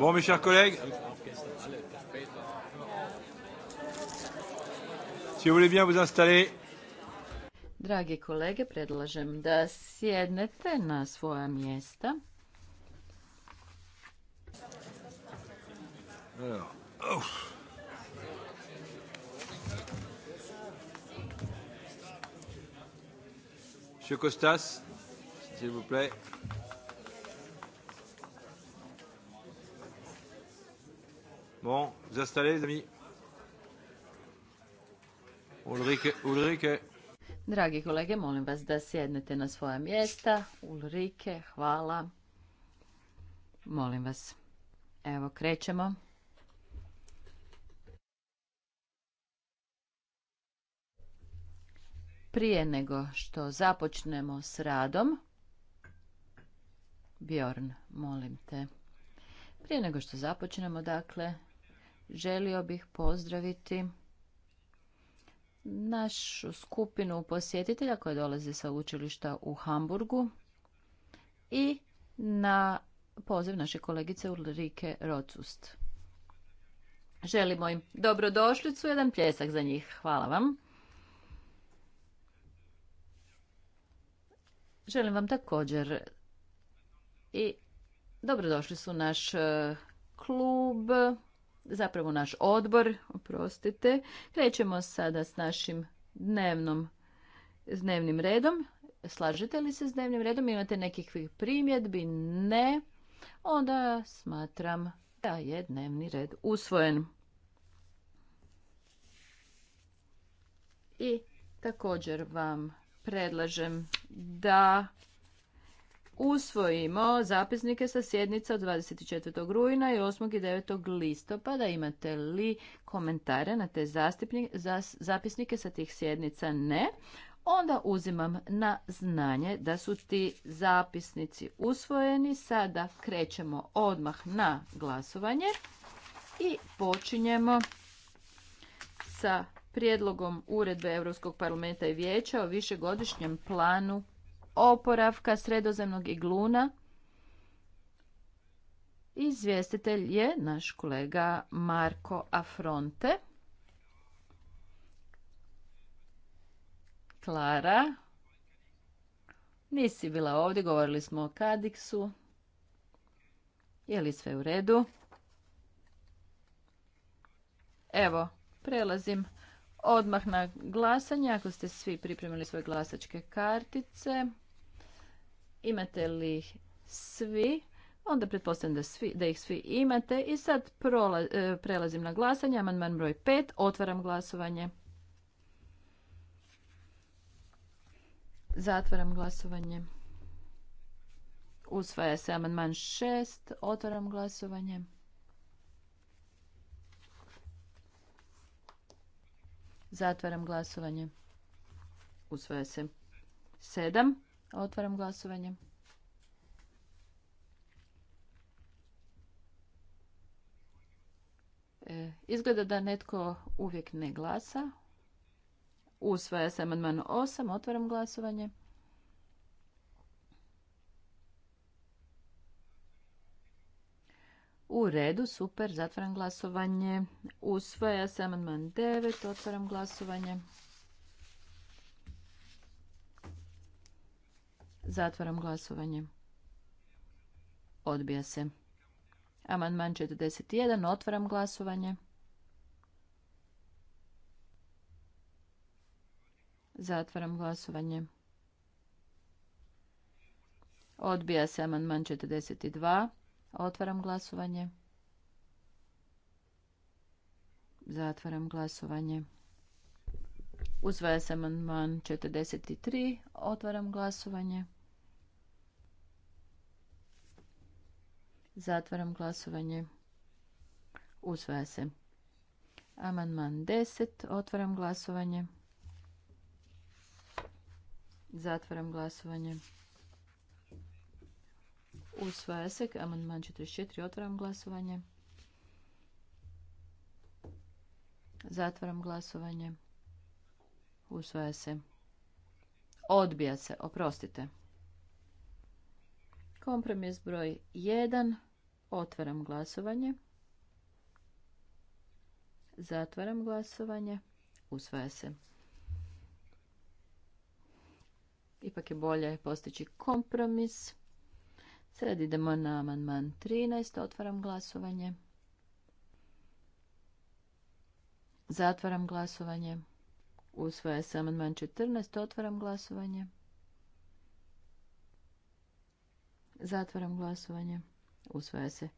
Bon, mes chers collègues, si vous voulez bien vous installer. Dragi kolege, predlažem da sjednete na svoja mjesta. Monsieur Costas, s'il vous plaît. Bon, vous installez les Ulrike, Ulrike. Dragi kolege, molim vas da sjednete na svoja mjesta. Ulrike, hvala. Molim vas. Evo, krećemo. Prije nego što započnemo s radom, Bjorn, molim te. Prije nego što započnemo, dakle, želio bih pozdraviti našu skupinu posjetitelja koja dolazi sa učilišta u Hamburgu i na poziv naše kolegice Ulrike Rocust. Želimo im dobrodošlicu, jedan pljesak za njih. Hvala vam. Želim vam također i dobrodošli su naš eh, klub zapravo naš odbor, oprostite. Krećemo sada s našim dnevnom, dnevnim redom. Slažete li se s dnevnim redom? Imate nekih primjedbi? Ne. Onda smatram da je dnevni red usvojen. I također vam predlažem da usvojimo zapisnike sa sjednica od 24. rujna i 8. i 9. listopada. Imate li komentare na te zapisnike sa tih sjednica? Ne. Onda uzimam na znanje da su ti zapisnici usvojeni. Sada krećemo odmah na glasovanje i počinjemo sa prijedlogom Uredbe Europskog parlamenta i vijeća o višegodišnjem planu oporavka sredozemnog igluna. Izvjestitelj je naš kolega Marko Afronte. Klara, nisi bila ovdje, govorili smo o Kadiksu. Je li sve u redu? Evo, prelazim odmah na glasanje. Ako ste svi pripremili svoje glasačke kartice. Imate li ih svi? Onda pretpostavljam da, svi, da ih svi imate. I sad e, prelazim na glasanje. Amandman broj 5. Otvaram glasovanje. Zatvaram glasovanje. Usvaja se amandman 6. Otvaram glasovanje. Zatvaram glasovanje. Usvaja se 7. Otvaram glasovanje. E, izgleda da netko uvijek ne glasa. Usvaja se amandman 8. Otvaram glasovanje. U redu, super, zatvaram glasovanje. Usvaja se amandman 9, otvaram glasovanje. Zatvaram glasovanje. Odbija se. Amandman 41. Otvaram glasovanje. Zatvaram glasovanje. Odbija se amandman 42. Otvaram glasovanje. Zatvaram glasovanje. Uzvaja se amandman 43. Otvaram glasovanje. Zatvaram glasovanje. Usvaja se. Amandman 10. Otvaram glasovanje. Zatvaram glasovanje. Usvaja se. Amandman 44. Otvaram glasovanje. Zatvaram glasovanje. Usvaja se. Odbija se. Oprostite. Kompromis broj 1. Otvaram glasovanje. Zatvaram glasovanje. Usvaja se. Ipak je bolje postići kompromis. Sad idemo na amandman 13. Otvaram glasovanje. Zatvaram glasovanje. Usvaja se amandman 14. Otvaram glasovanje. Zatvaram glasovanje. Usvaja se.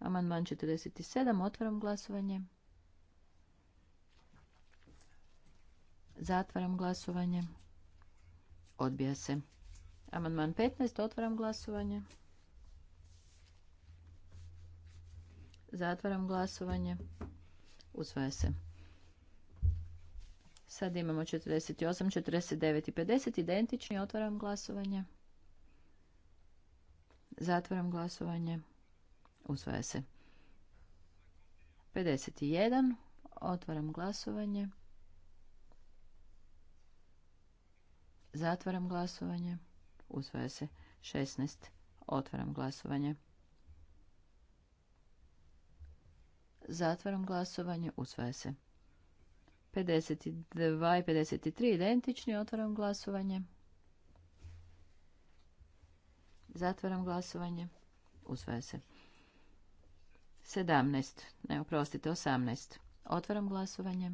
Amandman 47. Otvaram glasovanje. Zatvaram glasovanje. Odbija se. Amandman 15. Otvaram glasovanje. Zatvaram glasovanje. Usvaja se. Sad imamo 48, 49 i 50. Identični. Otvaram glasovanje. Zatvaram glasovanje. Usvaja se. 51. Otvaram glasovanje. Zatvaram glasovanje. Usvaja se. 16. Otvaram glasovanje. Zatvaram glasovanje. Usvaja se. 52 i 53 identični. Otvaram glasovanje. Zatvaram glasovanje. Usvaja se. 17. Ne, oprostite, 18. Otvaram glasovanje.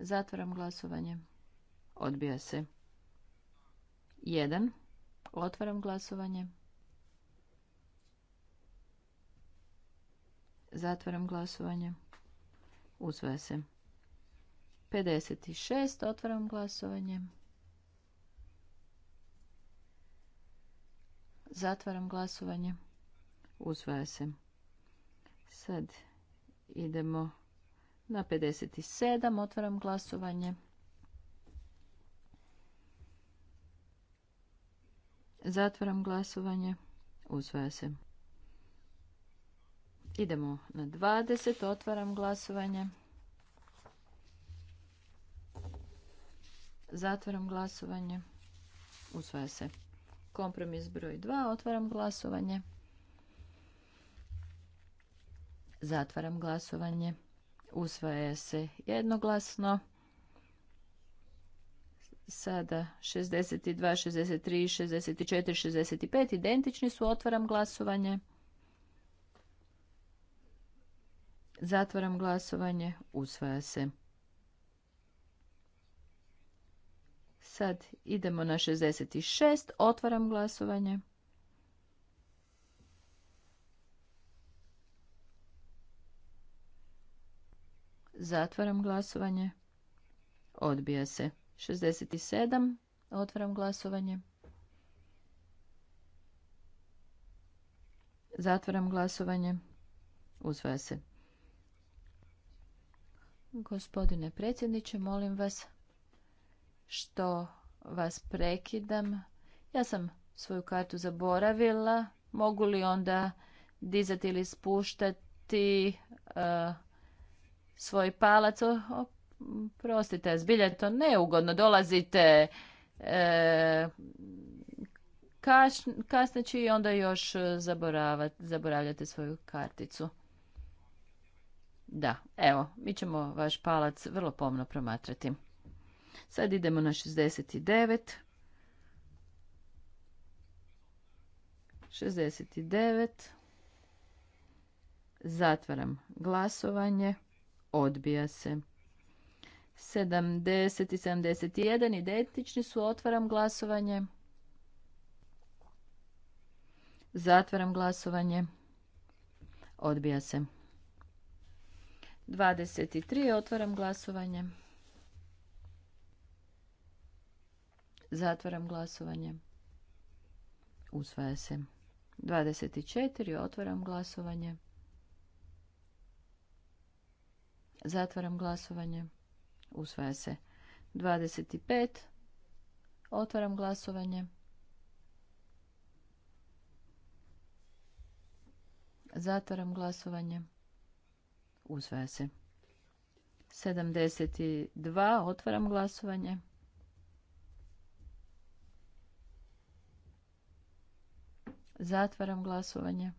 Zatvaram glasovanje. Odbija se. 1. Otvaram glasovanje. Zatvaram glasovanje. Usvaja se. 56. Otvaram glasovanje. Zatvaram glasovanje. Usvaja se. Sad idemo na 57. Otvaram glasovanje. Zatvaram glasovanje. Usvaja se. Idemo na 20. Otvaram glasovanje. Zatvaram glasovanje. Usvaja se. Kompromis broj 2. Otvaram glasovanje. Zatvaram glasovanje. Usvaja se jednoglasno. Sada 62, 63, 64, 65 identični su. Otvaram glasovanje. Zatvaram glasovanje. Usvaja se. Sad idemo na 66. Otvaram glasovanje. Zatvaram glasovanje. Odbija se. 67. Otvaram glasovanje. Zatvaram glasovanje. Usvaja se. Gospodine predsjedniče, molim vas što vas prekidam. Ja sam svoju kartu zaboravila. Mogu li onda dizati ili spuštati e, svoj palac? prostite, zbilja to neugodno. Dolazite e, kasneći i onda još zaboravljate svoju karticu. Da, evo, mi ćemo vaš palac vrlo pomno promatrati. Sad idemo na 69. 69. Zatvaram glasovanje. Odbija se. 70 i 71 identični su. Otvaram glasovanje. Zatvaram glasovanje. Odbija se. 23. Otvaram glasovanje. Zatvaram glasovanje. Usvaja se. 24. Otvaram glasovanje. Zatvaram glasovanje. Usvaja se. 25. Otvaram glasovanje. Zatvaram glasovanje. Usvaja se. 72. Otvaram glasovanje. Zatvaram glasovanje.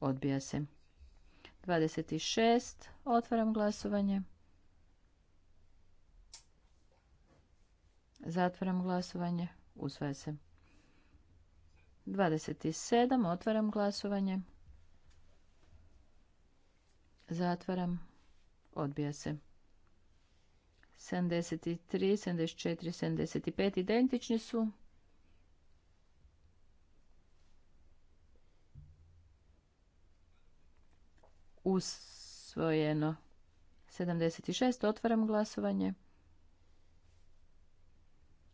Odbija se. 26. Otvaram glasovanje. Zatvaram glasovanje. Usvaja se. 27. Otvaram glasovanje. Zatvaram. Odbija se. 73, 74, 75 identični su. usvojeno. 76. Otvaram glasovanje.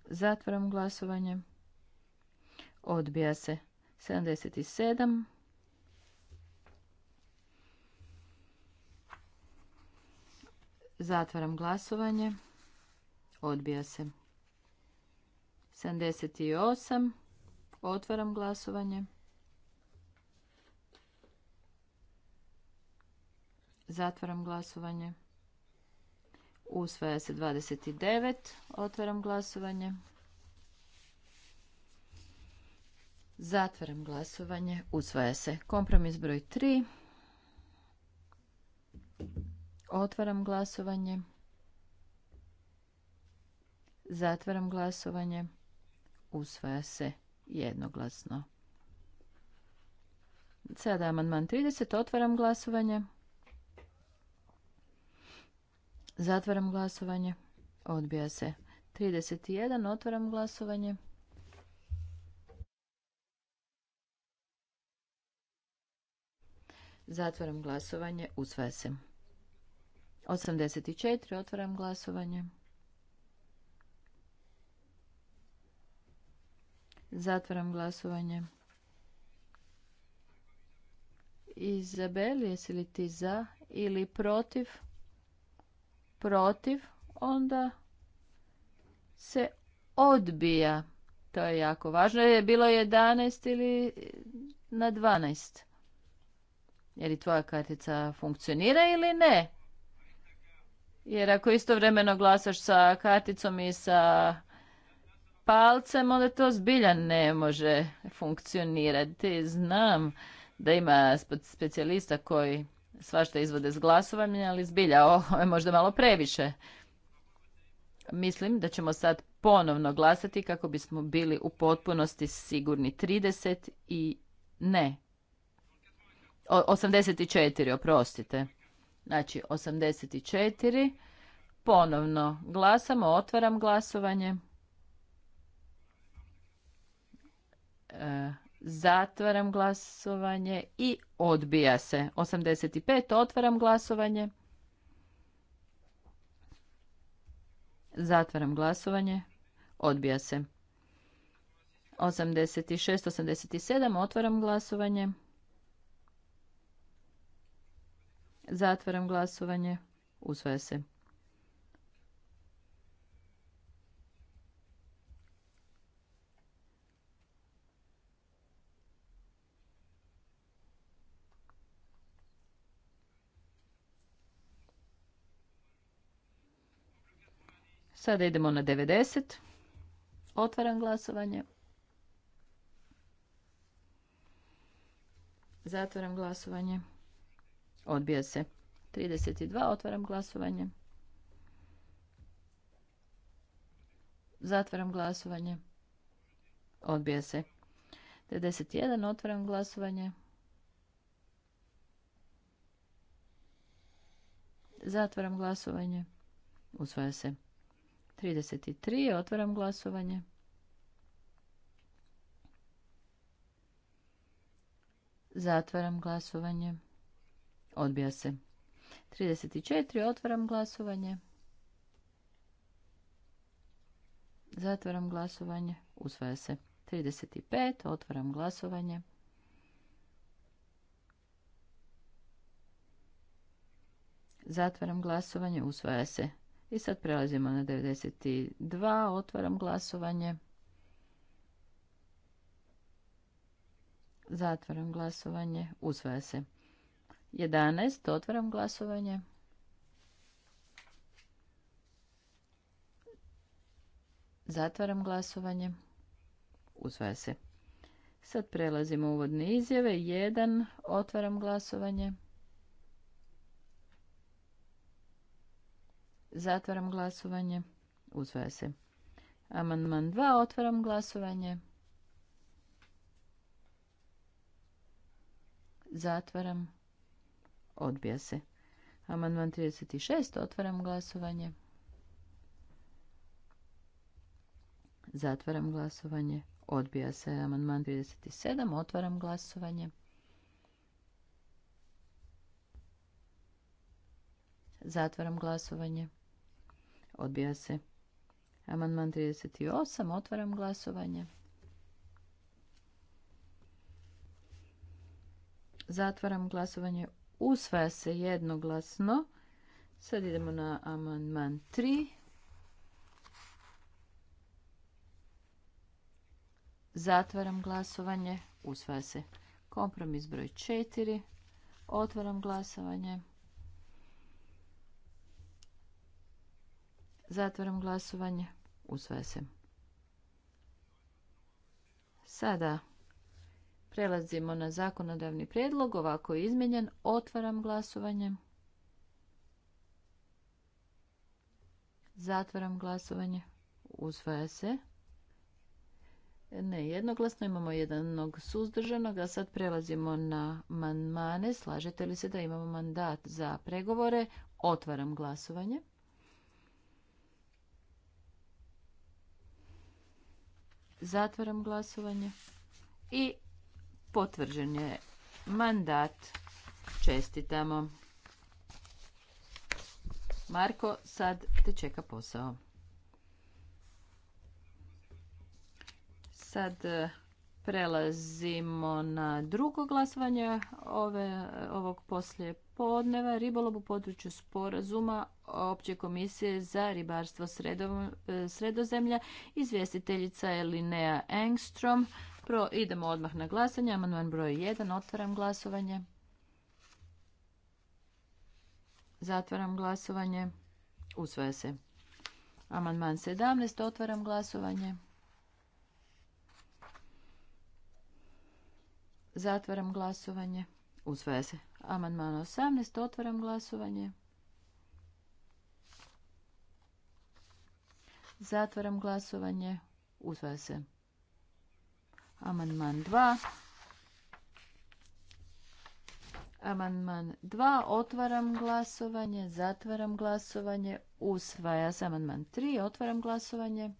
Zatvaram glasovanje. Odbija se. 77. Zatvaram glasovanje. Odbija se. 78. Otvaram glasovanje. Zatvaram glasovanje. Usvaja se 29. Otvaram glasovanje. Zatvaram glasovanje. Usvaja se kompromis broj 3. Otvaram glasovanje. Zatvaram glasovanje. Usvaja se jednoglasno. Sada amandman 30. Otvaram glasovanje. Zatvaram glasovanje. Odbija se. 31. Otvaram glasovanje. Zatvaram glasovanje. Usvaja se. 84. Otvaram glasovanje. Zatvaram glasovanje. Izabel, jesi li ti za ili protiv? protiv, onda se odbija. To je jako važno. Je bilo 11 ili na 12? Je li tvoja kartica funkcionira ili ne? Jer ako istovremeno glasaš sa karticom i sa palcem, onda to zbilja ne može funkcionirati. Znam da ima specijalista koji svašta izvode s glasovanja, ali zbilja ovo je možda malo previše. Mislim da ćemo sad ponovno glasati kako bismo bili u potpunosti sigurni 30 i ne. 84, oprostite. Znači 84. Ponovno glasamo, otvaram glasovanje. E, Zatvaram glasovanje i odbija se. 85. Otvaram glasovanje. Zatvaram glasovanje. Odbija se. 86, 87. Otvaram glasovanje. Zatvaram glasovanje. Usvaja se. Sada idemo na 90. Otvaram glasovanje. Zatvaram glasovanje. Odbija se. 32. Otvaram glasovanje. Zatvaram glasovanje. Odbija se. 91. Otvaram glasovanje. Zatvaram glasovanje. Usvaja se. 33. Otvaram glasovanje. Zatvaram glasovanje. Odbija se. 34. Otvaram glasovanje. Zatvaram glasovanje. Usvaja se. 35. Otvaram glasovanje. Zatvaram glasovanje. Usvaja se. I sad prelazimo na 92. Otvaram glasovanje. Zatvaram glasovanje. Usvaja se. 11. Otvaram glasovanje. Zatvaram glasovanje. Usvaja se. Sad prelazimo u uvodne izjave. 1. Otvaram glasovanje. Zatvaram glasovanje. Usvaja se. Amandman 2. Otvaram glasovanje. Zatvaram. Odbija se. Amandman 36. Otvaram glasovanje. Zatvaram glasovanje. Odbija se. Amandman 37. Otvaram glasovanje. Zatvaram glasovanje. Odbija se. Amandman 38. Otvaram glasovanje. Zatvaram glasovanje. Usvaja se jednoglasno. Sad idemo na amandman 3. Zatvaram glasovanje. Usvaja se. Kompromis broj 4. Otvaram glasovanje. Zatvaram glasovanje. Usvaja se. Sada prelazimo na zakonodavni prijedlog. Ovako je izmijenjen. Otvaram glasovanje. Zatvaram glasovanje. Usvaja se. Ne, jednoglasno imamo jednog suzdržanog, a sad prelazimo na manmane. Slažete li se da imamo mandat za pregovore? Otvaram glasovanje. Zatvaram glasovanje. I potvrđen je mandat. Čestitamo. Marko, sad te čeka posao. Sad Prelazimo na drugo glasovanje ove, ovog poslije podneva. Ribolov u području sporazuma Opće komisije za ribarstvo e, sredozemlja. Izvjestiteljica je Linea Engstrom. Pro, idemo odmah na glasanje. Amandman broj 1. Otvaram glasovanje. Zatvaram glasovanje. Usvaja se. Amandman 17. Otvaram glasovanje. Zatvaram glasovanje. Usvaja se. Amandman 18. Otvaram glasovanje. Zatvaram glasovanje. Usvaja se. Amandman 2. Amandman 2. Otvaram glasovanje. Zatvaram glasovanje. Usvaja se. Amandman 3. Otvaram glasovanje.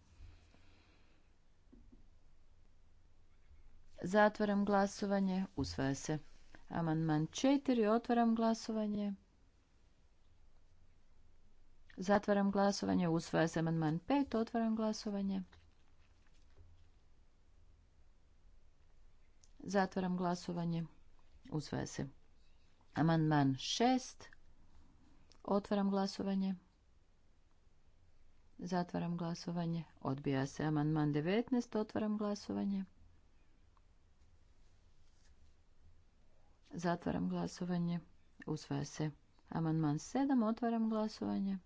Zatvaram glasovanje. Usvaja se. Amandman 4. Otvaram glasovanje. Zatvaram glasovanje. Usvaja se amandman 5. Otvaram glasovanje. Zatvaram glasovanje. Usvaja se. Amandman 6. Otvaram glasovanje. Zatvaram glasovanje. Odbija se amandman 19. Otvaram glasovanje. Zatvaram glasovanje. Usvaja se. Amandman 7. Otvaram glasovanje.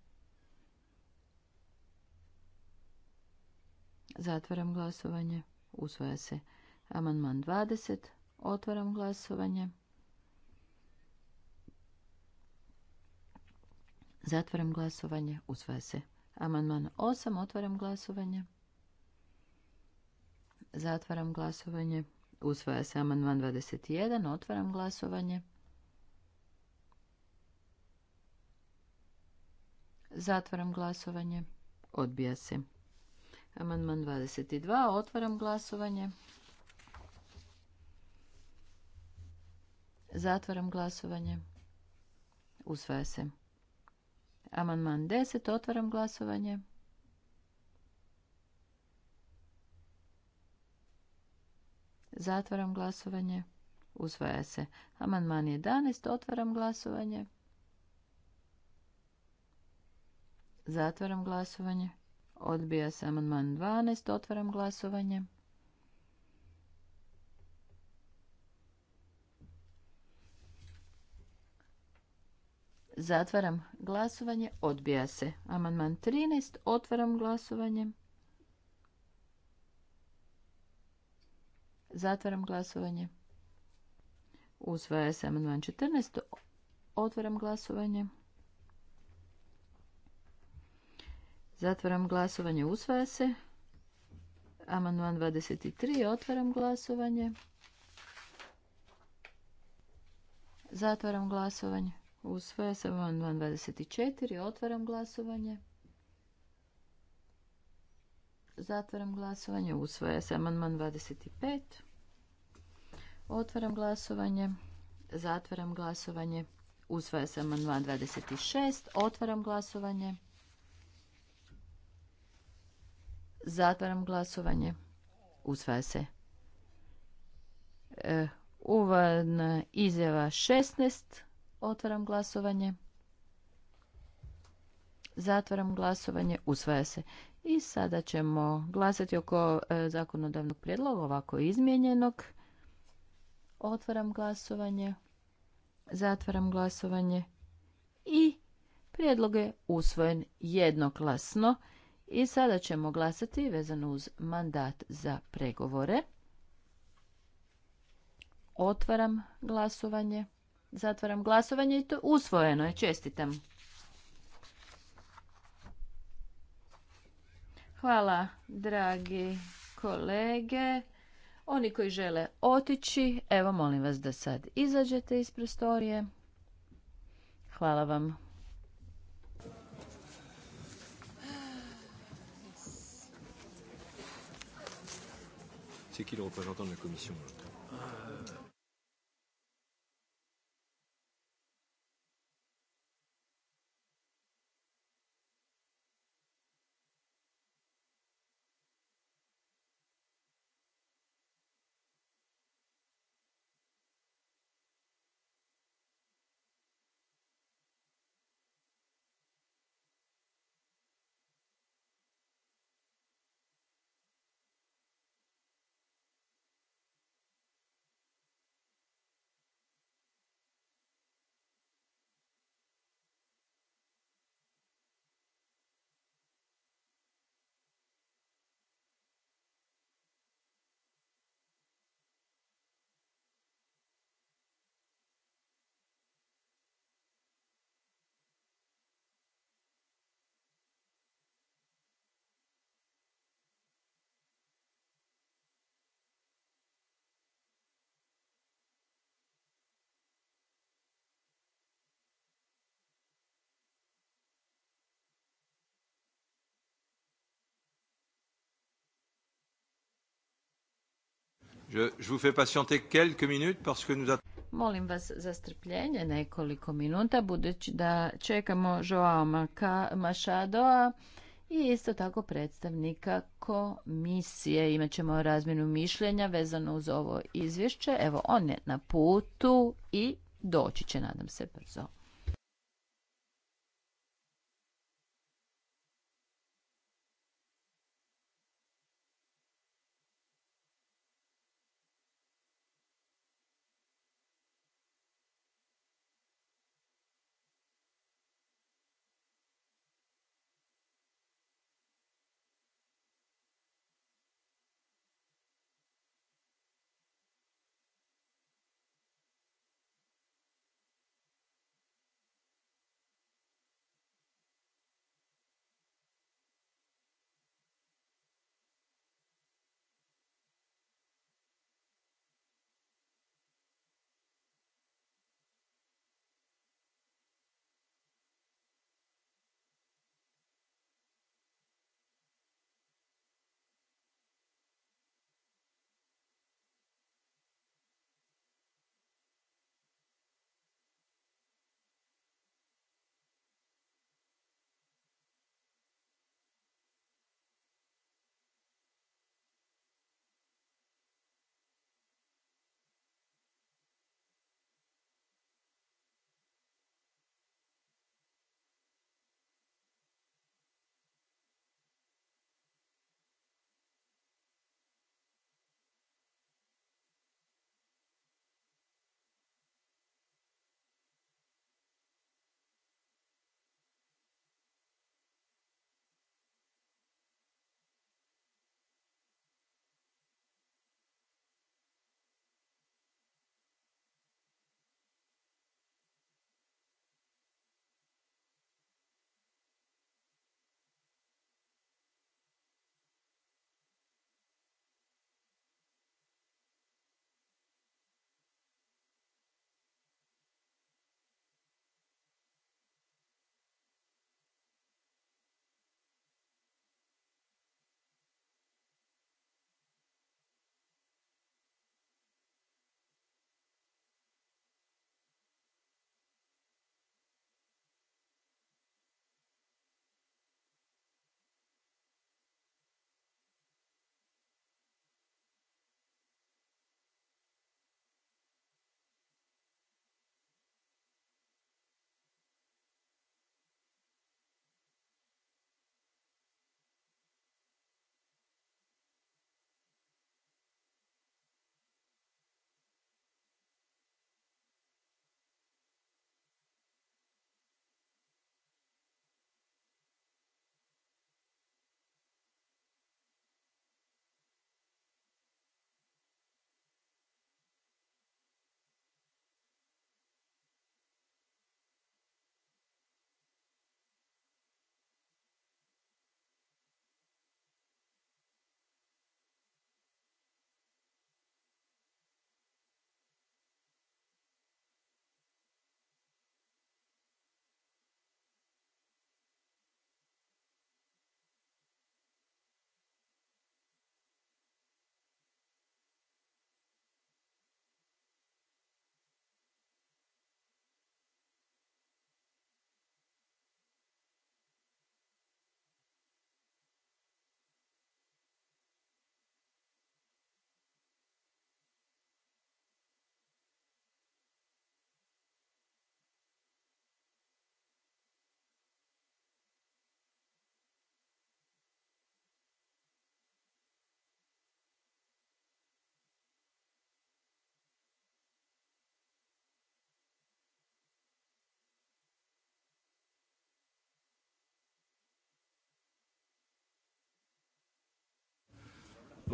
Zatvaram glasovanje. Usvaja se. Amandman 20. Otvaram glasovanje. Zatvaram glasovanje. Usvaja se. Amandman 8. Otvaram glasovanje. Zatvaram glasovanje. Usvaja se amandman 21. Otvaram glasovanje. Zatvaram glasovanje. Odbija se. Amandman 22. Otvaram glasovanje. Zatvaram glasovanje. Usvaja se. Amandman 10. Otvaram glasovanje. Zatvaram glasovanje. Usvaja se. Amandman 11. Otvaram glasovanje. Zatvaram glasovanje. Odbija se amandman 12. Otvaram glasovanje. Zatvaram glasovanje. Odbija se. Amandman 13. Otvaram glasovanje. Zatvaram glasovanje. Usvaja se amandman 14. Otvaram glasovanje. Zatvaram glasovanje. Usvaja se. Amandman 23. Otvaram glasovanje. Zatvaram glasovanje. Usvaja se amandman 24. Otvaram glasovanje. Zatvaram glasovanje. Usvaja se amandman 25. Otvaram glasovanje. Zatvaram glasovanje. Usvaja se amandman 26. Otvaram glasovanje. Zatvaram glasovanje. Usvaja se. E, uvodna izjava 16. Otvaram glasovanje. Zatvaram glasovanje. Usvaja se. I sada ćemo glasati oko e, zakonodavnog prijedloga, ovako izmijenjenog. Otvaram glasovanje, zatvaram glasovanje i prijedlog je usvojen jednoglasno. I sada ćemo glasati vezano uz mandat za pregovore. Otvaram glasovanje, zatvaram glasovanje i to usvojeno je. Čestitam. Hvala, dragi kolege. Oni koji žele otići, evo molim vas da sad izađete iz prostorije. Hvala vam. Molim vas za strpljenje nekoliko minuta, budući da čekamo Joao Machadoa i isto tako predstavnika komisije. Imaćemo razmjenu mišljenja vezano uz ovo izvješće. Evo, on je na putu i doći će, nadam se, brzo.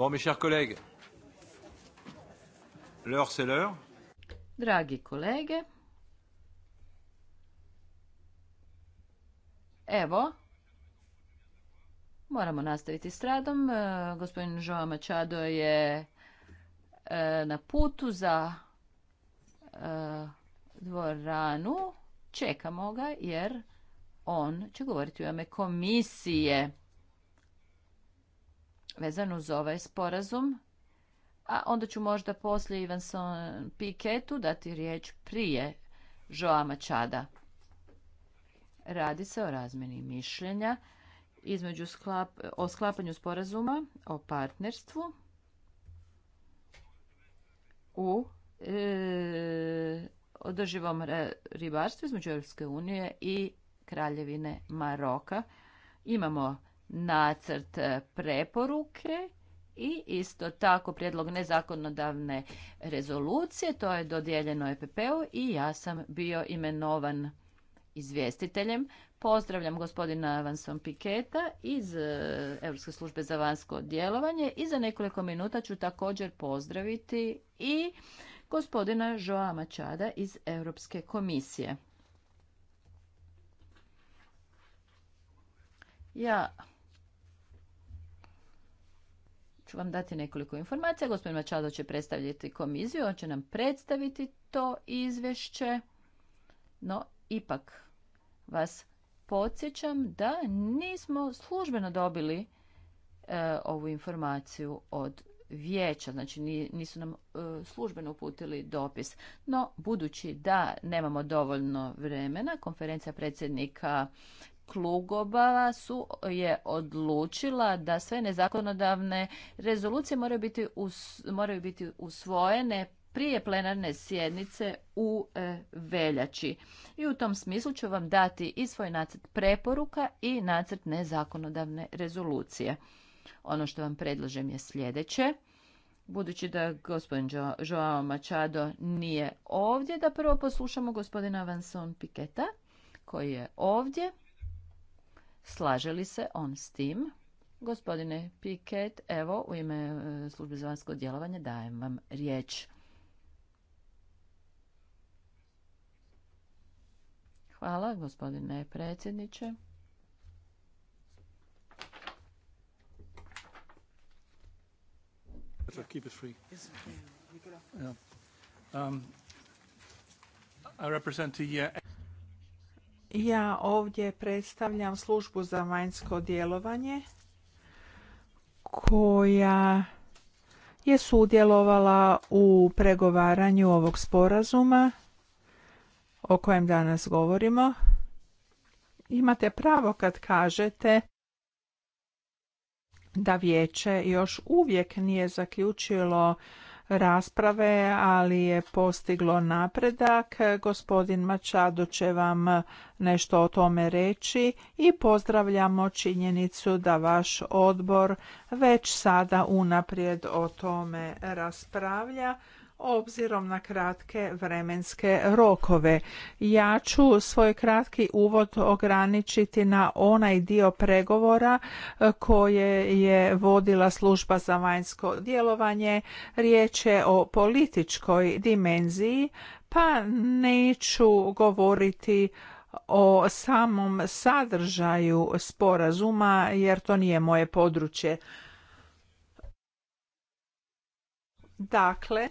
Bon, mes chers l'heure c'est l'heure. Dragi kolege, evo, moramo nastaviti s radom. E, gospodin Joao Machado je e, na putu za e, dvoranu. Čekamo ga jer on će govoriti u ime komisije. Vezano uz ovaj sporazum. A onda ću možda poslije Ivanson Piketu dati riječ prije Joa Mačada. Radi se o razmjeni mišljenja između o sklapanju sporazuma o partnerstvu u e, održivom ribarstvu između Europske unije i Kraljevine Maroka. Imamo nacrt e, preporuke i isto tako prijedlog nezakonodavne rezolucije, to je dodijeljeno EPP-u i ja sam bio imenovan izvjestiteljem. Pozdravljam gospodina Vanson Piketa iz e, Europske službe za vanjsko djelovanje i za nekoliko minuta ću također pozdraviti i gospodina Joa Mačada iz Europske komisije. Ja ću vam dati nekoliko informacija. Gospodin Mačado će predstavljati komiziju, on će nam predstaviti to izvješće. No, ipak vas podsjećam da nismo službeno dobili e, ovu informaciju od vijeća, znači nisu nam e, službeno uputili dopis. No, budući da nemamo dovoljno vremena, konferencija predsjednika Klugobava su je odlučila da sve nezakonodavne rezolucije moraju biti, us, moraju biti usvojene prije plenarne sjednice u e, veljači. I u tom smislu ću vam dati i svoj nacrt preporuka i nacrt nezakonodavne rezolucije. Ono što vam predlažem je sljedeće. Budući da gospodin jo Joao Machado nije ovdje, da prvo poslušamo gospodina Vanson Piketa koji je ovdje Slaže li se on s tim? Gospodine Piket, evo u ime e, službe za vanjsko djelovanje dajem vam riječ. Hvala, gospodine predsjedniče. Keep ja ovdje predstavljam službu za vanjsko djelovanje koja je sudjelovala u pregovaranju ovog sporazuma o kojem danas govorimo. Imate pravo kad kažete da vijeće još uvijek nije zaključilo rasprave, ali je postiglo napredak. Gospodin Mačado će vam nešto o tome reći i pozdravljamo činjenicu da vaš odbor već sada unaprijed o tome raspravlja obzirom na kratke vremenske rokove. Ja ću svoj kratki uvod ograničiti na onaj dio pregovora e, koje je vodila služba za vanjsko djelovanje. Riječ je o političkoj dimenziji, pa neću govoriti o samom sadržaju sporazuma jer to nije moje područje. Dakle,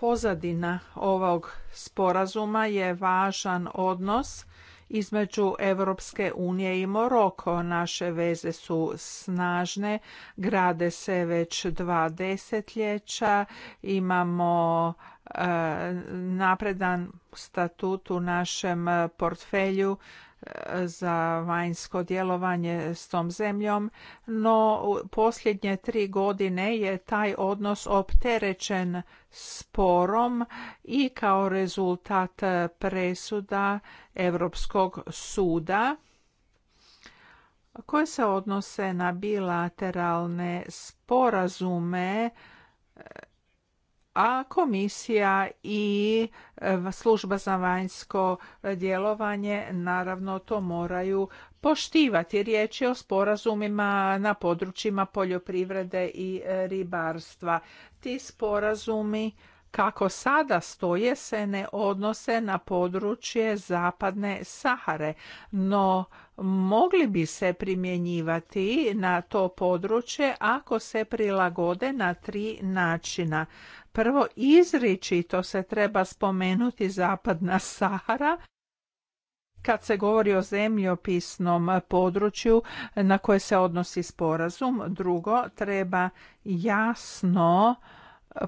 Pozadina ovog sporazuma je važan odnos između Europske unije i Moroko. Naše veze su snažne, grade se već dva desetljeća, imamo e, napredan statut u našem portfelju za vanjsko djelovanje s tom zemljom, no posljednje tri godine je taj odnos opterećen sporom i kao rezultat presuda Europskog suda koje se odnose na bilateralne sporazume a komisija i e, služba za vanjsko djelovanje naravno to moraju poštivati. Riječ je o sporazumima na područjima poljoprivrede i e, ribarstva. Ti sporazumi kako sada stoje se ne odnose na područje zapadne Sahare, no mogli bi se primjenjivati na to područje ako se prilagode na tri načina. Prvo, izričito se treba spomenuti zapadna Sahara, kad se govori o zemljopisnom području na koje se odnosi sporazum. Drugo, treba jasno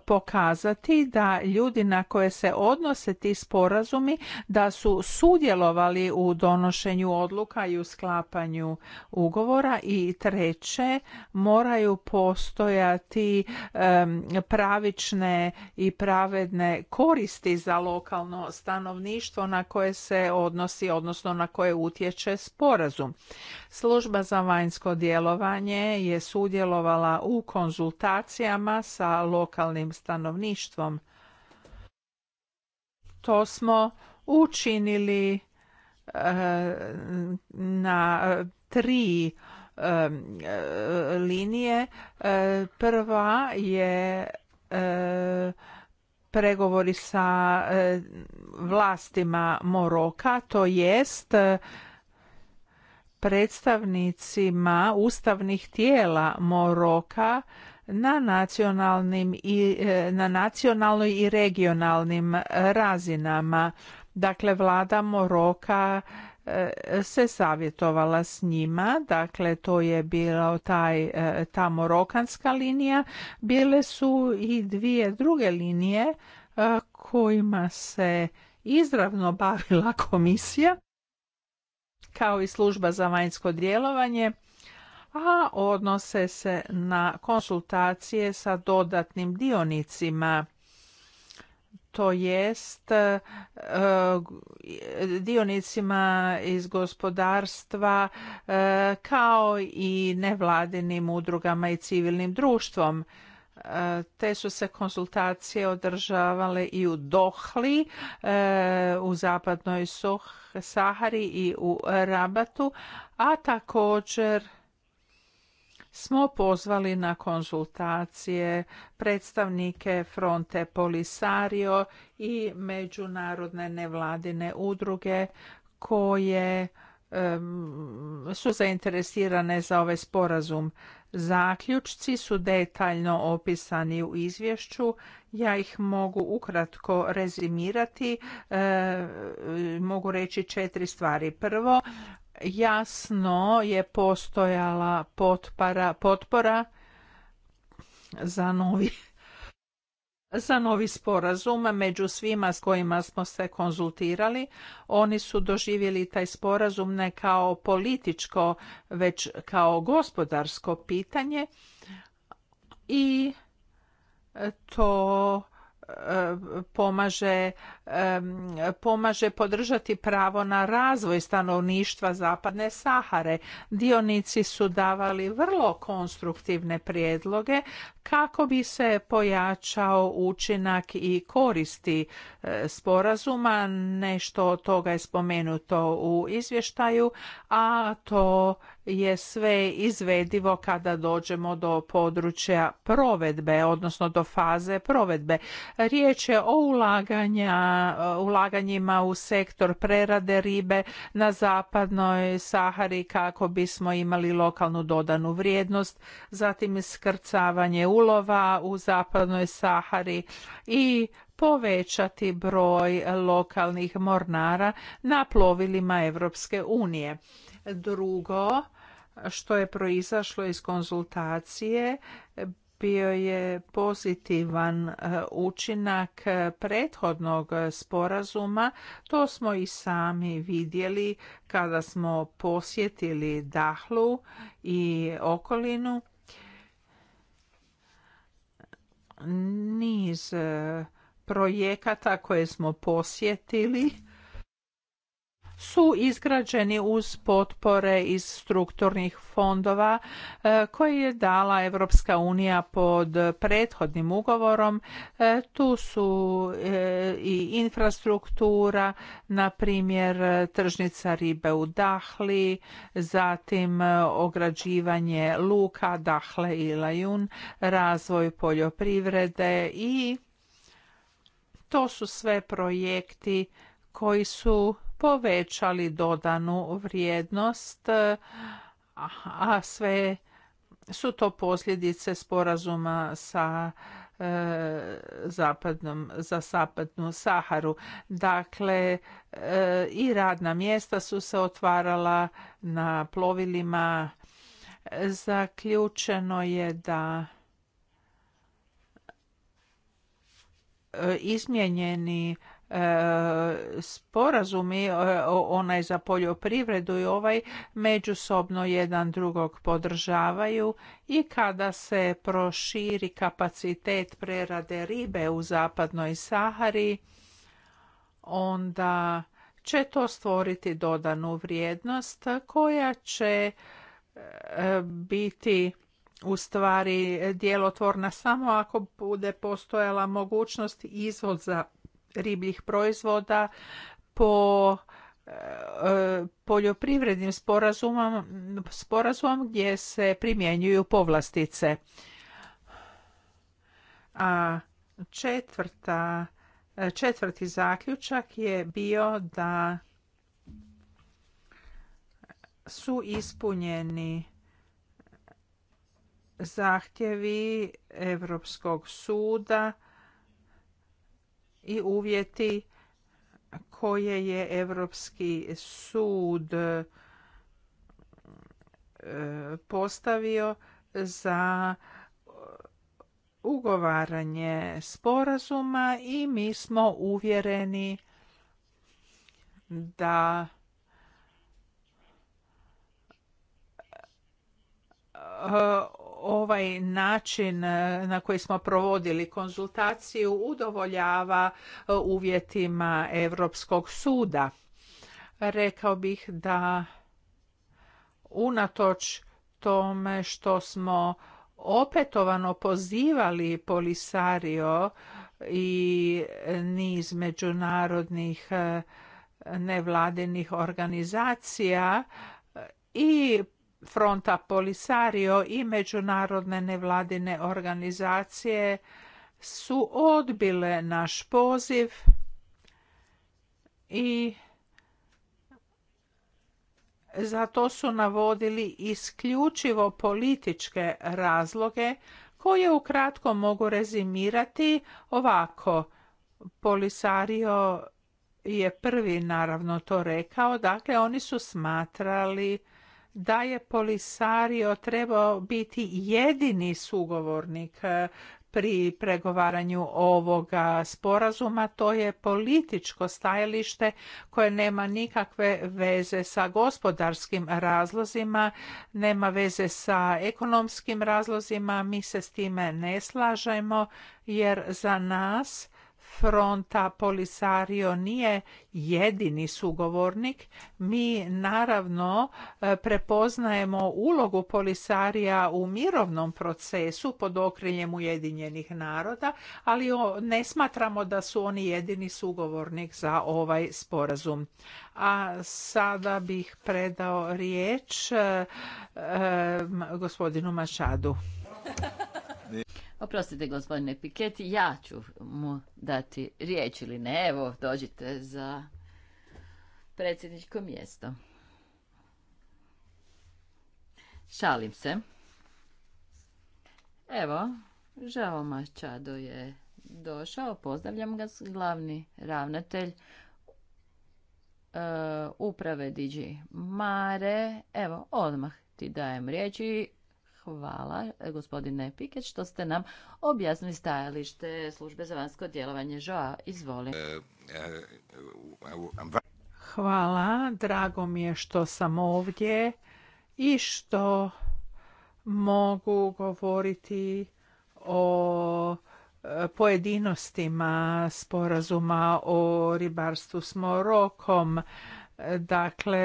pokazati da ljudi na koje se odnose ti sporazumi da su sudjelovali u donošenju odluka i u sklapanju ugovora i treće moraju postojati pravične i pravedne koristi za lokalno stanovništvo na koje se odnosi odnosno na koje utječe sporazum. Služba za vanjsko djelovanje je sudjelovala u konzultacijama sa lokalnim lokalnim stanovništvom. To smo učinili e, na tri e, linije. E, prva je pregovori sa vlastima Moroka, to jest predstavnicima ustavnih tijela Moroka na nacionalnim i e, na nacionalnoj i regionalnim razinama. Dakle vlada Moroka e, se savjetovala s njima, dakle to je bila taj, e, ta morokanska linija, bile su i dvije druge linije kojima se izravno bavila komisija kao i služba za vanjsko djelovanje, a odnose se na konsultacije sa dodatnim dionicima to jest e, dionicima iz gospodarstva e, kao i nevladinim udrugama i civilnim društvom. Te su se konsultacije održavale i u Dohli, e, u zapadnoj Sahari i u Rabatu, a također smo pozvali na konzultacije predstavnike Fronte Polisario i međunarodne nevladine udruge koje su zainteresirane za ovaj sporazum. Zaključci su detaljno opisani u izvješću. Ja ih mogu ukratko rezimirati. E, mogu reći četiri stvari. Prvo, jasno je postojala potpora, potpora za novi za novi sporazum među svima s kojima smo se konzultirali. Oni su doživjeli taj sporazum ne kao političko, već kao gospodarsko pitanje i to e, pomaže, e, pomaže podržati pravo na razvoj stanovništva Zapadne Sahare. Dionici su davali vrlo konstruktivne prijedloge kako bi se pojačao učinak i koristi e, sporazuma. Nešto od toga je spomenuto u izvještaju, a to je sve izvedivo kada dođemo do područja provedbe, odnosno do faze provedbe. Riječ je o ulaganja, e, ulaganjima u sektor prerade ribe na zapadnoj Sahari kako bismo imali lokalnu dodanu vrijednost, zatim iskrcavanje ulova u zapadnoj Sahari i povećati broj lokalnih mornara na plovilima Europske unije. Drugo, što je proizašlo iz konzultacije, bio je pozitivan e, učinak prethodnog sporazuma. To smo i sami vidjeli kada smo posjetili Dahlu i okolinu. niz e, projekata koje smo posjetili su izgrađeni uz potpore iz strukturnih fondova e, koje je dala Europska unija pod prethodnim ugovorom. E, tu su e, i infrastruktura, na primjer tržnica ribe u Dahli, zatim ograđivanje luka Dahle i Lajun, razvoj poljoprivrede i to su sve projekti koji su povećali dodanu vrijednost, a sve su to posljedice sporazuma sa e, zapadnom, za zapadnu Saharu. Dakle, e, i radna mjesta su se otvarala na plovilima. Zaključeno je da e, izmijenjeni E, sporazumi, e, onaj za poljoprivredu i ovaj, međusobno jedan drugog podržavaju i kada se proširi kapacitet prerade ribe u zapadnoj Sahari, onda će to stvoriti dodanu vrijednost koja će e, biti u stvari djelotvorna samo ako bude postojala mogućnost izvoza ribljih proizvoda po e, e, poljoprivrednim sporazumom, sporazumom gdje se primjenjuju povlastice. A četvrta, e, četvrti zaključak je bio da su ispunjeni zahtjevi Europskog suda i uvjeti koje je Europski sud e, postavio za ugovaranje sporazuma i mi smo uvjereni da e, ovaj način e, na koji smo provodili konzultaciju udovoljava e, uvjetima Europskog suda. Rekao bih da unatoč tome što smo opetovano pozivali Polisario i niz međunarodnih e, nevladinih organizacija i fronta Polisario i međunarodne nevladine organizacije su odbile naš poziv i za to su navodili isključivo političke razloge koje ukratko mogu rezimirati ovako. Polisario je prvi naravno to rekao, dakle oni su smatrali da je Polisario trebao biti jedini sugovornik e, pri pregovaranju ovoga sporazuma to je političko stajalište koje nema nikakve veze sa gospodarskim razlozima, nema veze sa ekonomskim razlozima, mi se s time ne slažemo jer za nas Fronta Polisario nije jedini sugovornik. Mi naravno e, prepoznajemo ulogu Polisarija u mirovnom procesu pod okriljem Ujedinjenih naroda, ali ne smatramo da su oni jedini sugovornik za ovaj sporazum. A sada bih predao riječ e, gospodinu Mašadu. Oprostite, gospodine Piketi, ja ću mu dati riječ ili ne. Evo, dođite za predsjedničko mjesto. Šalim se. Evo, Žao Čado je došao. Pozdravljam ga, glavni ravnatelj e, uprave Digi Mare. Evo, odmah ti dajem riječi. Hvala e, gospodine Pikeć što ste nam objasnili stajalište službe za vanjsko djelovanje. Žoa, izvoli. E, e, Hvala, drago mi je što sam ovdje i što mogu govoriti o pojedinostima sporazuma o ribarstvu s Morokom. Dakle,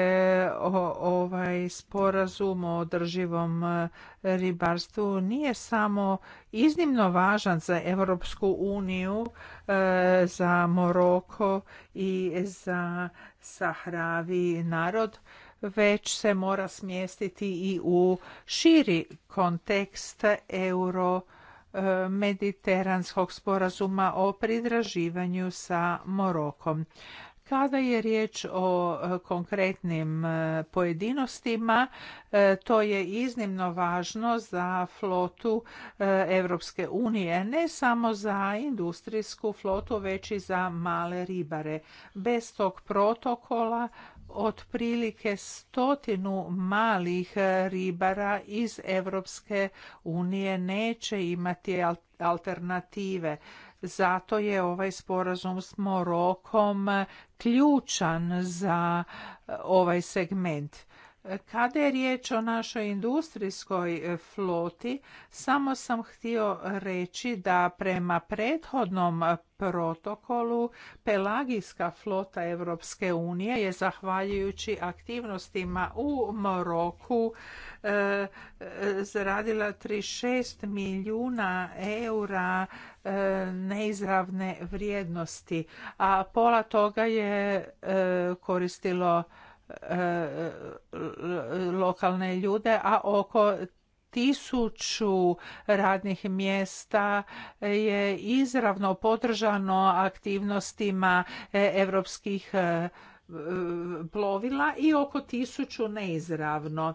ovaj sporazum o održivom e, ribarstvu nije samo iznimno važan za Europsku uniju, e, za Moroko i za Sahravi narod, već se mora smjestiti i u širi kontekst euro e, mediteranskog sporazuma o pridraživanju sa Morokom. Kada je riječ o e, konkretnim e, pojedinostima, e, to je iznimno važno za flotu Europske unije, ne samo za industrijsku flotu, već i za male ribare. Bez tog protokola otprilike stotinu malih ribara iz Europske unije neće imati alternative zato je ovaj sporazum s Morokom ključan za eh, ovaj segment. Kada je riječ o našoj industrijskoj floti, samo sam htio reći da prema prethodnom protokolu pelagijska flota Europske unije je zahvaljujući aktivnostima u Moroku e, e, zaradila 36 milijuna eura e, neizravne vrijednosti, a pola toga je koristilo E, lokalne ljude, a oko tisuću radnih mjesta je izravno podržano aktivnostima europskih e, plovila i oko tisuću neizravno.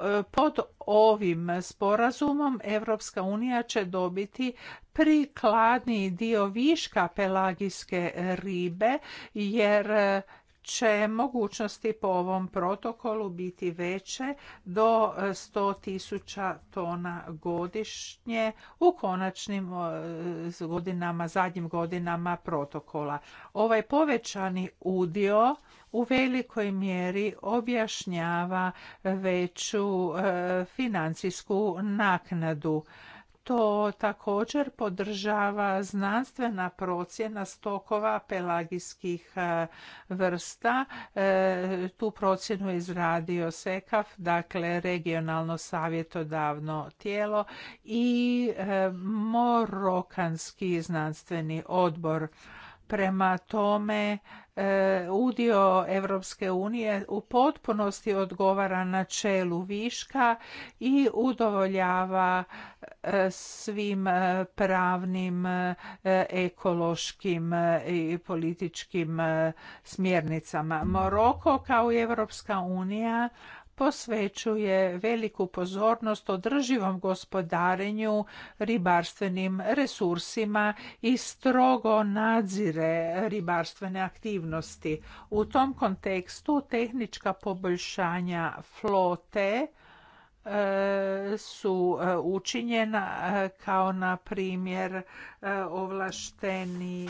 E, pod ovim sporazumom Europska unija će dobiti prikladni dio viška pelagijske ribe jer će mogućnosti po ovom protokolu biti veće do 100.000 e, tona godišnje u konačnim e, godinama, zadnjim godinama protokola. Ovaj povećani udio u velikoj mjeri objašnjava veću e, financijsku naknadu. To također podržava znanstvena procjena stokova pelagijskih e, vrsta. E, tu procjenu je izradio SEKAF, dakle regionalno savjetodavno tijelo i e, Morokanski znanstveni odbor. Prema tome, e, udio Europske unije u potpunosti odgovara čelu viška i udovoljava e, svim e, pravnim, ekološkim i političkim smjernicama. Moroko kao i Europska unija posvećuje veliku pozornost održivom gospodarenju ribarstvenim resursima i strogo nadzire ribarstvene aktivnosti. U tom kontekstu tehnička poboljšanja flote e, su e, učinjena e, kao na primjer ovlašteni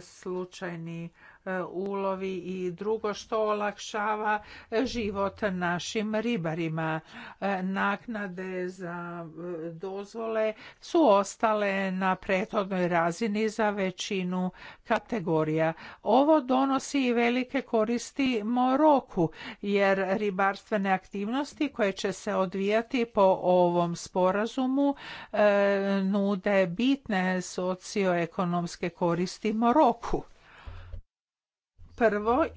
slučajni E, ulovi i drugo što olakšava život našim ribarima. E, naknade za e, dozvole su ostale na prethodnoj razini za većinu kategorija. Ovo donosi i velike koristi Moroku jer ribarstvene aktivnosti koje će se odvijati po ovom sporazumu nude bitne socioekonomske koristi Moroku prvo e,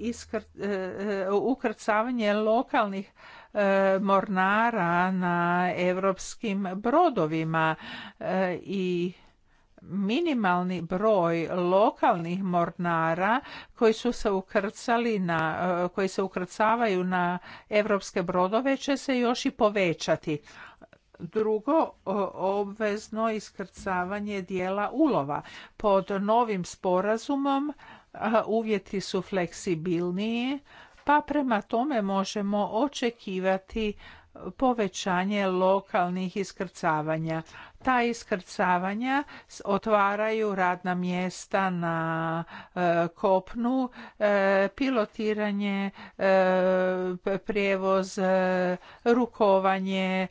e, ukrcavanje lokalnih e, mornara na europskim brodovima i minimalni broj lokalnih mornara koji su se ukrcali na, koji se ukrcavaju na europske brodove će se još i povećati. Drugo, obvezno iskrcavanje dijela ulova. Pod novim sporazumom uvjeti su fleksibilniji, pa prema tome možemo očekivati povećanje lokalnih iskrcavanja. Ta iskrcavanja otvaraju radna mjesta na e, kopnu, e, pilotiranje, e, prijevoz, rukovanje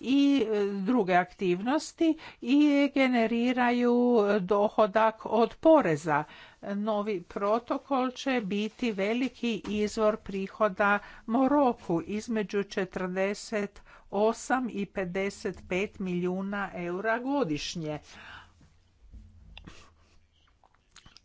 i druge aktivnosti i generiraju dohodak od poreza. Novi protokol će biti veliki izvor prihoda Moroku između 48 i 55 milijuna eura godišnje.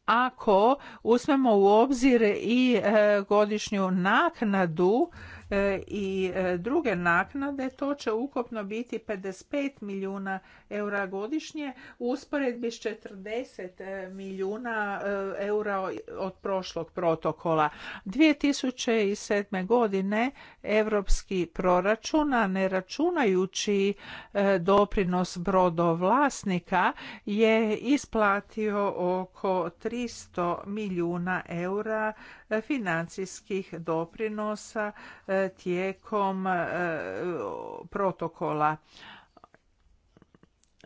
Ako uzmemo u obzir i e, godišnju naknadu E, i e, druge naknade, to će ukupno biti 55 milijuna eura godišnje u usporedbi s 40 e, milijuna eura od prošlog protokola. 2007. godine europski proračun, a ne računajući doprinos brodovlasnika, je isplatio oko 300 milijuna eura financijskih doprinosa e, tijekom e, protokola.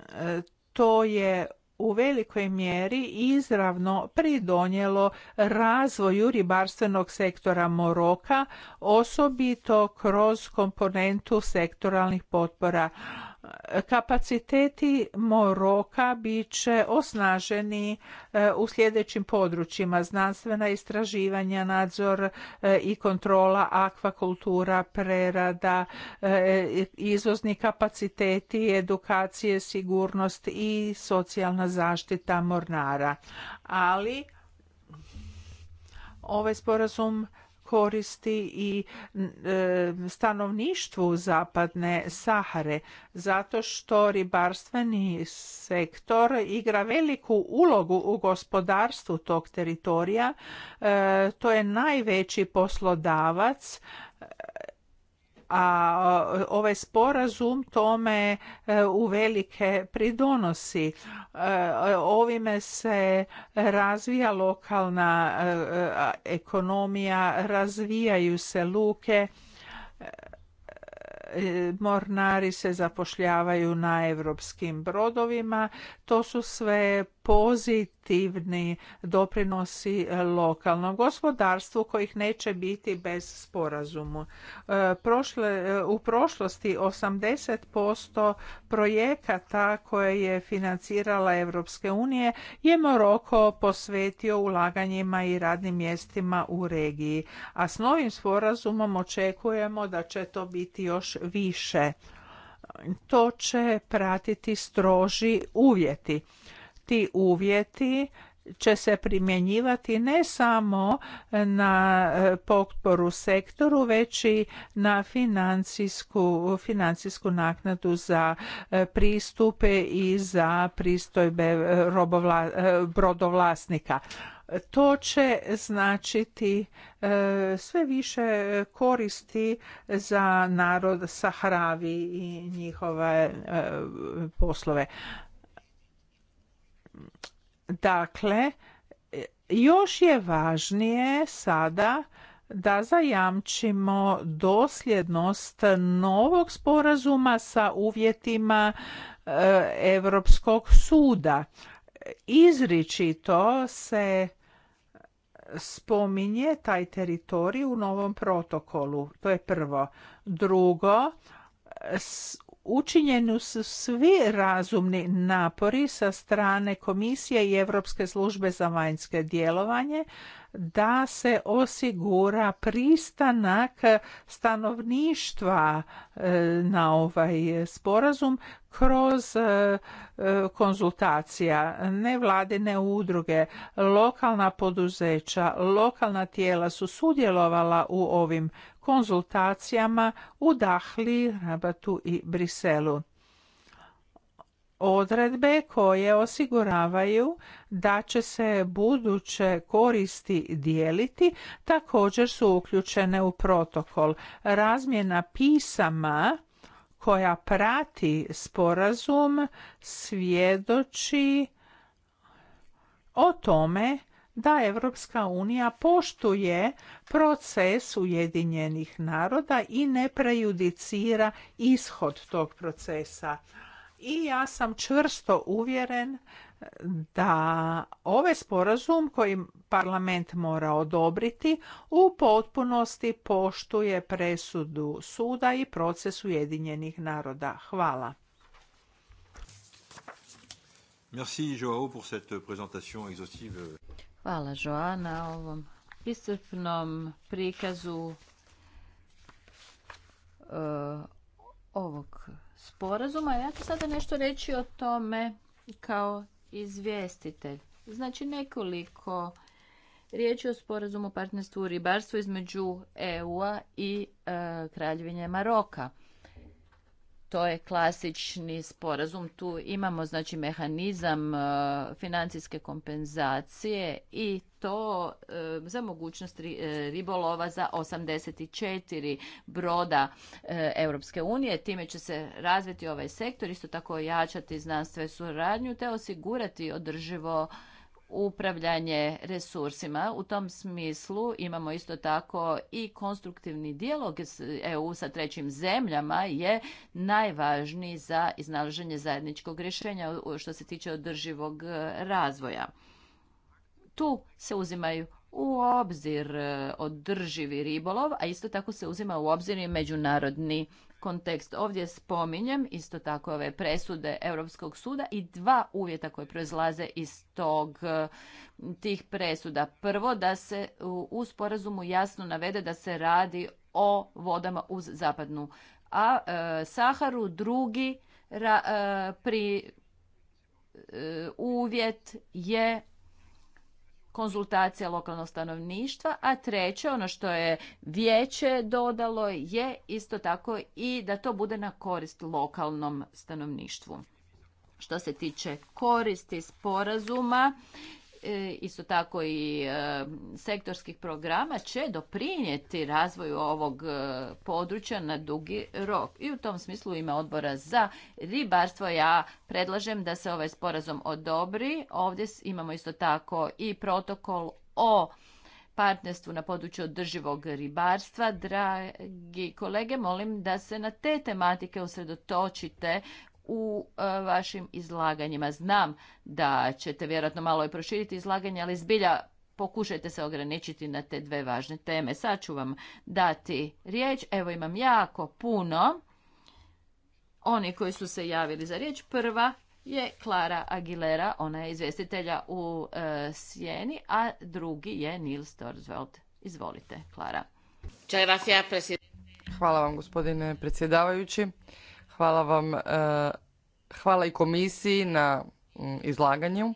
E, to je u velikoj mjeri izravno pridonjelo razvoju ribarstvenog sektora Moroka, osobito kroz komponentu sektoralnih potpora kapaciteti Moroka bit će osnaženi e, u sljedećim područjima znanstvena istraživanja, nadzor e, i kontrola, akvakultura, prerada, e, izvozni kapaciteti, edukacije, sigurnost i socijalna zaštita mornara. Ali ovaj sporazum koristi i e, stanovništvu zapadne Sahare zato što ribarstveni sektor igra veliku ulogu u gospodarstvu tog teritorija. E, to je najveći poslodavac a ovaj sporazum tome e, u velike pridonosi. E, ovime se razvija lokalna e, ekonomija, razvijaju se luke, mornari se zapošljavaju na europskim brodovima. To su sve pozitivni doprinosi e, lokalnom gospodarstvu kojih neće biti bez sporazumu. E, prošle, e, u prošlosti 80% projekata koje je financirala Evropske unije je Moroko posvetio ulaganjima i radnim mjestima u regiji, a s novim sporazumom očekujemo da će to biti još više. To će pratiti stroži uvjeti ti uvjeti će se primjenjivati ne samo na e, potporu sektoru već i na financijsku, financijsku naknadu za e, pristupe i za pristojbe e, brodovlasnika. To će značiti sve više koristi za narod Sahravi i njihove poslove. Dakle, još je važnije sada da zajamčimo dosljednost novog sporazuma sa uvjetima e, Europskog suda. Izričito se spominje taj teritorij u novom protokolu. To je prvo. Drugo, učinjeni su svi razumni napori sa strane komisije i europske službe za vanjske djelovanje da se osigura pristanak stanovništva e, na ovaj sporazum kroz e, konzultacija nevladine udruge lokalna poduzeća lokalna tijela su sudjelovala u ovim konzultacijama u Dahli, Rabatu i Briselu. Odredbe koje osiguravaju da će se buduće koristi dijeliti također su uključene u protokol. Razmjena pisama koja prati sporazum svjedoči o tome da Evropska unija poštuje proces Ujedinjenih naroda i ne prejudicira ishod tog procesa. I ja sam čvrsto uvjeren da ovaj sporazum koji parlament mora odobriti u potpunosti poštuje presudu suda i proces Ujedinjenih naroda. Hvala. Merci Joao pour cette présentation exhaustive. Hvala Joao na ovom iscrpnom prikazu eh, ovog sporazuma. Ja ću sada nešto reći o tome kao izvjestitelj. Znači nekoliko riječi o sporazumu o partnerstvu u ribarstvu između EU-a i eh, Kraljevine Maroka to je klasični sporazum. Tu imamo znači mehanizam e, financijske kompenzacije i to e, za mogućnost e, ribolova za 84 broda Europske unije. Time će se razviti ovaj sektor, isto tako jačati znanstvenu suradnju te osigurati održivo upravljanje resursima. U tom smislu imamo isto tako i konstruktivni dijalog EU sa trećim zemljama je najvažniji za iznalaženje zajedničkog rješenja što se tiče održivog e, razvoja. Tu se uzimaju u obzir e, održivi ribolov, a isto tako se uzima u obzir i međunarodni kontekst. Ovdje spominjem isto tako ove presude Europskog suda i dva uvjeta koje proizlaze iz tog eh, tih presuda. Prvo da se u sporazumu jasno navede da se radi o vodama uz zapadnu a eh, Saharu drugi eh, pri uvjet je konzultacija lokalnog stanovništva, a treće, ono što je vijeće dodalo je isto tako i da to bude na korist lokalnom stanovništvu. Što se tiče koristi sporazuma, E, isto tako i e, sektorskih programa će doprinijeti razvoju ovog e, područja na dugi rok. I u tom smislu ime odbora za ribarstvo ja predlažem da se ovaj sporazum odobri. Ovdje imamo isto tako i protokol o partnerstvu na području održivog ribarstva. Dragi kolege, molim da se na te tematike usredotočite u e, vašim izlaganjima. Znam da ćete vjerojatno malo i proširiti izlaganje, ali zbilja pokušajte se ograničiti na te dve važne teme. Sad ću vam dati riječ. Evo imam jako puno oni koji su se javili za riječ. Prva je Klara Aguilera, ona je izvjestitelja u e, Sjeni, a drugi je Nils Torsveld. Izvolite, Klara. Hvala vam, gospodine predsjedavajući. Hvala vam. Eh, hvala i komisiji na mm, izlaganju.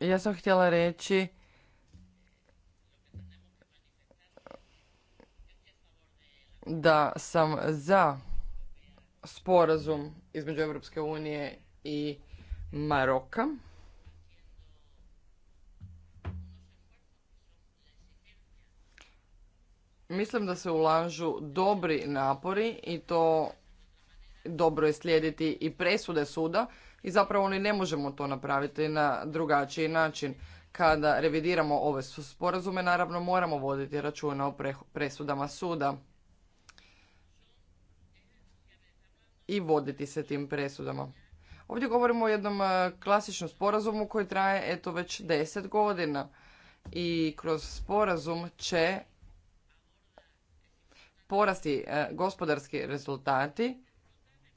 Ja sam htjela reći da sam za sporazum između Europske unije i Maroka. Mislim da se ulažu dobri napori i to dobro je slijediti i presude suda i zapravo ni ne možemo to napraviti na drugačiji način. Kada revidiramo ove sporazume, naravno moramo voditi računa o presudama suda i voditi se tim presudama. Ovdje govorimo o jednom e, klasičnom sporazumu koji traje eto već deset godina i kroz sporazum će porasti e, gospodarski rezultati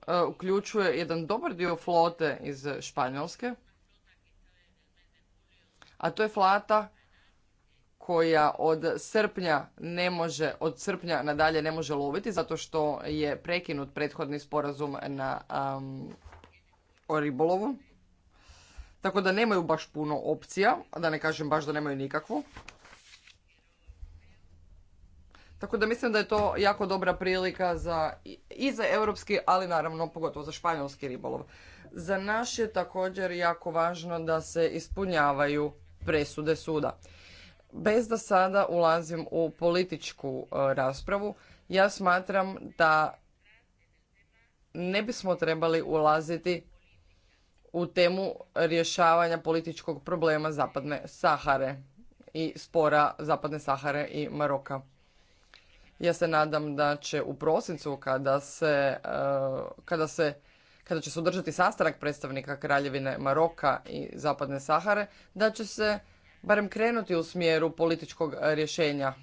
e, uključuje jedan dobar dio flote iz Španjolske, a to je flata koja od srpnja ne može, od srpnja nadalje ne može loviti zato što je prekinut prethodni sporazum na, um, o ribolovu. Tako da nemaju baš puno opcija, da ne kažem baš da nemaju nikakvu. Tako da mislim da je to jako dobra prilika za, i za europski, ali naravno pogotovo za španjolski ribolov. Za naš je također jako važno da se ispunjavaju presude suda. Bez da sada ulazim u političku e, raspravu, ja smatram da ne bismo trebali ulaziti u temu rješavanja političkog problema Zapadne Sahare i spora Zapadne Sahare i Maroka. Ja se nadam da će u prosincu kada se, eh, kada se kada će se održati sastanak predstavnika Kraljevine Maroka i Zapadne Sahare, da će se barem krenuti u smjeru političkog rješenja mm,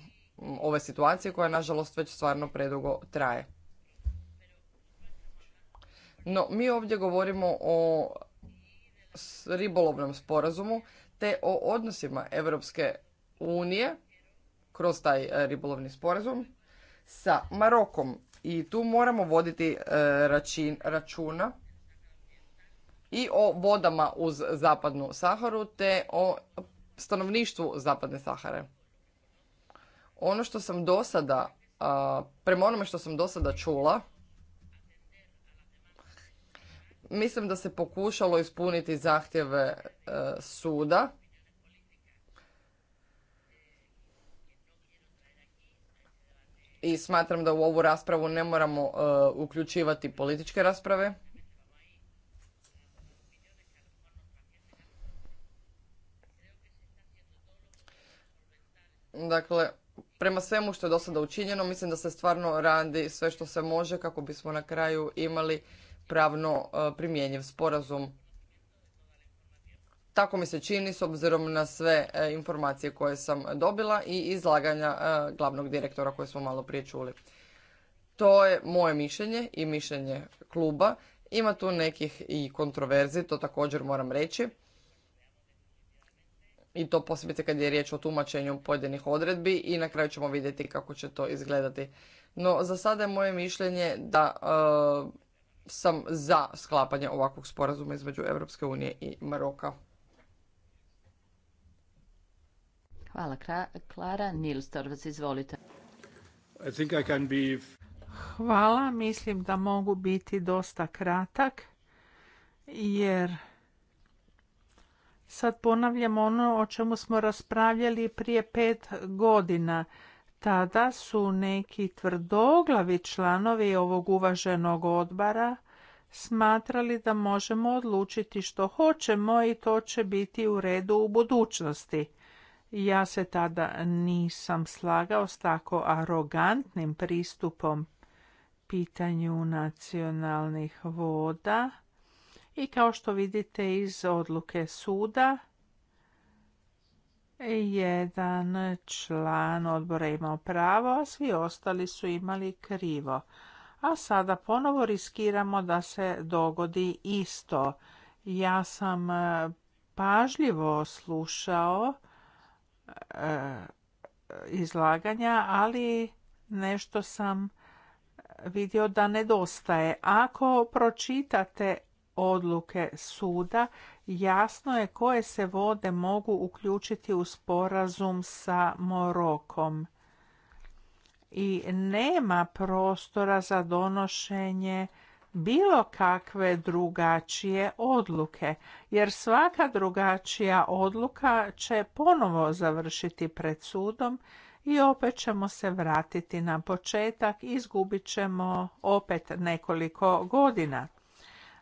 ove situacije koja nažalost već stvarno predugo traje. No, mi ovdje govorimo o ribolovnom sporazumu te o odnosima Europske unije kroz taj eh, ribolovni sporazum sa Marokom i tu moramo voditi e, računa i o vodama uz zapadnu Saharu te o stanovništvu zapadne Sahare. Ono što sam do sada, prema onome što sam do sada čula, mislim da se pokušalo ispuniti zahtjeve e, suda i smatram da u ovu raspravu ne moramo uh, uključivati političke rasprave. Dakle, prema svemu što je do sada učinjeno, mislim da se stvarno radi sve što se može kako bismo na kraju imali pravno uh, primjenjiv sporazum tako mi se čini s obzirom na sve e, informacije koje sam dobila i izlaganja e, glavnog direktora koje smo malo prije čuli. To je moje mišljenje i mišljenje kluba. Ima tu nekih i kontroverzi, to također moram reći. I to posebice kad je riječ o tumačenju pojedinih odredbi i na kraju ćemo vidjeti kako će to izgledati. No, za sada je moje mišljenje da e, sam za sklapanje ovakvog sporazuma između Europske unije i Maroka. Hvala. Klara izvolite. Hvala. Mislim da mogu biti dosta kratak jer sad ponavljam ono o čemu smo raspravljali prije pet godina. Tada su neki tvrdoglavi članovi ovog uvaženog odbara smatrali da možemo odlučiti što hoćemo i to će biti u redu u budućnosti. Ja se tada nisam slagao s tako arogantnim pristupom pitanju nacionalnih voda i kao što vidite iz odluke suda jedan član odbora imao pravo, a svi ostali su imali krivo. A sada ponovo riskiramo da se dogodi isto. Ja sam eh, pažljivo slušao E, izlaganja, ali nešto sam vidio da nedostaje. Ako pročitate odluke suda, jasno je koje se vode mogu uključiti u sporazum sa Morokom. I nema prostora za donošenje bilo kakve drugačije odluke jer svaka drugačija odluka će ponovo završiti pred sudom i opet ćemo se vratiti na početak i izgubit ćemo opet nekoliko godina.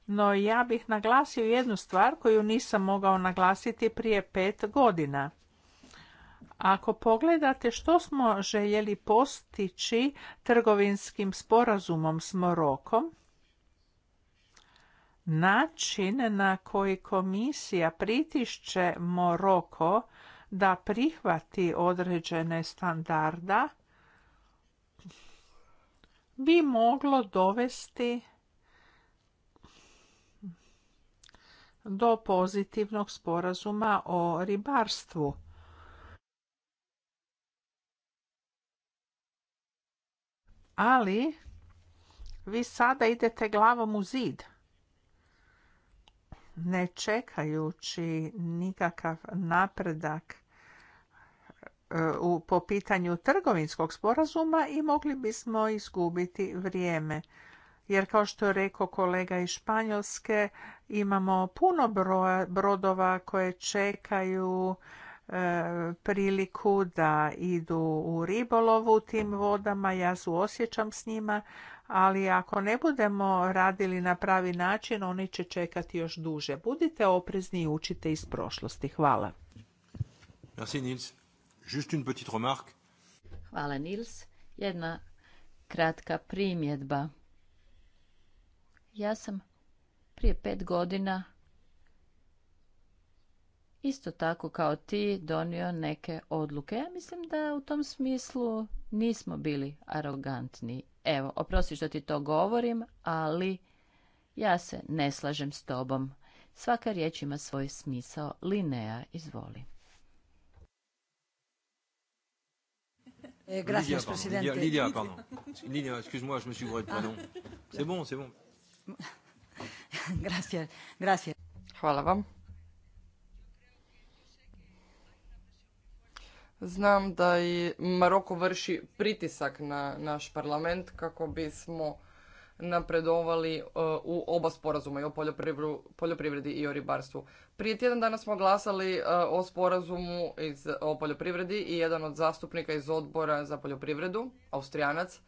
No ja bih naglasio jednu stvar koju nisam mogao naglasiti prije pet godina. Ako pogledate što smo željeli postići trgovinskim sporazumom s Morokom, način na koji komisija pritišće Moroko da prihvati određene standarda bi moglo dovesti do pozitivnog sporazuma o ribarstvu. Ali vi sada idete glavom u zid ne čekajući nikakav napredak e, po pitanju trgovinskog sporazuma i mogli bismo izgubiti vrijeme. Jer kao što je rekao kolega iz Španjolske, imamo puno brodova koje čekaju e, priliku da idu u ribolovu tim vodama. Ja suosjećam s njima, ali ako ne budemo radili na pravi način, oni će čekati još duže. Budite oprezni i učite iz prošlosti. Hvala. Merci Nils. une petite remarque. Hvala Nils. Jedna kratka primjedba. Ja sam prije pet godina isto tako kao ti donio neke odluke. Ja mislim da u tom smislu nismo bili arogantni. Evo, oprosti što ti to govorim, ali ja se ne slažem s tobom. Svaka riječ ima svoj smisao. Linea, izvoli. Eh, gracias, Hvala vam. Znam da i Maroko vrši pritisak na naš parlament kako bismo napredovali e, u oba sporazuma i o poljoprivredi i o ribarstvu. Prije tjedan dana smo glasali e, o sporazumu o poljoprivredi i jedan od zastupnika iz odbora za poljoprivredu, Austrijanac,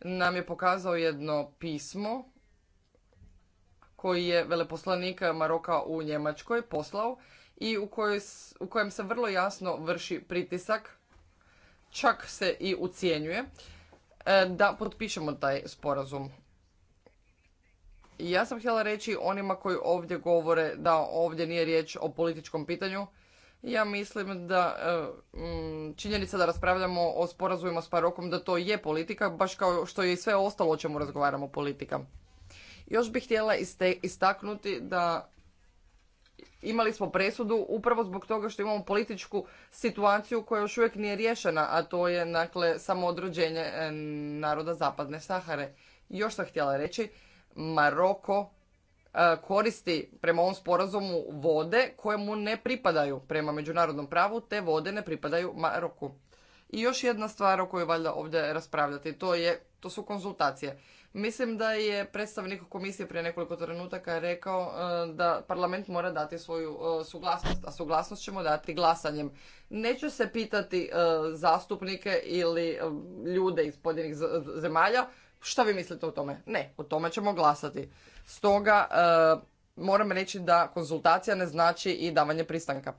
nam je pokazao jedno pismo koji je veleposlanika Maroka u Njemačkoj poslao i u, kojoj, u kojem se vrlo jasno vrši pritisak, čak se i ucijenjuje, e, da potpišemo taj sporazum. Ja sam htjela reći onima koji ovdje govore da ovdje nije riječ o političkom pitanju. Ja mislim da e, mm, činjenica da raspravljamo o sporazumima s Parokom da to je politika, baš kao što je i sve ostalo o čemu razgovaramo politika. Još bih htjela istaknuti da imali smo presudu upravo zbog toga što imamo političku situaciju koja još uvijek nije riješena, a to je dakle samo odrođenje e, naroda Zapadne Sahare. Još sam htjela reći, Maroko e, koristi prema ovom sporazumu vode koje mu ne pripadaju prema međunarodnom pravu, te vode ne pripadaju Maroku. I još jedna stvar o kojoj valjda ovdje raspravljati, to, je, to su konzultacije. Mislim da je predstavnik komisije prije nekoliko trenutaka rekao e, da parlament mora dati svoju e, suglasnost, a suglasnost ćemo dati glasanjem. Neću se pitati e, zastupnike ili ljude iz pojedinih zemalja šta vi mislite o tome. Ne, o tome ćemo glasati. Stoga moram reći da konzultacija ne znači i davanje pristanka.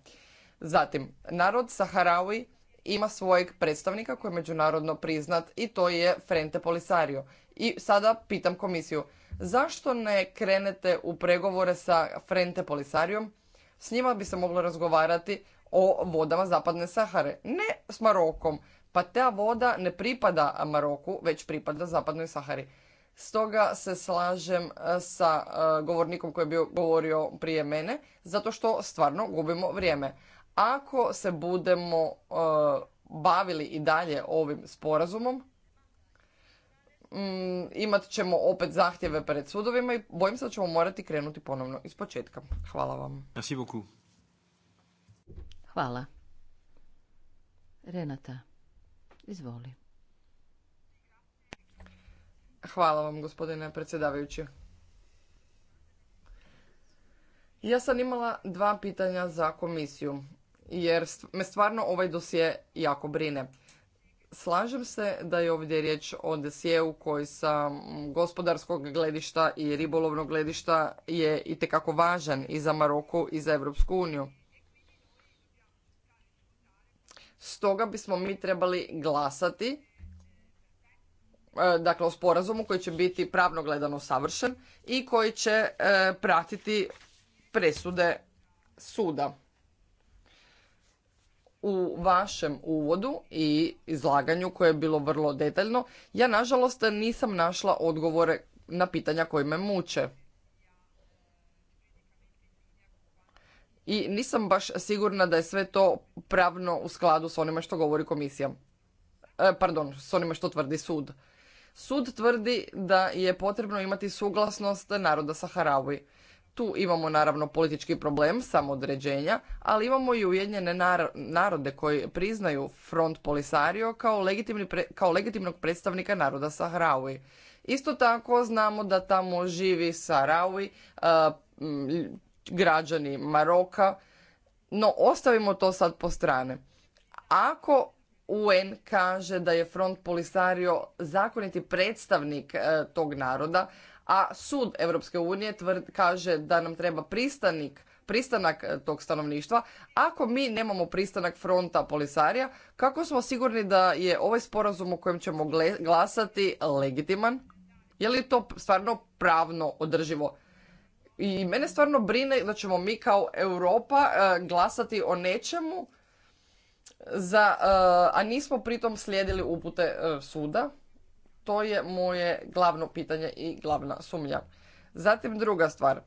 Zatim, narod Saharaui ima svojeg predstavnika koji je međunarodno priznat i to je Frente Polisario. I sada pitam komisiju, zašto ne krenete u pregovore sa Frente Polisarijom? S njima bi se moglo razgovarati o vodama Zapadne Sahare. Ne s Marokom, pa ta voda ne pripada Maroku, već pripada Zapadnoj Sahari. Stoga se slažem e, sa e, govornikom koji je bio govorio prije mene, zato što stvarno gubimo vrijeme. Ako se budemo e, bavili i dalje ovim sporazumom, Mm, imat ćemo opet zahtjeve pred sudovima i bojim se da ćemo morati krenuti ponovno iz početka. Hvala vam. Merci beaucoup. Hvala. Renata, izvoli. Hvala vam, gospodine predsjedavajući. Ja sam imala dva pitanja za komisiju, jer me stvarno ovaj dosje jako brine. Slažem se da je ovdje riječ o desijevu koji sa gospodarskog gledišta i ribolovnog gledišta je itekako važan i za Maroku i za Europsku uniju. Stoga bismo mi trebali glasati e, dakle o sporazumu koji će biti pravno gledano savršen i koji će e, pratiti presude suda u vašem uvodu i izlaganju koje je bilo vrlo detaljno, ja nažalost nisam našla odgovore na pitanja koje me muče. I nisam baš sigurna da je sve to pravno u skladu s onima što govori komisija. E, pardon, s onima što tvrdi sud. Sud tvrdi da je potrebno imati suglasnost naroda Saharavi. Tu imamo naravno politički problem samodređenja, ali imamo i ujednjene narode koji priznaju front Polisario kao, kao legitimnog predstavnika naroda Sahraui. Isto tako znamo da tamo živi Sahraui, građani Maroka, no ostavimo to sad po strane. Ako UN kaže da je front Polisario zakoniti predstavnik e, tog naroda, a sud Europske unije kaže da nam treba pristanik, pristanak e, tog stanovništva, ako mi nemamo pristanak fronta Polisarija, kako smo sigurni da je ovaj sporazum o kojem ćemo glasati legitiman? Je li to stvarno pravno održivo? I mene stvarno brine da ćemo mi kao Europa e, glasati o nečemu za, e, a nismo pritom slijedili upute suda. To je moje glavno pitanje i glavna sumnja. Zatim druga stvar.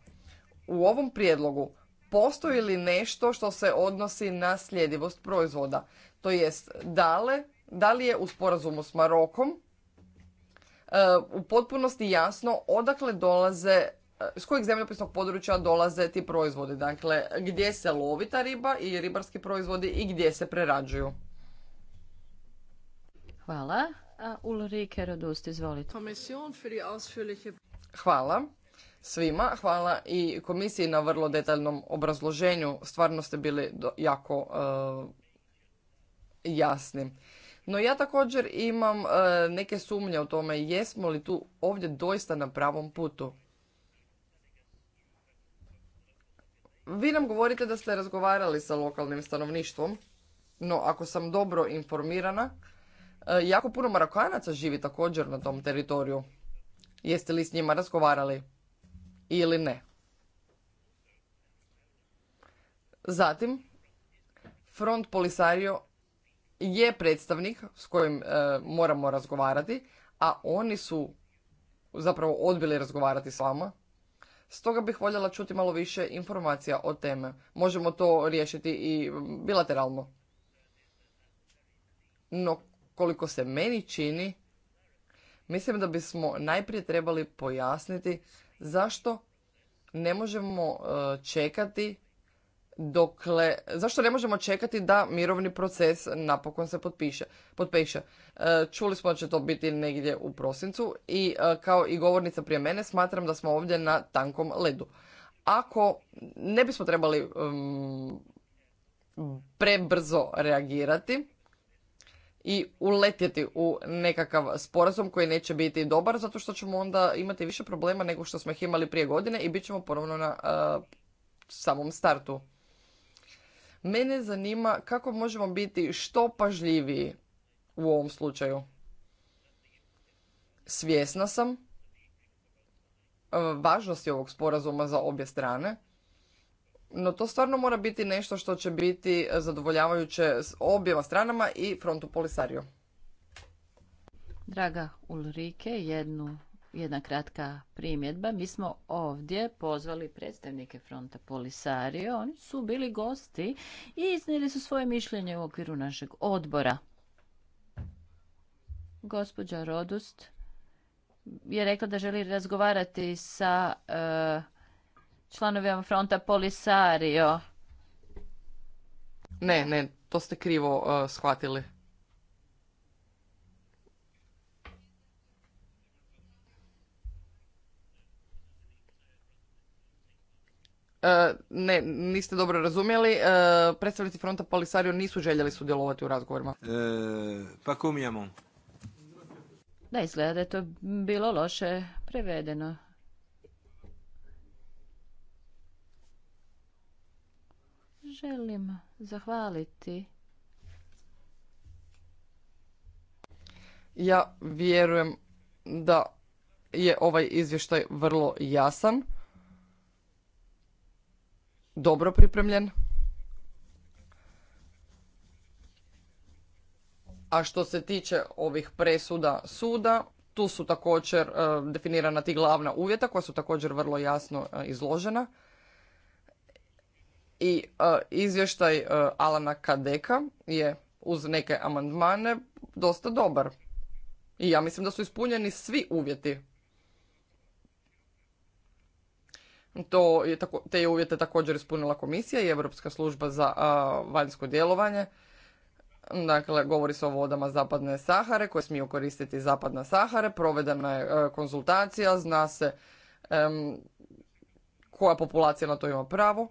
U ovom prijedlogu postoji li nešto što se odnosi na sljedivost proizvoda? To jest, da li je u sporazumu s Marokom e, u potpunosti jasno odakle dolaze e, s kojeg zemljopisnog područja dolaze ti proizvodi, dakle gdje se lovi ta riba i ribarski proizvodi i gdje se prerađuju. Hvala. Ulrike izvolite. Hvala svima, hvala i komisiji na vrlo detaljnom obrazloženju. Stvarno ste bili jako e, jasni. No ja također imam e, neke sumnje o tome jesmo li tu ovdje doista na pravom putu. Vi nam govorite da ste razgovarali sa lokalnim stanovništvom, no ako sam dobro informirana, E, jako puno Marokanaca živi također na tom teritoriju. Jeste li s njima razgovarali ili ne? Zatim, Front Polisario je predstavnik s kojim e, moramo razgovarati, a oni su zapravo odbili razgovarati s vama. Stoga bih voljela čuti malo više informacija o teme. Možemo to riješiti i bilateralno. No koliko se meni čini, mislim da bismo najprije trebali pojasniti zašto ne možemo e, čekati dokle, zašto ne možemo čekati da mirovni proces napokon se potpiše, potpiše e, Čuli smo da će to biti negdje u prosincu i e, kao i govornica prije mene smatram da smo ovdje na tankom ledu. Ako ne bismo trebali prebrzo reagirati, i uletjeti u nekakav sporazum koji neće biti dobar zato što ćemo onda imati više problema nego što smo ih imali prije godine i bit ćemo ponovno na samom startu. Mene zanima kako možemo biti što pažljiviji u ovom slučaju. Svjesna sam važnosti ovog sporazuma za obje strane no to stvarno mora biti nešto što će biti e, zadovoljavajuće s objeva stranama i frontu Polisario. Draga Ulrike, jednu, jedna kratka primjedba. Mi smo ovdje pozvali predstavnike fronta Polisario. Oni su bili gosti i iznijeli su svoje mišljenje u okviru našeg odbora. Gospođa Rodust je rekla da želi razgovarati sa... E, članovima fronta Polisario. Ne, ne, to ste krivo uh, shvatili. Uh, ne, niste dobro razumjeli. Uh, predstavnici fronta Polisario nisu željeli sudjelovati u razgovorima. E, pa kumijamo Da, izgleda da je to bilo loše prevedeno. Želim zahvaliti. Ja vjerujem da je ovaj izvještaj vrlo jasan, dobro pripremljen. A što se tiče ovih presuda suda, tu su također eh, definirana ti glavna uvjeta koja su također vrlo jasno eh, izložena i e, izvještaj e, Alana Kadeka je uz neke amandmane dosta dobar. I ja mislim da su ispunjeni svi uvjeti. To je, te je uvjete također ispunila komisija i Europska služba za e, vanjsko djelovanje. Dakle, govori se o vodama Zapadne Sahare koje smiju koristiti Zapadna Sahare. Provedena je konzultacija, zna se koja populacija na to ima pravo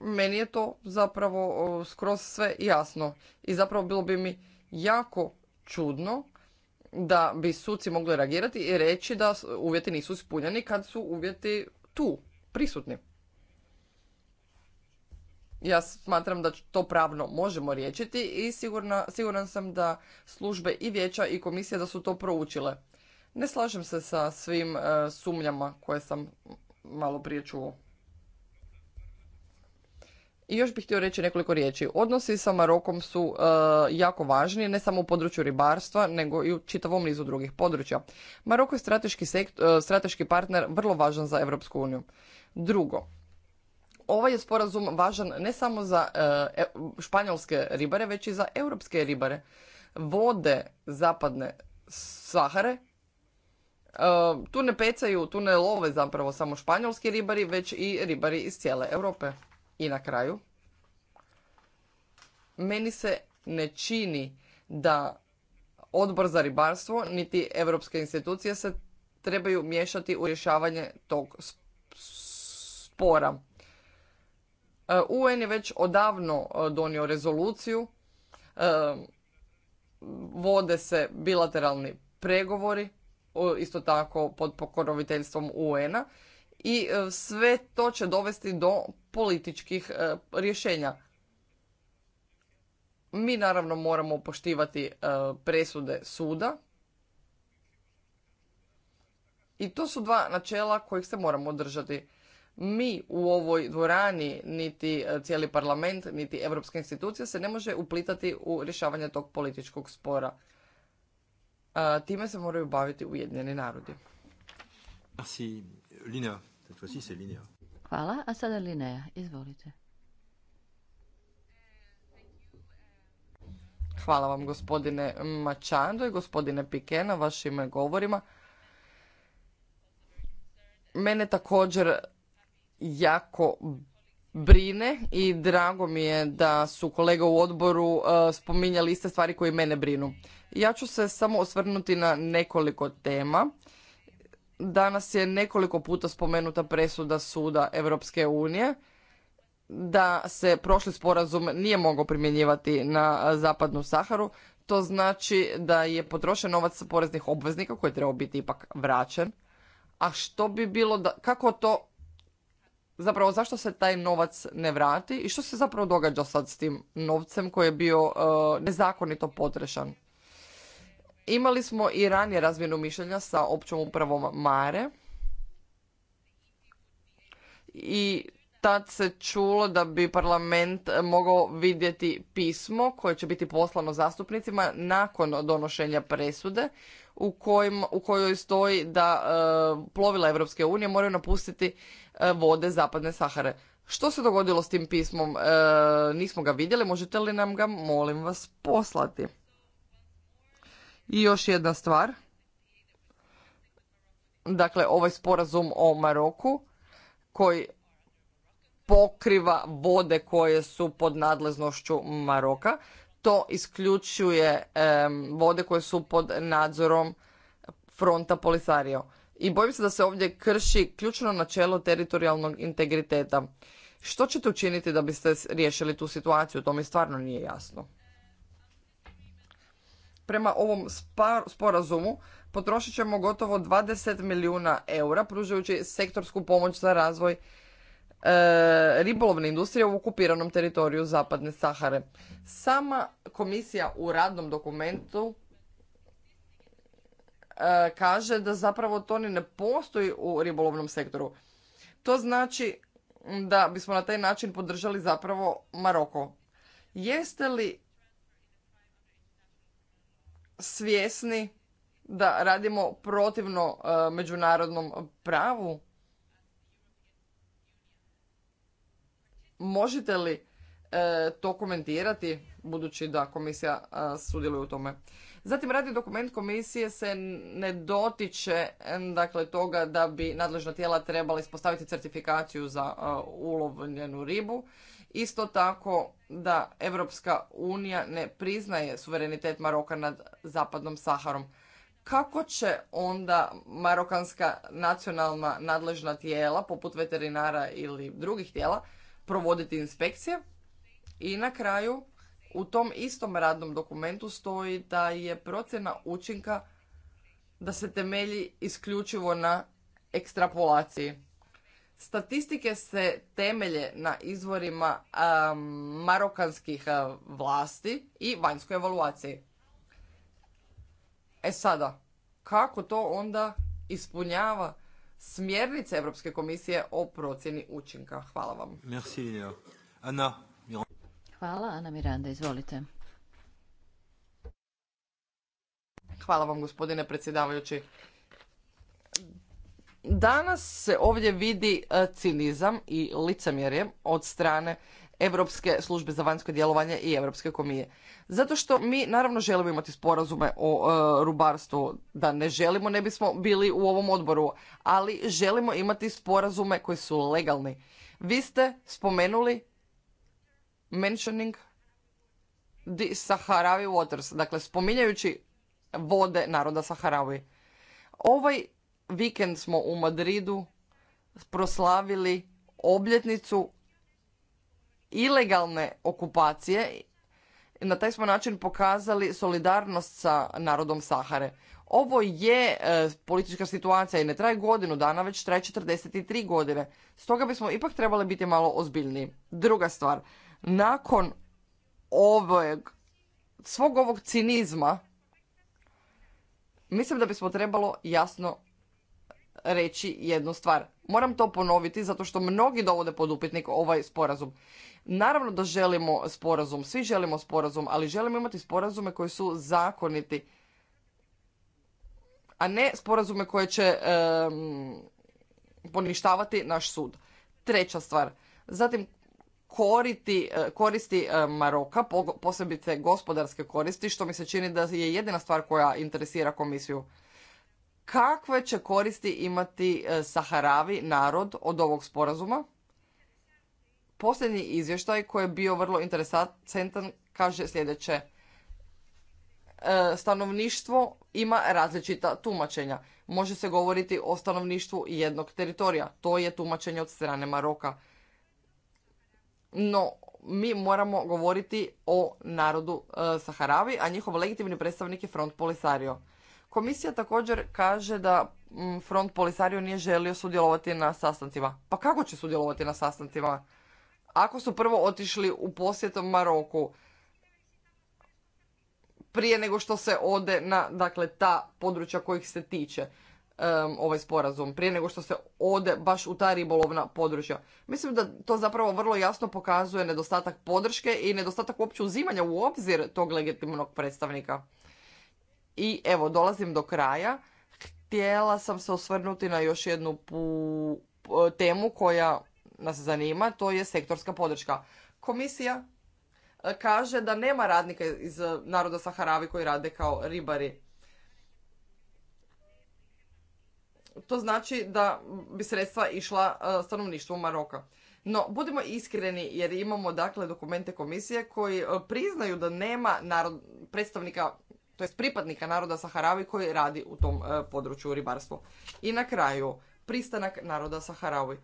meni je to zapravo skroz sve jasno. I zapravo bilo bi mi jako čudno da bi suci mogli reagirati i reći da uvjeti nisu ispunjeni kad su uvjeti tu, prisutni. Ja smatram da to pravno možemo riječiti i sigurna, siguran sam da službe i vijeća i komisija da su to proučile. Ne slažem se sa svim e, sumnjama koje sam malo prije čuo. I još bih htio reći nekoliko riječi. Odnosi sa Marokom su e, jako važni, ne samo u području ribarstva, nego i u čitavom nizu drugih područja. Maroko je strateški, e, strateški partner vrlo važan za Europsku uniju. Drugo, ovaj je sporazum važan ne samo za e, španjolske ribare, već i za europske ribare. Vode zapadne Sahare tu ne pecaju, tu ne love zapravo samo španjolski ribari, već i ribari iz cijele Europe. I na kraju, meni se ne čini da odbor za ribarstvo niti europske institucije se trebaju miješati u rješavanje tog spora. E, UN je već odavno e, donio rezoluciju, e, vode se bilateralni pregovori, isto tako pod pokoroviteljstvom UN-a i e, sve to će dovesti do političkih e, rješenja. Mi naravno moramo poštivati e, presude suda i to su dva načela kojih se moramo držati. Mi u ovoj dvorani, niti cijeli parlament, niti europska institucija se ne može uplitati u rješavanje tog političkog spora. Time se moraju baviti Ujedinjeni narodi. Merci, Lina. Cette fois-ci, c'est Hvala, a sada Linéa, izvolite. Hvala vam gospodine Mačando i gospodine Pike na vašim govorima. Mene također jako brine i drago mi je da su kolega u odboru e, spominjali iste stvari koje mene brinu. Ja ću se samo osvrnuti na nekoliko tema Danas je nekoliko puta spomenuta presuda suda Europske unije da se prošli sporazum nije mogao primjenjivati na zapadnu Saharu. To znači da je potrošen novac poreznih obveznika koji je trebao biti ipak vraćen. A što bi bilo da, kako to, zapravo zašto se taj novac ne vrati i što se zapravo događa sad s tim novcem koji je bio eh, nezakonito potrešan? Imali smo i ranije razmjenu mišljenja sa općom upravom Mare i tad se čulo da bi parlament mogao vidjeti pismo koje će biti poslano zastupnicima nakon donošenja presude u, kojim, u kojoj stoji da e, plovila Europske unije moraju napustiti e, vode Zapadne Sahare. Što se dogodilo s tim pismom? E, nismo ga vidjeli, možete li nam ga, molim vas, poslati? I još jedna stvar. Dakle, ovaj sporazum o Maroku koji pokriva vode koje su pod nadležnošću Maroka. To isključuje vode koje su pod nadzorom fronta Polisario. I bojim se da se ovdje krši ključno načelo teritorijalnog integriteta. Što ćete učiniti da biste riješili tu situaciju? To mi stvarno nije jasno prema ovom sporazumu potrošit ćemo gotovo 20 milijuna eura pružajući sektorsku pomoć za razvoj e, ribolovne industrije u okupiranom teritoriju Zapadne Sahare. Sama komisija u radnom dokumentu e, kaže da zapravo to ne postoji u ribolovnom sektoru. To znači da bismo na taj način podržali zapravo Maroko. Jeste li svjesni da radimo protivno e, međunarodnom pravu? Možete li e, to komentirati, budući da komisija e, sudjeluje u tome? Zatim radi dokument komisije se ne dotiče dakle, toga da bi nadležna tijela trebala ispostaviti certifikaciju za ulovljenu ribu. Isto tako da Europska unija ne priznaje suverenitet Maroka nad zapadnom Saharom. Kako će onda marokanska nacionalna nadležna tijela, poput veterinara ili drugih tijela, provoditi inspekcije? I na kraju, u tom istom radnom dokumentu stoji da je procjena učinka da se temelji isključivo na ekstrapolaciji. Statistike se temelje na izvorima marokanskih vlasti i vanjskoj evaluaciji. E sada, kako to onda ispunjava smjernice Europske komisije o procjeni učinka? Hvala vam. Hvala, Ana Miranda, izvolite. Hvala vam, gospodine predsjedavajući. Danas se ovdje vidi e, cinizam i licemjerje od strane Europske službe za vanjsko djelovanje i Europske komije. Zato što mi naravno želimo imati sporazume o e, rubarstvu, da ne želimo ne bismo bili u ovom odboru, ali želimo imati sporazume koji su legalni. Vi ste spomenuli mentioning the Saharavi waters, dakle spominjajući vode naroda Saharavi. Ovaj vikend smo u Madridu proslavili obljetnicu ilegalne okupacije. Na taj smo način pokazali solidarnost sa narodom Sahare. Ovo je e, politička situacija i ne traje godinu dana, već traje 43 godine. Stoga bismo ipak trebali biti malo ozbiljniji. Druga stvar, nakon ovog, svog ovog cinizma, mislim da bismo trebalo jasno reći jednu stvar. Moram to ponoviti zato što mnogi dovode pod upitnik ovaj sporazum. Naravno da želimo sporazum, svi želimo sporazum, ali želimo imati sporazume koji su zakoniti, a ne sporazume koje će poništavati naš sud. Treća stvar. Zatim e, koristi e, Maroka, posebice gospodarske koristi, što mi se čini da je jedina stvar koja interesira komisiju kakve će koristi imati e, Saharavi narod od ovog sporazuma? Posljednji izvještaj koji je bio vrlo interesantan kaže sljedeće. E, stanovništvo ima različita tumačenja. Može se govoriti o stanovništvu jednog teritorija. To je tumačenje od strane Maroka. No, mi moramo govoriti o narodu e, Saharavi, a njihov legitimni predstavnik je Front Polisario. Komisija također kaže da mm, front Polisario nije želio sudjelovati na sastancima. Pa kako će sudjelovati na sastancima? Ako su prvo otišli u posjet Maroku, prije nego što se ode na dakle, ta područja kojih se tiče ovaj sporazum, prije nego što se ode baš u ta ribolovna područja. Mislim da to zapravo vrlo jasno pokazuje nedostatak podrške i nedostatak uopće uzimanja u obzir tog legitimnog predstavnika. I evo, dolazim do kraja. Htjela sam se osvrnuti na još jednu temu koja nas zanima, to je sektorska podrška. Komisija e, kaže da nema radnika iz naroda Saharavi koji rade kao ribari. To znači da bi sredstva išla e, stanovništvu Maroka. No, budimo iskreni jer imamo dakle dokumente komisije koji e, priznaju da nema narod, predstavnika to jest pripadnika naroda Saharavi koji radi u tom e, području ribarstvu. I na kraju, pristanak naroda Saharavi.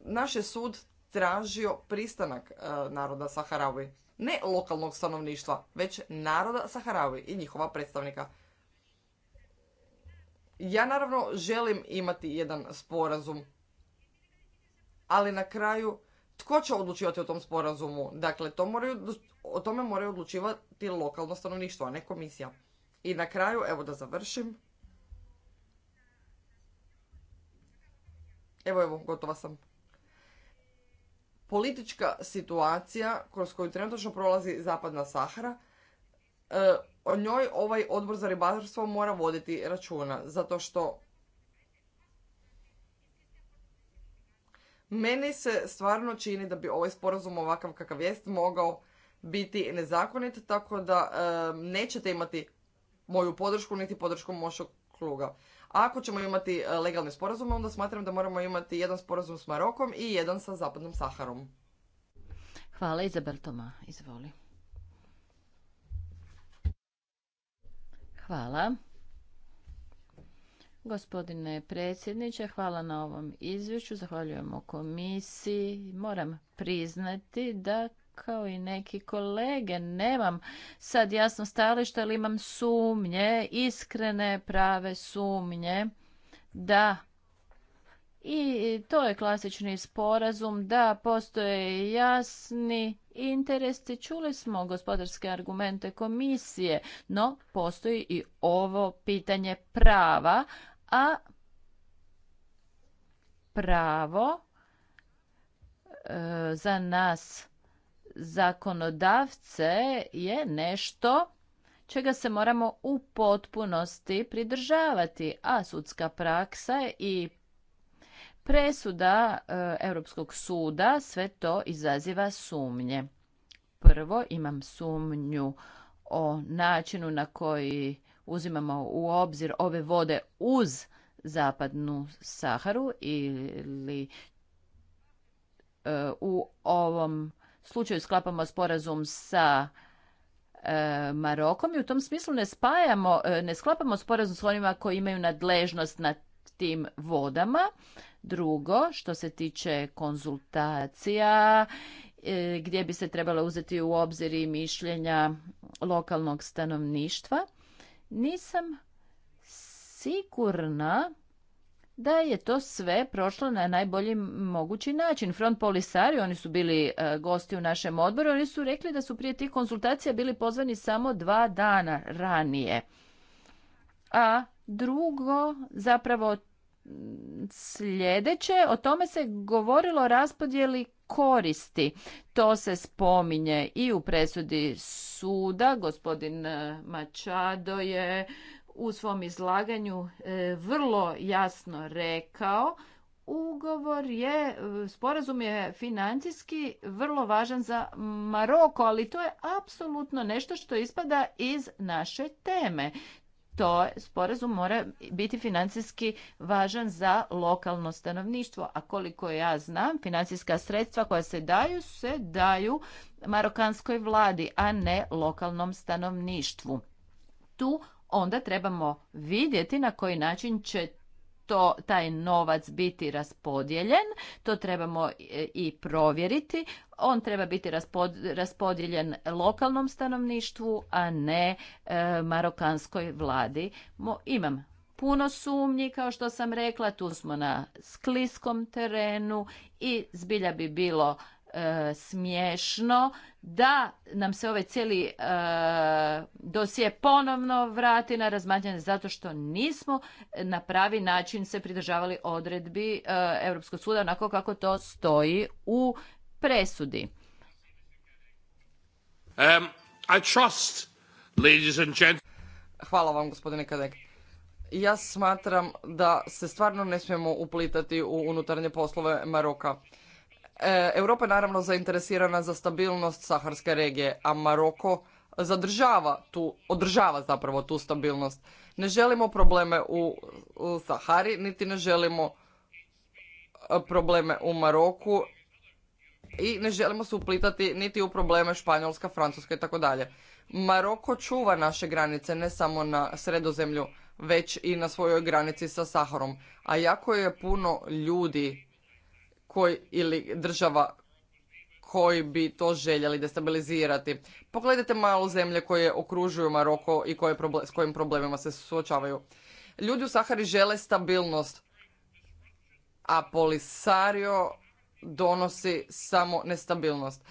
Naš je sud tražio pristanak e, naroda Saharavi, ne lokalnog stanovništva, već naroda Saharavi i njihova predstavnika. Ja naravno želim imati jedan sporazum, ali na kraju tko će odlučivati o tom sporazumu? Dakle, to moraju, o tome moraju odlučivati lokalno stanovništvo, a ne komisija. I na kraju, evo da završim. Evo, evo, gotova sam. Politička situacija kroz koju trenutno prolazi Zapadna Sahara, e, o njoj ovaj odbor za ribarstvo mora voditi računa, zato što Meni se stvarno čini da bi ovaj sporazum ovakav kakav jest mogao biti nezakonit, tako da nećete imati moju podršku niti podršku mošog kluga. Ako ćemo imati e, legalni sporazume onda smatram da moramo imati jedan sporazum s Marokom i jedan sa Zapadnom Saharom. Hvala Izabel Toma, izvoli. Hvala. Gospodine predsjedniče, hvala na ovom izvješću, zahvaljujemo komisiji. Moram priznati da kao i neki kolege nemam sad jasno stajalište, ali imam sumnje, iskrene prave sumnje da i to je klasični sporazum da postoje jasni interesi. Čuli smo gospodarske argumente komisije, no postoji i ovo pitanje prava, a pravo e, za nas zakonodavce je nešto čega se moramo u potpunosti pridržavati, a sudska praksa i presuda e, Europskog suda sve to izaziva sumnje. Prvo imam sumnju o načinu na koji uzimamo u obzir ove vode uz zapadnu Saharu ili e, u ovom slučaju sklapamo sporazum sa e, Marokom i u tom smislu ne spajamo, e, ne sklapamo sporazum s onima koji imaju nadležnost nad tim vodama. Drugo, što se tiče konzultacija gdje bi se trebalo uzeti u obzir i mišljenja lokalnog stanovništva. Nisam sigurna da je to sve prošlo na najbolji mogući način. Front Polisari, oni su bili e, gosti u našem odboru, oni su rekli da su prije tih konsultacija bili pozvani samo dva dana ranije. A drugo, zapravo sljedeće, o tome se govorilo o raspodjeli koristi. To se spominje i u presudi suda. Gospodin e, Mačado je u svom izlaganju e, vrlo jasno rekao ugovor je, sporazum je financijski vrlo važan za Maroko, ali to je apsolutno nešto što ispada iz naše teme to sporazum mora biti financijski važan za lokalno stanovništvo. A koliko ja znam, financijska sredstva koja se daju se daju marokanskoj vladi, a ne lokalnom stanovništvu. Tu onda trebamo vidjeti na koji način će to taj novac biti raspodijeljen, to trebamo e, i provjeriti. On treba biti raspodijeljen lokalnom stanovništvu, a ne e, marokanskoj vladi. imam puno sumnji, kao što sam rekla, tu smo na skliskom terenu i zbilja bi bilo e, smiješno da nam se ovaj cijeli e, dosje ponovno vrati na razmatranje zato što nismo na pravi način se pridržavali odredbi e, Europskog suda onako kako to stoji u presudi. Um, I trust, ladies and Hvala vam gospodine Kadek. Ja smatram da se stvarno ne smijemo uplitati u unutarnje poslove Maroka. E, Europa je naravno zainteresirana za stabilnost Saharske regije, a Maroko zadržava tu, održava zapravo tu stabilnost. Ne želimo probleme u, Sahari, niti ne želimo e, probleme u Maroku i ne želimo se uplitati niti u probleme Španjolska, Francuska i tako dalje. Maroko čuva naše granice ne samo na sredozemlju, već i na svojoj granici sa Saharom. A jako je puno ljudi koji, ili država koji bi to željeli destabilizirati. Pogledajte malo zemlje koje okružuju Maroko i s kojim problemima se suočavaju. Ljudi u Sahari žele stabilnost, a Polisario donosi samo nestabilnost.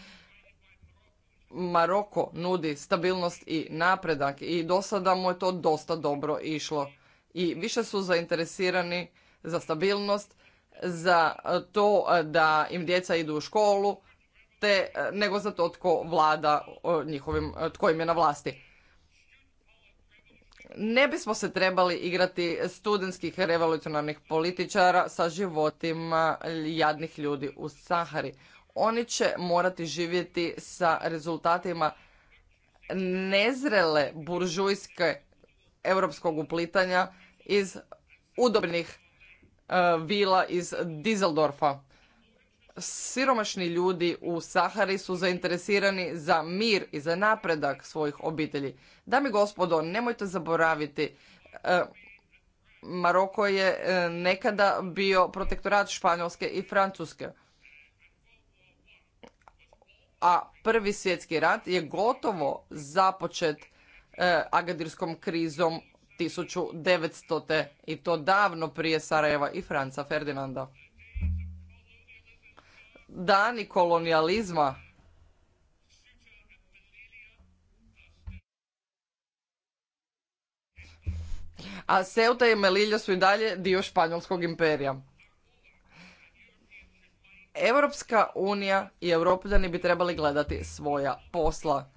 Maroko nudi stabilnost i napredak i do sada mu je to dosta dobro išlo. I više su zainteresirani za stabilnost za to eh, da im djeca idu u školu, te eh, nego za to tko vlada njihovim, eh, tko im je na vlasti. Ne bismo se trebali igrati studentskih revolucionarnih političara sa životima jadnih ljudi u Sahari. Oni će morati živjeti sa rezultatima nezrele buržujske europskog uplitanja iz udobnih E, vila iz Dizeldorfa. Siromašni ljudi u Sahari su zainteresirani za mir i za napredak svojih obitelji. Dami gospodo, nemojte zaboraviti, e, Maroko je e, nekada bio protektorat Španjolske i Francuske. A prvi svjetski rat je gotovo započet agadirskom krizom 1900. i to davno prije Sarajeva i Franca Ferdinanda. Dani kolonijalizma a Ceuta i Melilja su i dalje dio Španjolskog imperija. Europska unija i europljani bi trebali gledati svoja posla.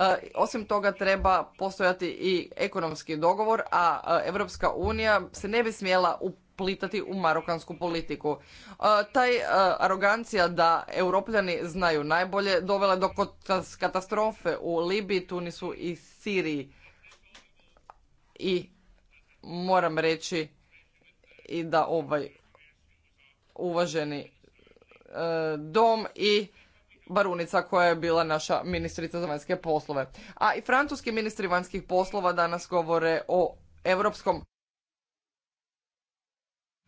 E, osim toga treba postojati i ekonomski dogovor, a Europska unija se ne bi smjela uplitati u marokansku politiku. E, taj e, arogancija da europljani znaju najbolje dovela do katastrofe u Libiji, Tunisu i Siriji. I moram reći i da ovaj uvaženi dom i Barunica koja je bila naša ministrica za vanjske poslove. A i francuski ministri vanjskih poslova danas govore o europskom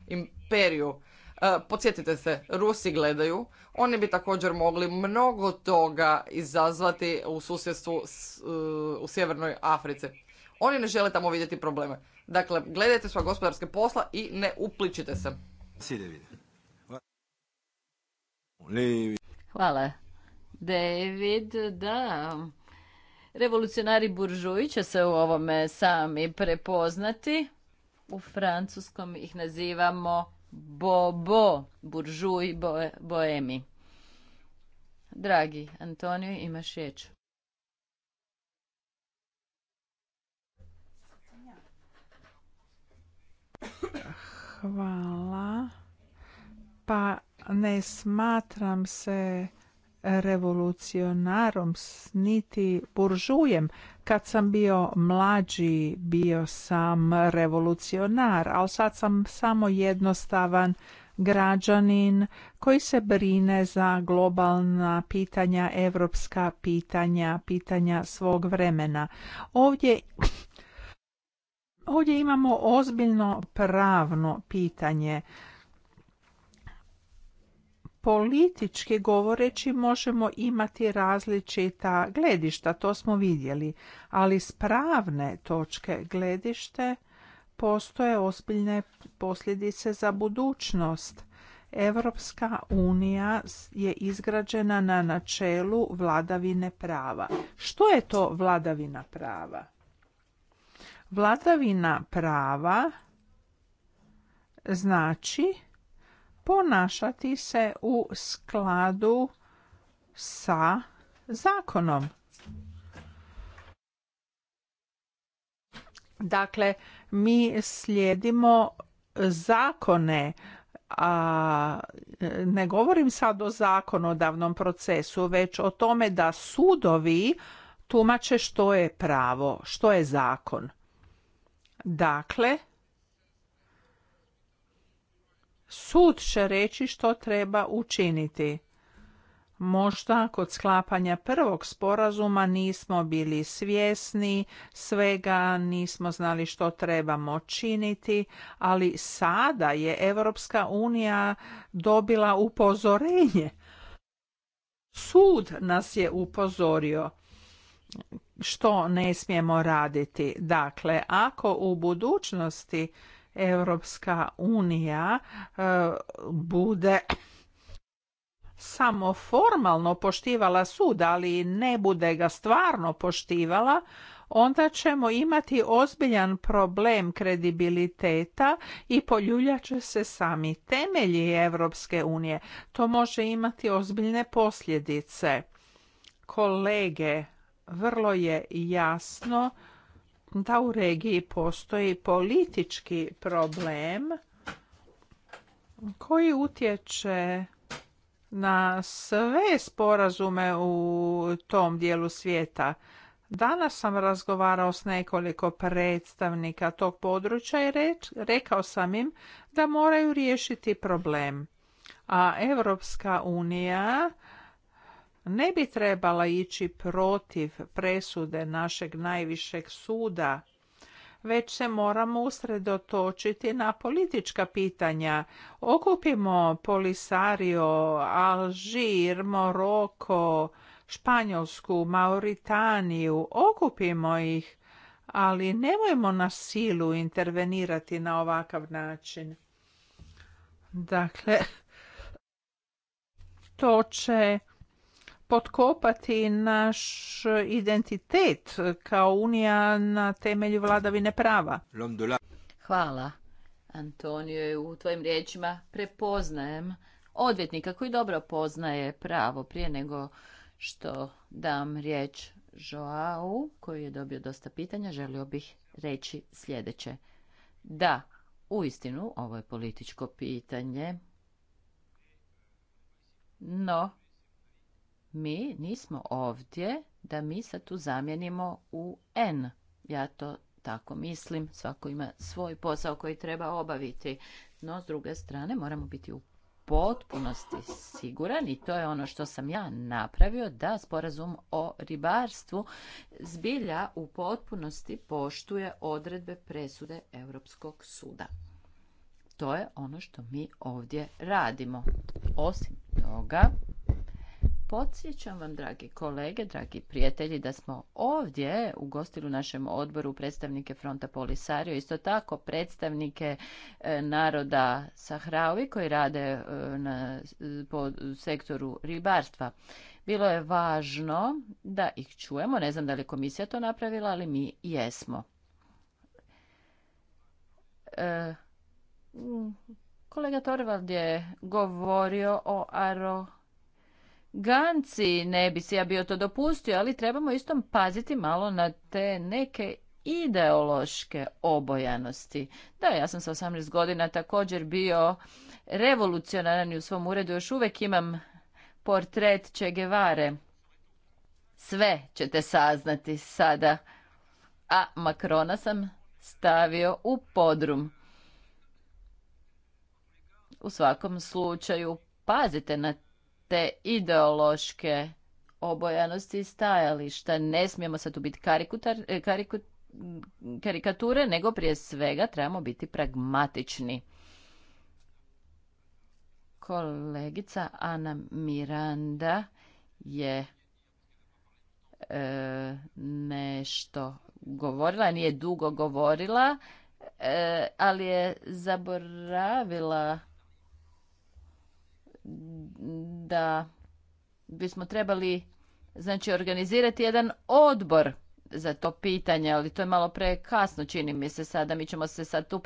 imperiju. E, podsjetite se, Rusi gledaju, oni bi također mogli mnogo toga izazvati u susjedstvu e, u Sjevernoj Africi. Oni ne žele tamo vidjeti probleme. Dakle, gledajte svoje gospodarske posla i ne upličite se. Hvala. David, da. Revolucionari buržuji će se u ovome sami prepoznati. U francuskom ih nazivamo bobo, buržuj boemi. Dragi, Antonio, imaš riječ. Hvala. Pa ne smatram se revolucionarom, niti buržujem. Kad sam bio mlađi, bio sam revolucionar, ali sad sam samo jednostavan građanin koji se brine za globalna pitanja, evropska pitanja, pitanja svog vremena. Ovdje Ovdje imamo ozbiljno pravno pitanje politički govoreći možemo imati različita gledišta, to smo vidjeli, ali s pravne točke gledište postoje ozbiljne posljedice za budućnost. Europska unija je izgrađena na načelu vladavine prava. Što je to vladavina prava? Vladavina prava znači ponašati se u skladu sa zakonom. Dakle, mi slijedimo zakone, a ne govorim sad o zakonodavnom procesu, već o tome da sudovi tumače što je pravo, što je zakon. Dakle, Sud će reći što treba učiniti. Možda kod sklapanja prvog sporazuma nismo bili svjesni, svega nismo znali što trebamo činiti, ali sada je Europska unija dobila upozorenje. Sud nas je upozorio što ne smijemo raditi. Dakle, ako u budućnosti Europska unija e, bude samo formalno poštivala sud, ali ne bude ga stvarno poštivala, onda ćemo imati ozbiljan problem kredibiliteta i poljuljaće se sami temelji Europske unije. To može imati ozbiljne posljedice. Kolege, vrlo je jasno da u regiji postoji politički problem koji utječe na sve sporazume u tom dijelu svijeta. Danas sam razgovarao s nekoliko predstavnika tog područja i rekao sam im da moraju riješiti problem. A Europska unija ne bi trebala ići protiv presude našeg najvišeg suda, već se moramo usredotočiti na politička pitanja. Okupimo Polisario, Alžir, Moroko, Španjolsku, Mauritaniju, okupimo ih, ali nemojmo na silu intervenirati na ovakav način. Dakle, to će potkopati naš identitet kao unija na temelju vladavine prava. Hvala. Antonio, u tvojim riječima prepoznajem odvjetnika koji dobro poznaje pravo prije nego što dam riječ Joao, koji je dobio dosta pitanja, želio bih reći sljedeće. Da, uistinu, ovo je političko pitanje, no mi nismo ovdje da mi sad tu zamijenimo u N. Ja to tako mislim, svako ima svoj posao koji treba obaviti. No, s druge strane, moramo biti u potpunosti siguran i to je ono što sam ja napravio da sporazum o ribarstvu zbilja u potpunosti poštuje odredbe presude Europskog suda. To je ono što mi ovdje radimo. Osim toga, Podsjećam vam, dragi kolege, dragi prijatelji, da smo ovdje u gostilu našem odboru predstavnike Fronta Polisario, isto tako predstavnike e, naroda Sahravi koji rade e, na, po sektoru ribarstva. Bilo je važno da ih čujemo, ne znam da li je komisija to napravila, ali mi jesmo. E, kolega Torvald je govorio o aro Ganci ne bi si ja bio to dopustio, ali trebamo istom paziti malo na te neke ideološke obojanosti. Da, ja sam sa 18 godina također bio revolucionaran i u svom uredu još uvijek imam portret Che Guevare. Sve ćete saznati sada. A Makrona sam stavio u podrum. U svakom slučaju, pazite na te ideološke obojanosti i stajališta. Ne smijemo sad tu biti e, karikature, nego prije svega trebamo biti pragmatični. Kolegica Ana Miranda je e, nešto govorila, nije dugo govorila, e, ali je zaboravila da bismo trebali znači organizirati jedan odbor za to pitanje, ali to je malo kasno čini mi se sada. Mi ćemo se sad tu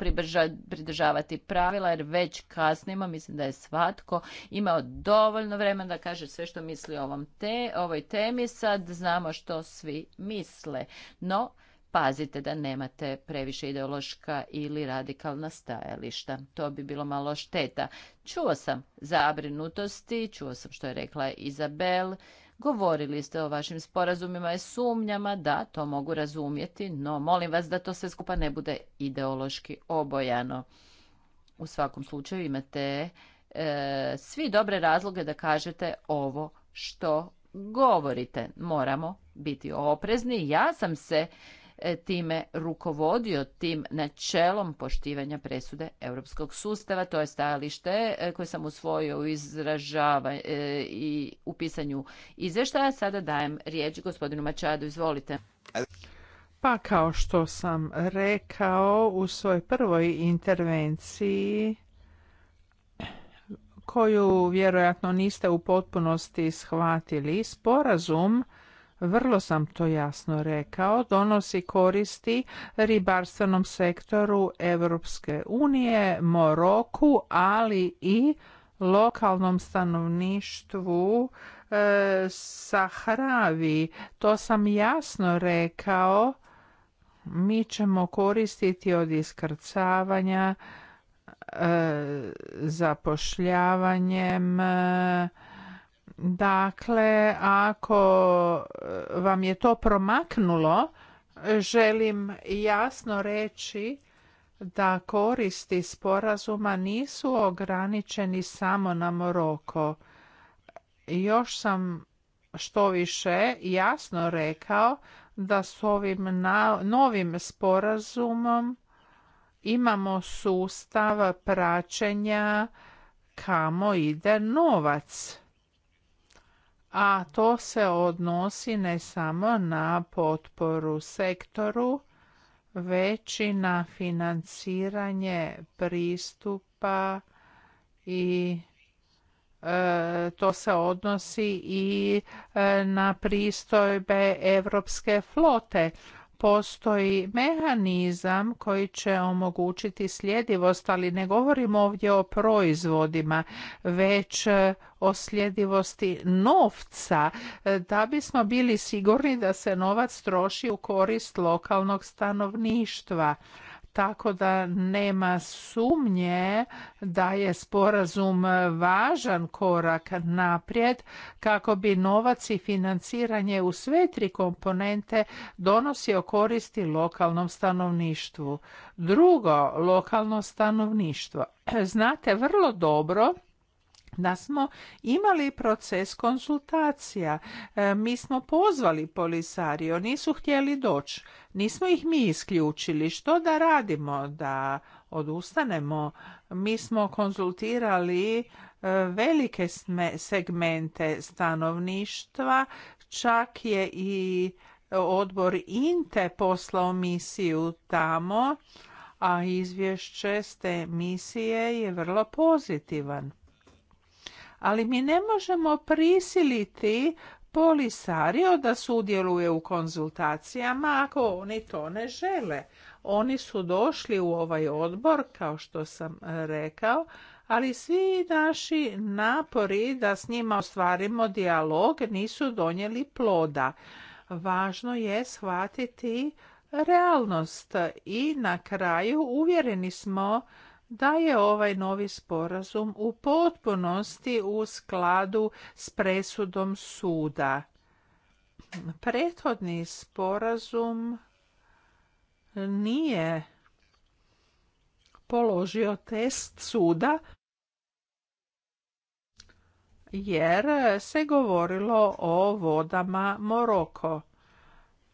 pridržavati pravila jer već kasnimo. Mislim da je svatko imao dovoljno vremena da kaže sve što misli o ovom te, ovoj temi. Sad znamo što svi misle. No, pazite da nemate previše ideološka ili radikalna stajališta. To bi bilo malo šteta. Čuo sam zabrinutosti, čuo sam što je rekla Izabel, Govorili ste o vašim sporazumima i sumnjama, da, to mogu razumjeti, no molim vas da to sve skupa ne bude ideološki obojano. U svakom slučaju imate e, svi dobre razloge da kažete ovo što govorite. Moramo biti oprezni. Ja sam se E, time rukovodio tim načelom poštivanja presude europskog sustava. To je stajalište e, koje sam usvojio u izražava e, i u pisanju izvještaja. Sada dajem riječ gospodinu Mačadu. Izvolite. Pa kao što sam rekao u svojoj prvoj intervenciji koju vjerojatno niste u potpunosti shvatili, sporazum vrlo sam to jasno rekao, donosi koristi ribarstvenom sektoru Europske unije, Moroku, ali i lokalnom stanovništvu e, Sahravi. To sam jasno rekao. Mi ćemo koristiti od iskrcavanja, e, zapošljavanjem, Dakle, ako e, vam je to promaknulo, želim jasno reći da koristi sporazuma nisu ograničeni samo na Moroko. Još sam što više jasno rekao da s ovim novim sporazumom imamo sustav praćenja kamo ide novac a to se odnosi ne samo na potporu sektoru, već i na financiranje pristupa i e, to se odnosi i e, na pristojbe europske flote postoji mehanizam koji će omogućiti sljedivost, ali ne govorimo ovdje o proizvodima, već e, o sljedivosti novca, e, da bismo bili sigurni da se novac troši u korist lokalnog stanovništva tako da nema sumnje da je sporazum važan korak naprijed kako bi novac i financiranje u sve tri komponente donosio koristi lokalnom stanovništvu. Drugo, lokalno stanovništvo. Znate vrlo dobro da smo imali proces konsultacija. E, mi smo pozvali Polisario, nisu htjeli doći. Nismo ih mi isključili. Što da radimo? Da odustanemo. Mi smo konzultirali e, velike segmente stanovništva, čak je i odbor INTE poslao misiju tamo, a izvješće s te misije je vrlo pozitivan ali mi ne možemo prisiliti Polisario da sudjeluje u konzultacijama ako oni to ne žele. Oni su došli u ovaj odbor, kao što sam e, rekao, ali svi naši napori da s njima ostvarimo dijalog nisu donijeli ploda. Važno je shvatiti realnost i na kraju uvjereni smo da je ovaj novi sporazum u potpunosti u skladu s presudom suda. Prethodni sporazum nije položio test suda jer se govorilo o vodama Moroko.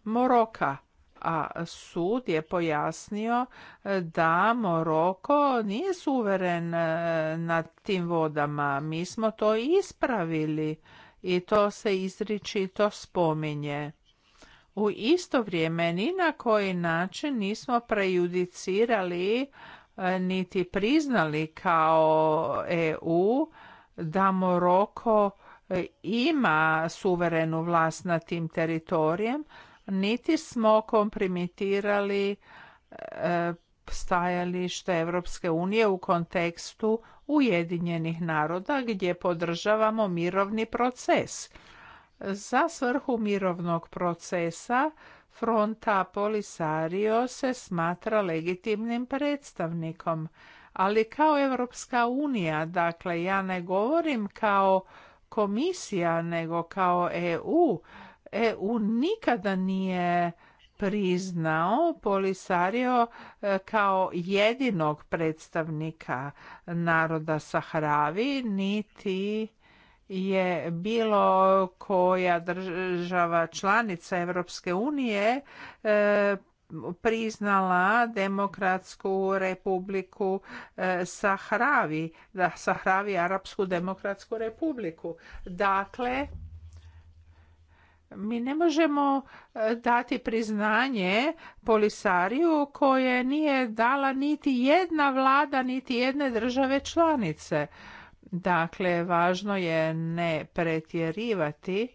Moroka a sud je pojasnio e, da Moroko nije suveren e, nad tim vodama. Mi smo to ispravili i to se izričito spominje. U isto vrijeme ni na koji način nismo prejudicirali e, niti priznali kao EU da Moroko ima suverenu vlast nad tim teritorijem, niti smo komprimitirali e, stajalište Europske unije u kontekstu Ujedinjenih naroda gdje podržavamo mirovni proces. Za svrhu mirovnog procesa Fronta Polisario se smatra legitimnim predstavnikom, ali kao Evropska unija, dakle ja ne govorim kao komisija nego kao EU, EU nikada nije priznao Polisario e, kao jedinog predstavnika naroda Saharavi, niti je bilo koja država članica Europske unije e, priznala Demokratsku republiku e, Sahravi, da Sahravi Arapsku demokratsku republiku. Dakle, mi ne možemo e, dati priznanje Polisariju koje nije dala niti jedna vlada, niti jedne države članice. Dakle, važno je ne pretjerivati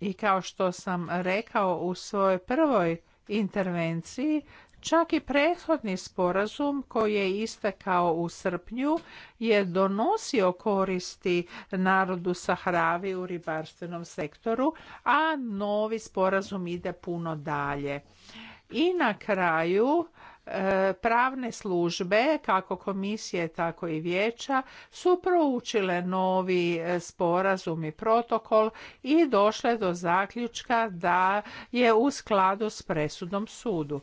i kao što sam rekao u svojoj prvoj intervenciji, Čak i prethodni sporazum koji je istekao u srpnju je donosio koristi narodu Sahravi u ribarstvenom sektoru, a novi sporazum ide puno dalje. I na kraju e, pravne službe, kako komisije, tako i vijeća, su proučile novi e, sporazum i protokol i došle do zaključka da je u skladu s presudom sudu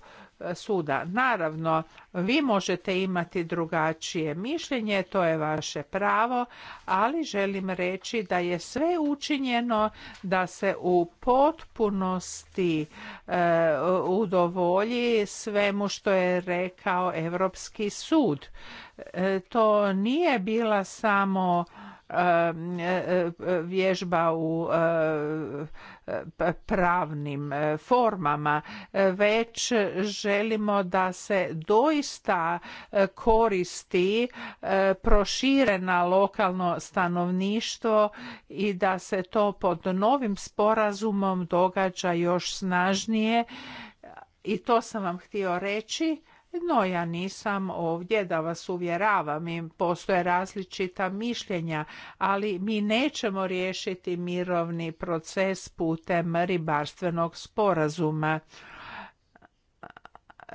suda. Naravno, vi možete imati drugačije mišljenje, to je vaše pravo, ali želim reći da je sve učinjeno da se u potpunosti e, udovolji svemu što je rekao Europski sud. E, to nije bila samo e, e, vježba u pravnim e, formama, e, već želimo da se doista e, koristi proširena lokalno stanovništvo i da se to pod novim sporazumom događa još snažnije i to sam vam htio reći no, ja nisam ovdje da vas uvjeravam, postoje različita mišljenja, ali mi nećemo riješiti mirovni proces putem ribarstvenog sporazuma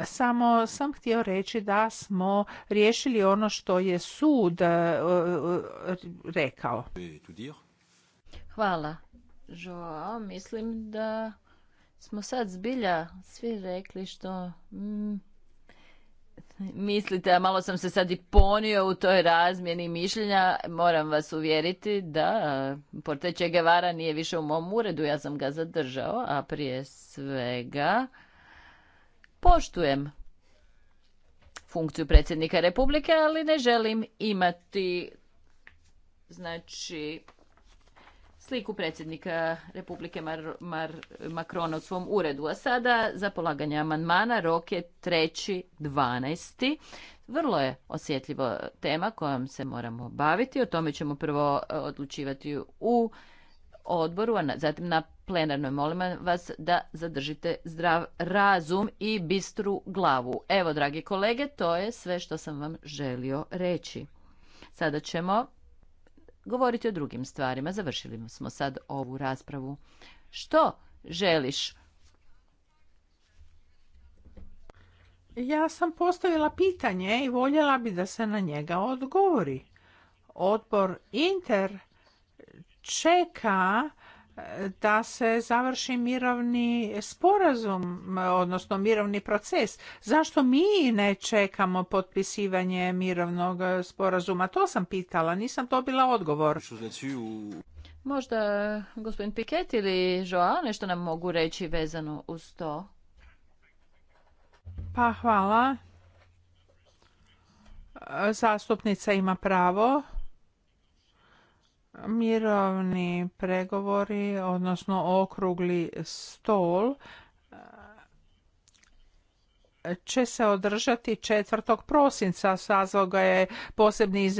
samo sam htio reći da smo riješili ono što je sud e, e, rekao. Hvala, Joao. Mislim da smo sad zbilja svi rekli što mm, mislite, a malo sam se sad i ponio u toj razmjeni mišljenja, moram vas uvjeriti da eh, Porteće Guevara nije više u mom uredu, ja sam ga zadržao, a prije svega poštujem funkciju predsjednika Republike, ali ne želim imati znači sliku predsjednika Republike Mar Mar Makrona u svom uredu. A sada za polaganje amandmana rok je 3.12. Vrlo je osjetljivo tema kojom se moramo baviti. O tome ćemo prvo e, odlučivati u odboru, a zatim na plenarnoj. Molim vas da zadržite zdrav razum i bistru glavu. Evo, dragi kolege, to je sve što sam vam želio reći. Sada ćemo govoriti o drugim stvarima. Završili smo sad ovu raspravu. Što želiš? Ja sam postavila pitanje i voljela bi da se na njega odgovori. Odbor Inter čeka da se završi mirovni sporazum, odnosno mirovni proces. Zašto mi ne čekamo potpisivanje mirovnog sporazuma? To sam pitala, nisam dobila odgovor. Možda gospodin Piket ili Joao nešto nam mogu reći vezano uz to? Pa hvala. Zastupnica ima pravo mirovni pregovori, odnosno okrugli stol, će se održati 4. prosinca. Sazvao ga je posebni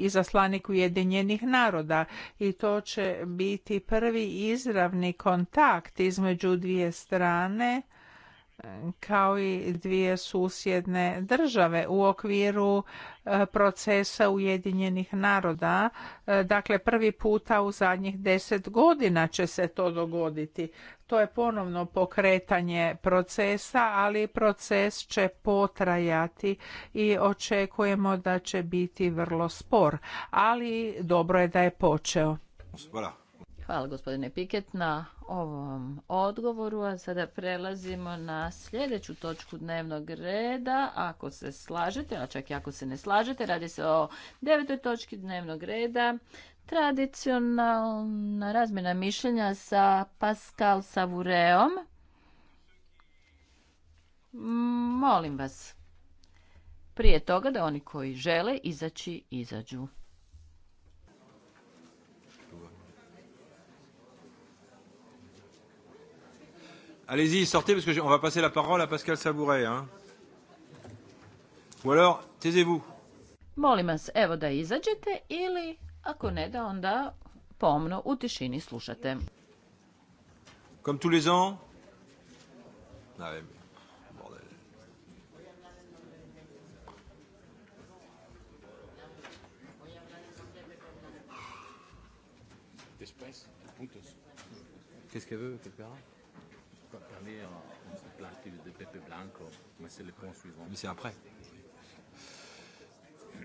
izaslanik Ujedinjenih naroda i to će biti prvi izravni kontakt između dvije strane kao i dvije susjedne države u okviru e, procesa Ujedinjenih naroda. E, dakle, prvi puta u zadnjih deset godina će se to dogoditi. To je ponovno pokretanje procesa, ali proces će potrajati i očekujemo da će biti vrlo spor. Ali dobro je da je počeo. Hvala. Hvala gospodine Piket na ovom odgovoru, a sada prelazimo na sljedeću točku dnevnog reda. Ako se slažete, a čak i ako se ne slažete, radi se o devetoj točki dnevnog reda. Tradicionalna razmjena mišljenja sa Pascal Savureom. Molim vas, prije toga da oni koji žele izaći, izađu. Allez-y, sortez parce que on va passer la parole à Pascal Sabouret. Hein. Ou alors, taisez-vous. Molim vas, evo da izađete ili ako ne da onda pomno u tišini slušate. Comme tous les ans ah, mais... Qu'est-ce qu'elle veut, quelqu'un parler en, de Pepe Blanco, mais c'est le point suivant. Mais c'est après.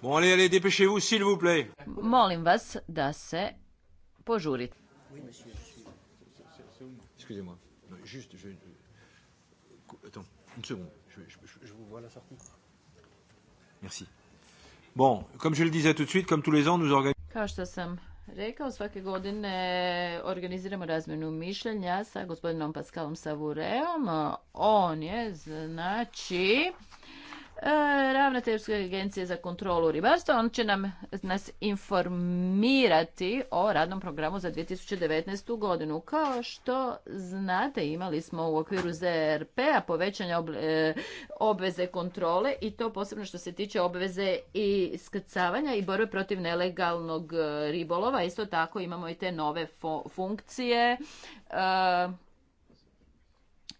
Bon, allez, allez, dépêchez-vous, s'il vous plaît. Molim vas da se požurite. Oui, monsieur. Excusez-moi. Juste, je... Attends, une seconde. Je, je, je vous vois à la sortie. Merci. Bon, comme je le disais tout de suite, comme tous les ans, nous organisons... Kao što sam rekao, svake godine organiziramo razmjenu mišljenja sa gospodinom Pascalom Savureom. On je, znači, E, ravnateljske agencije za kontrolu ribarstva. On će nam, nas informirati o radnom programu za 2019. godinu. Kao što znate, imali smo u okviru ZRP-a povećanje e, obveze kontrole i to posebno što se tiče obveze i skrcavanja i borbe protiv nelegalnog ribolova. Isto tako imamo i te nove funkcije. E,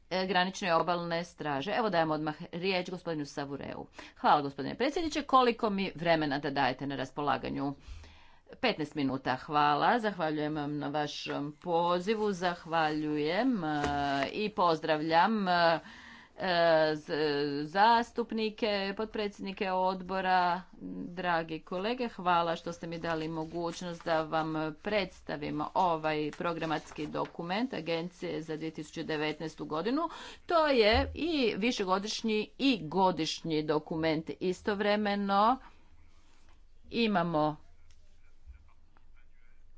E, granične obalne straže. Evo dajem odmah riječ gospodinu Savureu. Hvala gospodine predsjedniče. Koliko mi vremena da dajete na raspolaganju? 15 minuta, hvala. Zahvaljujem vam na vašem pozivu. Zahvaljujem e, i pozdravljam e, E, zastupnike, potpredsjednike odbora, dragi kolege. Hvala što ste mi dali mogućnost da vam predstavim ovaj programatski dokument Agencije za 2019. godinu. To je i višegodišnji i godišnji dokument istovremeno. Imamo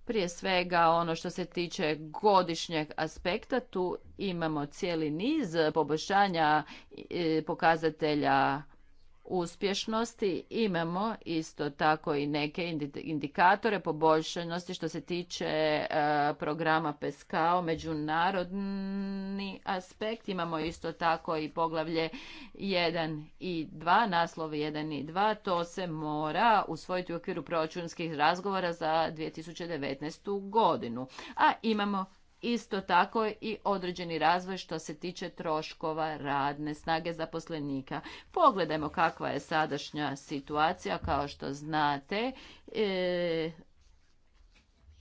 prije svega ono što se tiče godišnjeg aspekta, tu imamo cijeli niz poboljšanja e, pokazatelja uspješnosti imamo isto tako i neke indikatore poboljšanosti što se tiče e, programa PESCAO, međunarodni aspekt. Imamo isto tako i poglavlje 1 i 2, naslov 1 i 2. To se mora usvojiti u okviru proračunskih razgovora za 2019. godinu. A imamo isto tako i određeni razvoj što se tiče troškova radne snage zaposlenika. Pogledajmo kakva je sadašnja situacija, kao što znate, e,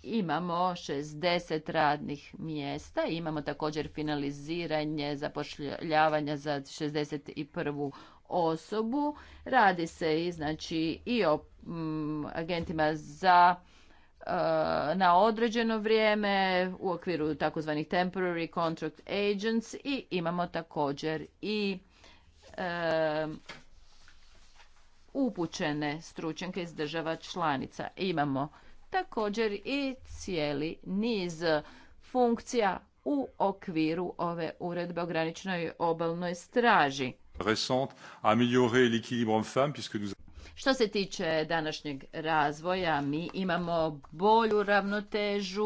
imamo 60 radnih mjesta, imamo također finaliziranje zapošljavanja za 61 osobu. Radi se i znači i o mm, agentima za Eh, na određeno vrijeme u okviru takozvanih temporary contract agents i imamo također i eh, upućene stručenke iz država članica. Imamo također i cijeli niz funkcija u okviru ove uredbe o graničnoj obalnoj straži. l'équilibre femme puisque što se tiče današnjeg razvoja, mi imamo bolju ravnotežu,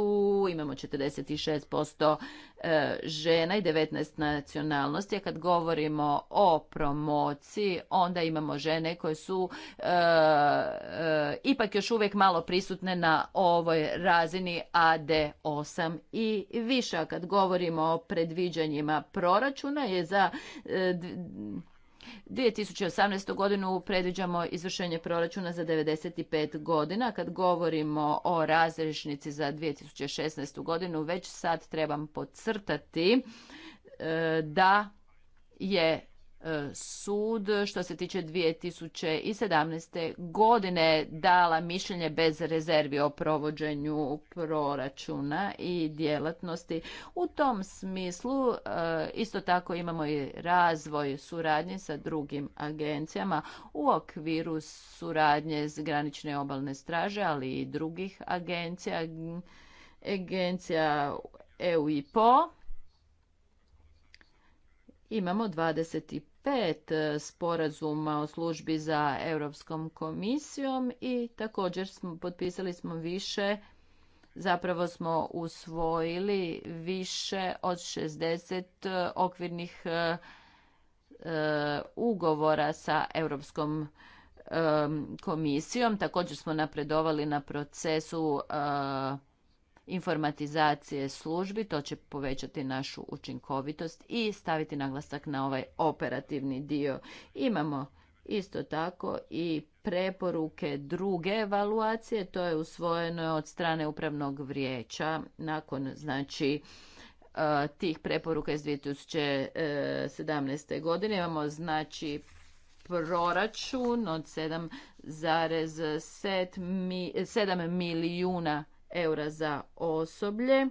imamo 46% e, žena i 19 nacionalnosti, a kad govorimo o promociji, onda imamo žene koje su e, e, ipak još uvijek malo prisutne na ovoj razini AD8 i više. A kad govorimo o predviđanjima proračuna je za 2018. godinu predviđamo izvršenje proračuna za 95 godina. Kad govorimo o razrešnici za 2016. godinu, već sad trebam podcrtati e, da je sud što se tiče 2017. godine dala mišljenje bez rezervi o provođenju proračuna i djelatnosti. U tom smislu e, isto tako imamo i razvoj suradnje sa drugim agencijama u okviru suradnje s granične obalne straže, ali i drugih agencija, agencija EU i Imamo 25 pet e, sporazuma o službi za Europskom komisijom i također smo, potpisali smo više Zapravo smo usvojili više od 60 e, okvirnih e, ugovora sa Europskom komisijom. Također smo napredovali na procesu informatizacije službi, to će povećati našu učinkovitost i staviti naglasak na ovaj operativni dio. Imamo isto tako i preporuke druge evaluacije, to je usvojeno od strane upravnog vijeća nakon znači e, tih preporuka iz 2017. godine. Imamo znači proračun od 7,7 milijuna eura za osoblje.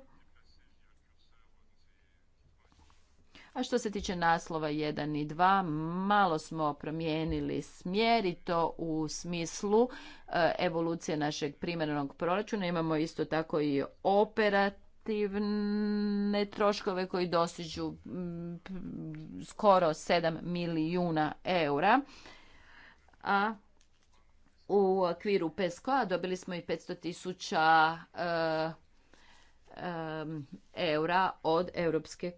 A što se tiče naslova 1 i 2, malo smo promijenili smjer i to u smislu e, evolucije našeg primjerenog proračuna. Imamo isto tako i operativne troškove koji dosiđu skoro 7 milijuna eura. A u okviru PESCO-a dobili smo i 500 tisuća e, e, eura od Europske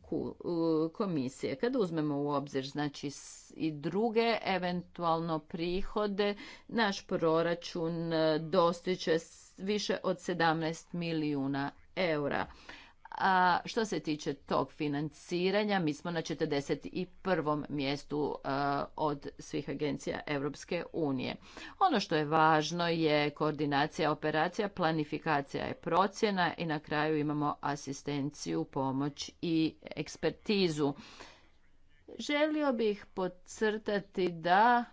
komisije. Kada uzmemo u obzir znači i druge eventualno prihode, naš proračun e, dostiče više od 17 milijuna eura. A što se tiče tog financiranja, mi smo na 41. mjestu e, od svih agencija Europske unije. Ono što je važno je koordinacija operacija, planifikacija je procjena i na kraju imamo asistenciju, pomoć i ekspertizu. Želio bih podcrtati da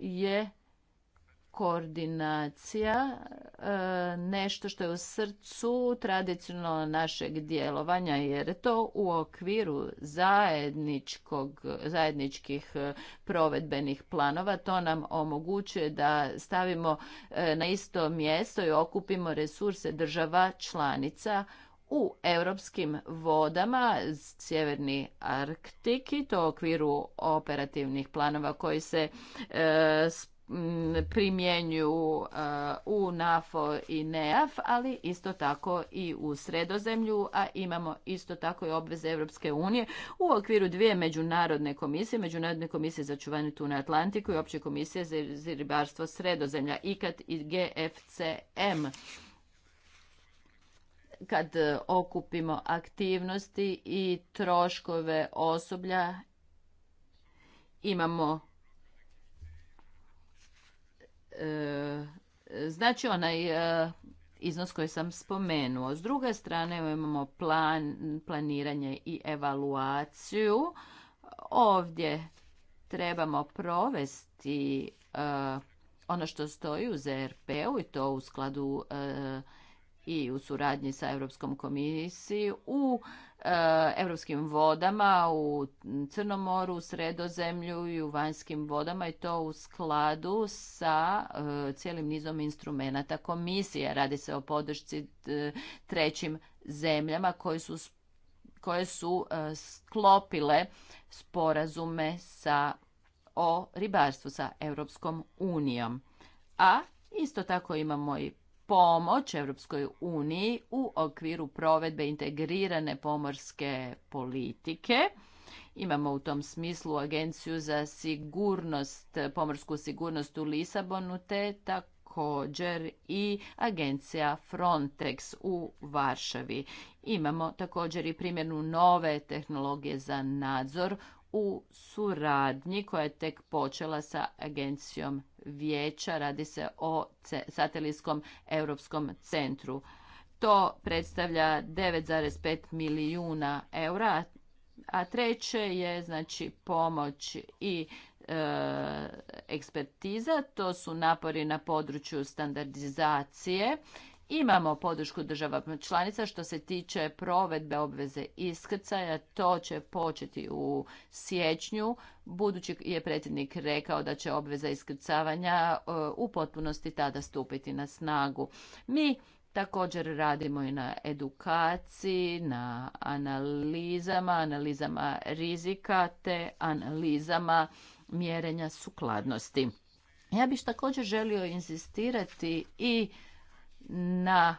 je koordinacija e, nešto što je u srcu tradicionalno našeg djelovanja jer to u okviru zajedničkog, zajedničkih e, provedbenih planova to nam omogućuje da stavimo e, na isto mjesto i okupimo resurse država članica u europskim vodama Sjeverni Arktik to u okviru operativnih planova koji se primjenju e, u NAFO i NEAF, ali isto tako i u sredozemlju, a imamo isto tako i obveze Europske unije u okviru dvije međunarodne komisije, Međunarodne komisije za čuvanje na Atlantiku i Opće komisije za ribarstvo sredozemlja, IKAT i GFCM kad e, okupimo aktivnosti i troškove osoblja imamo E, znači onaj e, iznos koji sam spomenuo. S druge strane imamo plan, planiranje i evaluaciju. Ovdje trebamo provesti e, ono što stoji u ZRP-u i to u skladu i u suradnji sa Europskom komisijom u europskim vodama u Crnom moru, u Sredozemlju i u vanjskim vodama i to u skladu sa e, cijelim nizom instrumenata komisije. Radi se o podršci e, trećim zemljama koje su, koje su e, sklopile sporazume sa, o ribarstvu sa Europskom unijom. A isto tako imamo i pomoć Europskoj uniji u okviru provedbe integrirane pomorske politike. Imamo u tom smislu Agenciju za sigurnost, pomorsku sigurnost u Lisabonu te također i Agencija Frontex u Varšavi. Imamo također i primjenu nove tehnologije za nadzor u suradnji koja je tek počela sa agencijom vijeća, radi se o satelitskom europskom centru. To predstavlja 9,5 milijuna eura, a treće je znači pomoć i e, ekspertiza, to su napori na području standardizacije Imamo podršku država članica što se tiče provedbe obveze iskrcaja. To će početi u siječnju. Budući je predsjednik rekao da će obveza iskrcavanja e, u potpunosti tada stupiti na snagu. Mi Također radimo i na edukaciji, na analizama, analizama rizika te analizama mjerenja sukladnosti. Ja bih također želio insistirati i na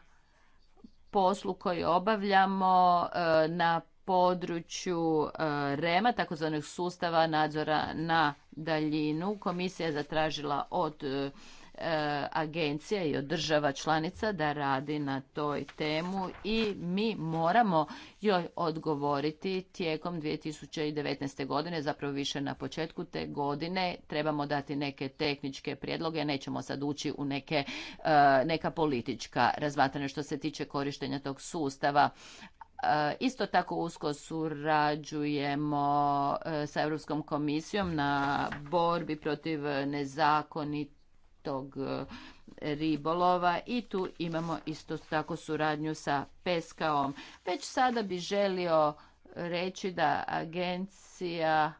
poslu koji obavljamo e, na području e, REMA, takozvanih sustava nadzora na daljinu. Komisija je zatražila od agencija i od država članica da radi na toj temu i mi moramo joj odgovoriti tijekom 2019. godine, zapravo više na početku te godine. Trebamo dati neke tehničke prijedloge, nećemo sad ući u neke, e, neka politička razvatanja što se tiče korištenja tog sustava. E, isto tako usko surađujemo e, sa Europskom komisijom na borbi protiv nezakonit tog e, ribolova i tu imamo isto tako suradnju sa Peskaom. Već sada bi želio reći da agencija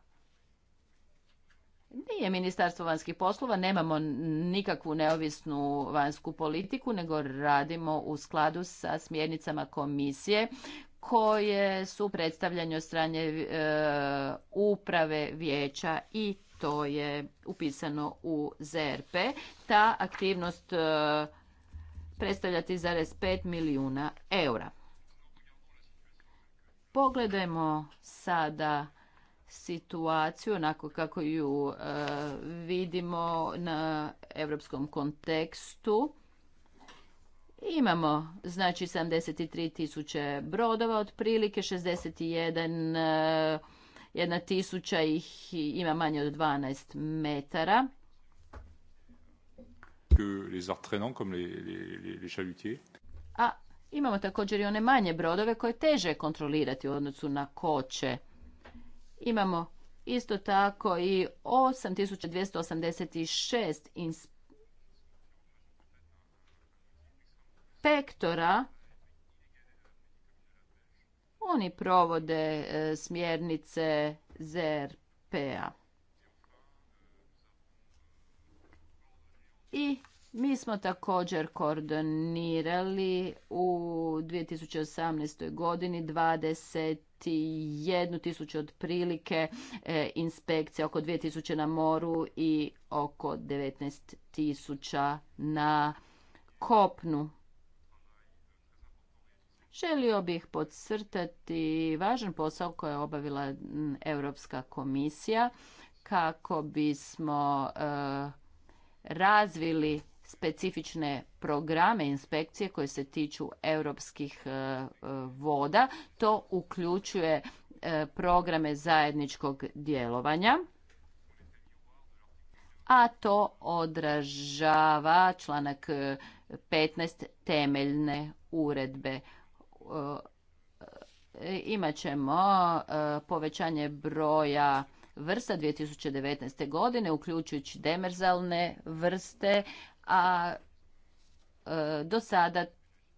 nije ministarstvo vanjskih poslova, nemamo nikakvu neovisnu vanjsku politiku, nego radimo u skladu sa smjernicama komisije koje su predstavljanje od strane e, uprave vijeća i to je upisano u ZRP. Ta aktivnost e, predstavlja 3,5 milijuna eura. Pogledajmo sada situaciju onako kako ju e, vidimo na europskom kontekstu. Imamo znači 73 tisuće brodova, otprilike 61 jedna tisuća ih ima manje od 12 metara. A imamo također i one manje brodove koje teže kontrolirati u odnosu na koče. Imamo isto tako i 8286 inspektora oni provode e, smjernice ZRP-a. I mi smo također koordinirali u 2018. godini 21.000 tisuću otprilike e, inspekcija, oko 2000 na moru i oko 19.000 na kopnu. Želio bih podcrtati važan posao koje je obavila Europska komisija kako bismo e, razvili specifične programe inspekcije koje se tiču europskih e, voda. To uključuje e, programe zajedničkog djelovanja a to odražava članak 15 temeljne uredbe E, imat ćemo e, povećanje broja vrsta 2019. godine, uključujući demerzalne vrste, a e, do sada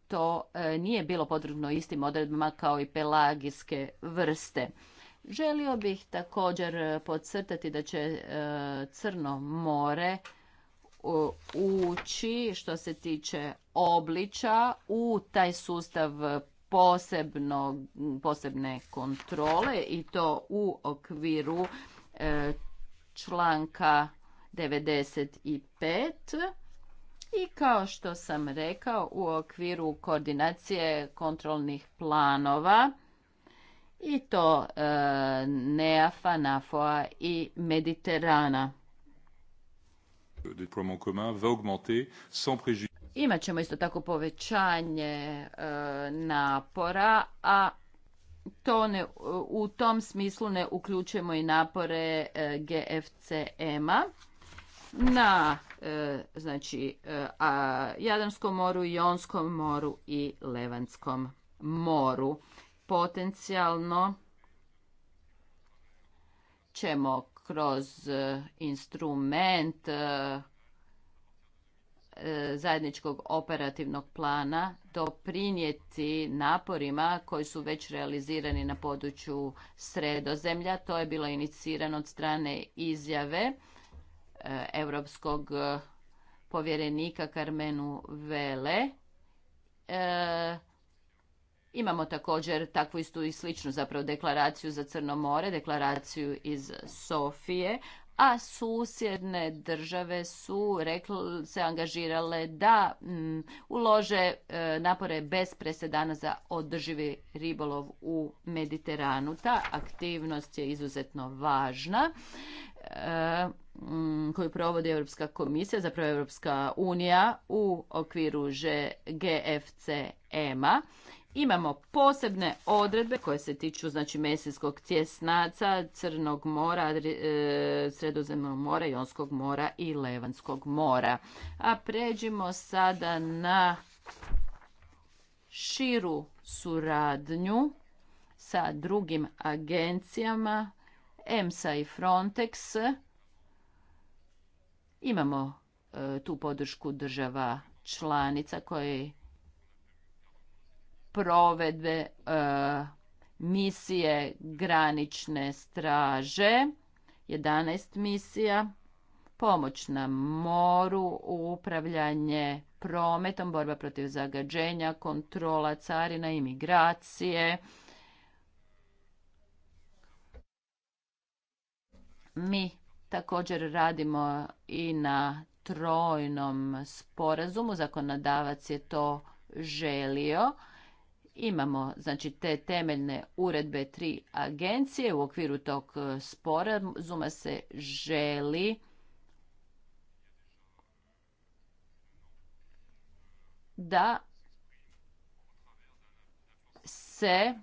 to nije bilo potrebno istim odredbama kao i pelagijske vrste. Želio bih također podcrtati da će Crno more ući što se tiče obliča u taj sustav posebne kontrole i to u okviru e, članka 95 i kao što sam rekao u okviru koordinacije kontrolnih planova i to e, Neafa, Nafoa i Mediterana. Imat ćemo isto tako povećanje e, napora, a to ne, u tom smislu ne uključujemo i napore e, GFCM-a na e, znači, Jadranskom moru, Jonskom moru i Levanskom moru. Potencijalno ćemo kroz instrument E, zajedničkog operativnog plana doprinijeti naporima koji su već realizirani na području sredozemlja. To je bilo inicirano od strane izjave e, europskog e, povjerenika Karmenu Vele. imamo također takvu istu i sličnu zapravo deklaraciju za Crno more, deklaraciju iz Sofije, a susjedne države su se angažirale da mm, ulože e, napore bez presedana za održivi ribolov u Mediteranu. Ta aktivnost je izuzetno važna e, mm, koju provodi Europska komisija, zapravo Europska unija u okviru GFCM-a. E Imamo posebne odredbe koje se tiču znači Mesijskog tjesnaca, Crnog mora, e, Sredozemnog mora, Jonskog mora i Levanskog mora. A pređimo sada na širu suradnju sa drugim agencijama, EMSA i Frontex. Imamo e, tu podršku država članica koje provedbe e, misije granične straže, 11 misija, pomoć na moru, upravljanje prometom, borba protiv zagađenja, kontrola carina, imigracije, Mi također radimo i na trojnom sporazumu, zakonodavac je to želio imamo znači te temeljne uredbe tri agencije u okviru tog e, sporazuma se želi da se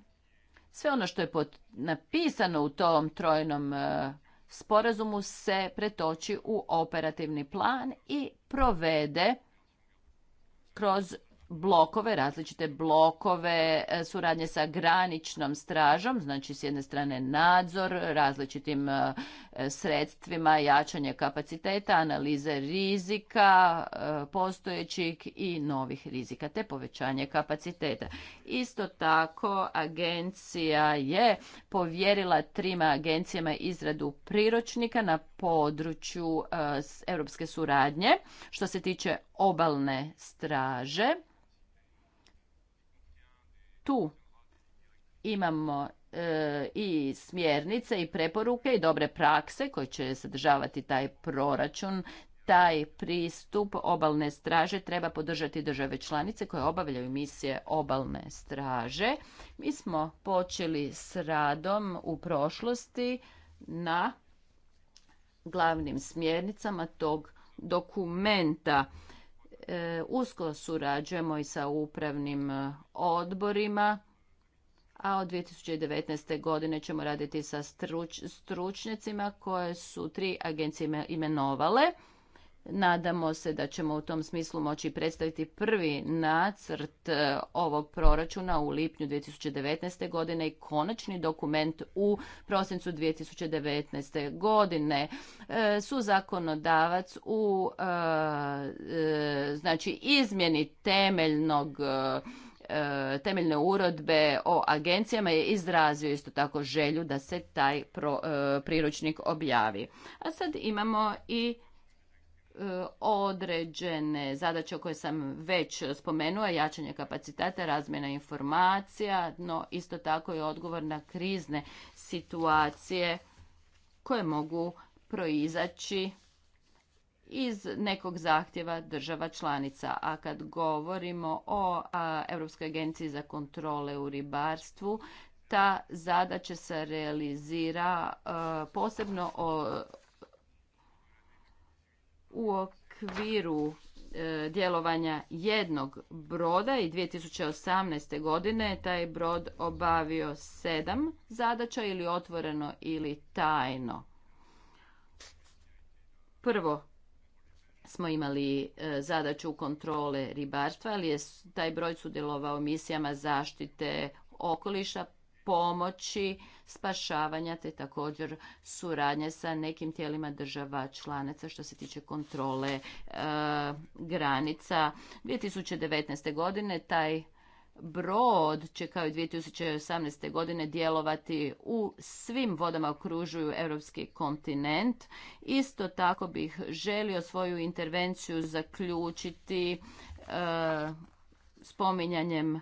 sve ono što je napisano u tom trojnom e, sporazumu se pretoči u operativni plan i provede kroz blokove, različite blokove e, suradnje sa graničnom stražom, znači s jedne strane nadzor, različitim e, e, sredstvima, jačanje kapaciteta, analize rizika postojećih i novih rizika, te povećanje kapaciteta. Isto tako, agencija je povjerila trima agencijama izradu priročnika na području europske suradnje što se tiče obalne straže tu imamo e, i smjernice i preporuke i dobre prakse koje će sadržavati taj proračun. Taj pristup obalne straže treba podržati države članice koje obavljaju misije obalne straže. Mi smo počeli s radom u prošlosti na glavnim smjernicama tog dokumenta E, usko surađujemo i sa upravnim e, odborima, a od 2019. godine ćemo raditi sa stručnjacima koje su tri agencije imenovale Nadamo se da ćemo u tom smislu moći predstaviti prvi nacrt e, ovog proračuna u lipnju 2019. godine i konačni dokument u prosincu 2019. godine. E, su zakonodavac u e, znači izmjeni temeljnog temeljne urodbe o agencijama je izrazio isto tako želju da se taj priručnik objavi. A sad imamo i E, određene zadaće koje sam već spomenula, jačanje kapaciteta, razmjena informacija, no isto tako i odgovor na krizne situacije koje mogu proizaći iz nekog zahtjeva država članica. A kad govorimo o Europskoj agenciji za kontrole u ribarstvu, ta zadaća se realizira e, posebno u okviru e, djelovanja jednog broda i 2018. godine taj brod obavio sedam zadaća ili otvoreno ili tajno. Prvo smo imali e, zadaću kontrole ribarstva, ali je taj broj sudjelovao misijama zaštite okoliša, pomoći spašavanja te također suradnje sa nekim tijelima država članica što se tiče kontrole e, granica. 2019. godine taj brod će kao i 2018. godine djelovati u svim vodama okružuju europski kontinent. Isto tako bih želio svoju intervenciju zaključiti e, spominjanjem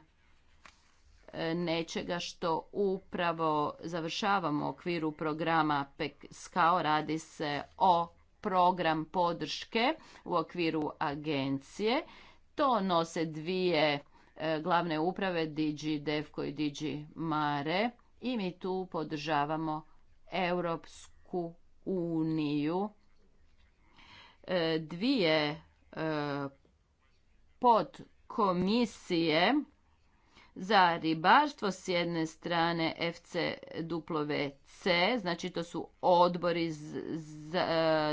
nečega što upravo završavamo u okviru programa skao. Radi se o program podrške u okviru agencije. To nose dvije e, glavne uprave, Digi Devko i Digi Mare. I mi tu podržavamo Europsku uniju. E, dvije e, pod komisije za ribarstvo s jedne strane FCWC, znači to su odbori e,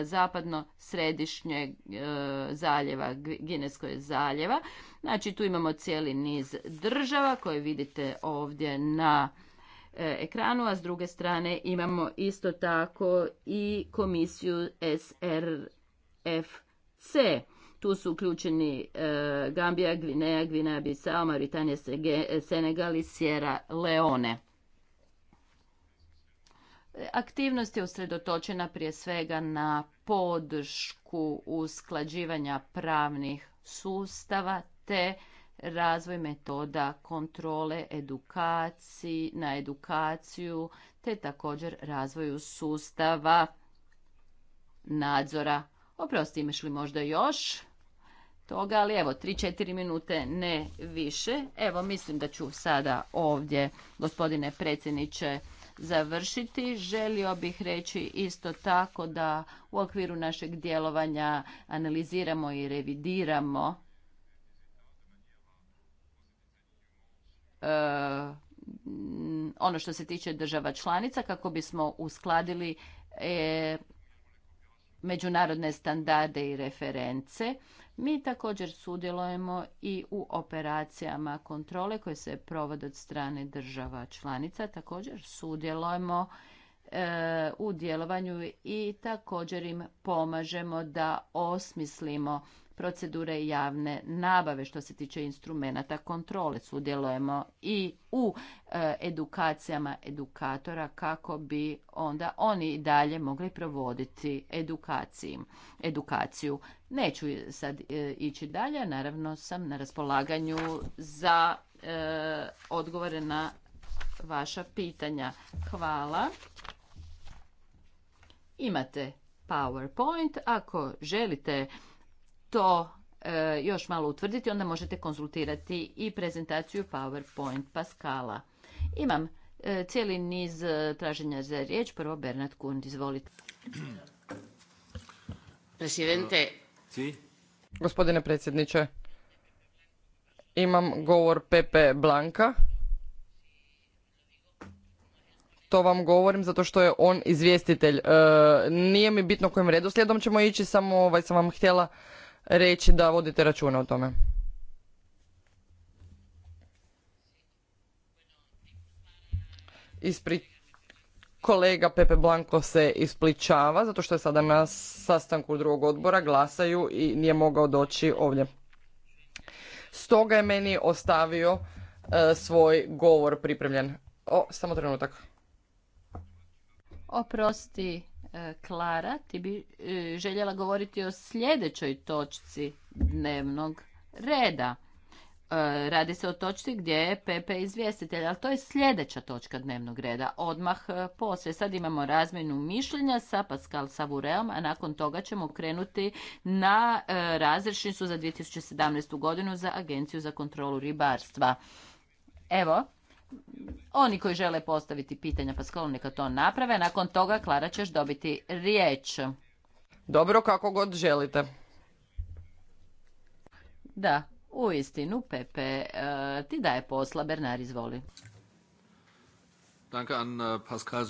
zapadno središnjeg e, zaljeva, Gineskog zaljeva. Znači tu imamo cijeli niz država koje vidite ovdje na e, ekranu, a s druge strane imamo isto tako i komisiju SRFC. Tu su uključeni e, Gambija, Gvineja, Gvineja Bisao, Mauritanija, e, Senegal i Sierra Leone. Aktivnost je usredotočena prije svega na podršku usklađivanja pravnih sustava te razvoj metoda kontrole edukaciji, na edukaciju te također razvoju sustava nadzora Oprosti, imaš li možda još toga, ali evo, 3-4 minute, ne više. Evo, mislim da ću sada ovdje, gospodine predsjedniče, završiti. Želio bih reći isto tako da u okviru našeg djelovanja analiziramo i revidiramo e, ono što se tiče država članica kako bismo uskladili e, međunarodne standarde i reference. Mi također sudjelujemo i u operacijama kontrole koje se provode od strane država članica. Također sudjelujemo e, u djelovanju i također im pomažemo da osmislimo procedure javne nabave što se tiče instrumenata kontrole. Sudjelujemo i u e, edukacijama edukatora kako bi onda oni i dalje mogli provoditi edukaciju. Neću sad e, ići dalje, naravno sam na raspolaganju za e, odgovore na vaša pitanja. Hvala. Imate PowerPoint. Ako želite to e, još malo utvrditi, onda možete konzultirati i prezentaciju PowerPoint Pascala. Imam e, cijeli niz e, traženja za riječ. Prvo Bernard Kund, izvolite. Presidente. Si? Gospodine predsjedniče, imam govor Pepe Blanka. To vam govorim zato što je on izvjestitelj. nije mi bitno kojim redoslijedom ćemo ići, samo ovaj sam vam htjela reći da vodite računa o tome. Ispri... Kolega Pepe Blanko se ispličava zato što je sada na sastanku drugog odbora, glasaju i nije mogao doći ovdje. Stoga je meni ostavio e, svoj govor pripremljen. O, samo trenutak. Oprosti, E, Klara, ti bi e, željela govoriti o sljedećoj točci dnevnog reda. E, radi se o točci gdje je PP izvjestitelj, ali to je sljedeća točka dnevnog reda, odmah poslije. Sad imamo razmjenu mišljenja sa Pascal Savureom, a nakon toga ćemo krenuti na razrešnicu za 2017. godinu za Agenciju za kontrolu ribarstva. Evo, oni koji žele postaviti pitanja pa neka to naprave. Nakon toga, Klara, ćeš dobiti riječ. Dobro, kako god želite. Da, u istinu, Pepe, e, ti daje posla. Bernard, izvoli. an e, Pascal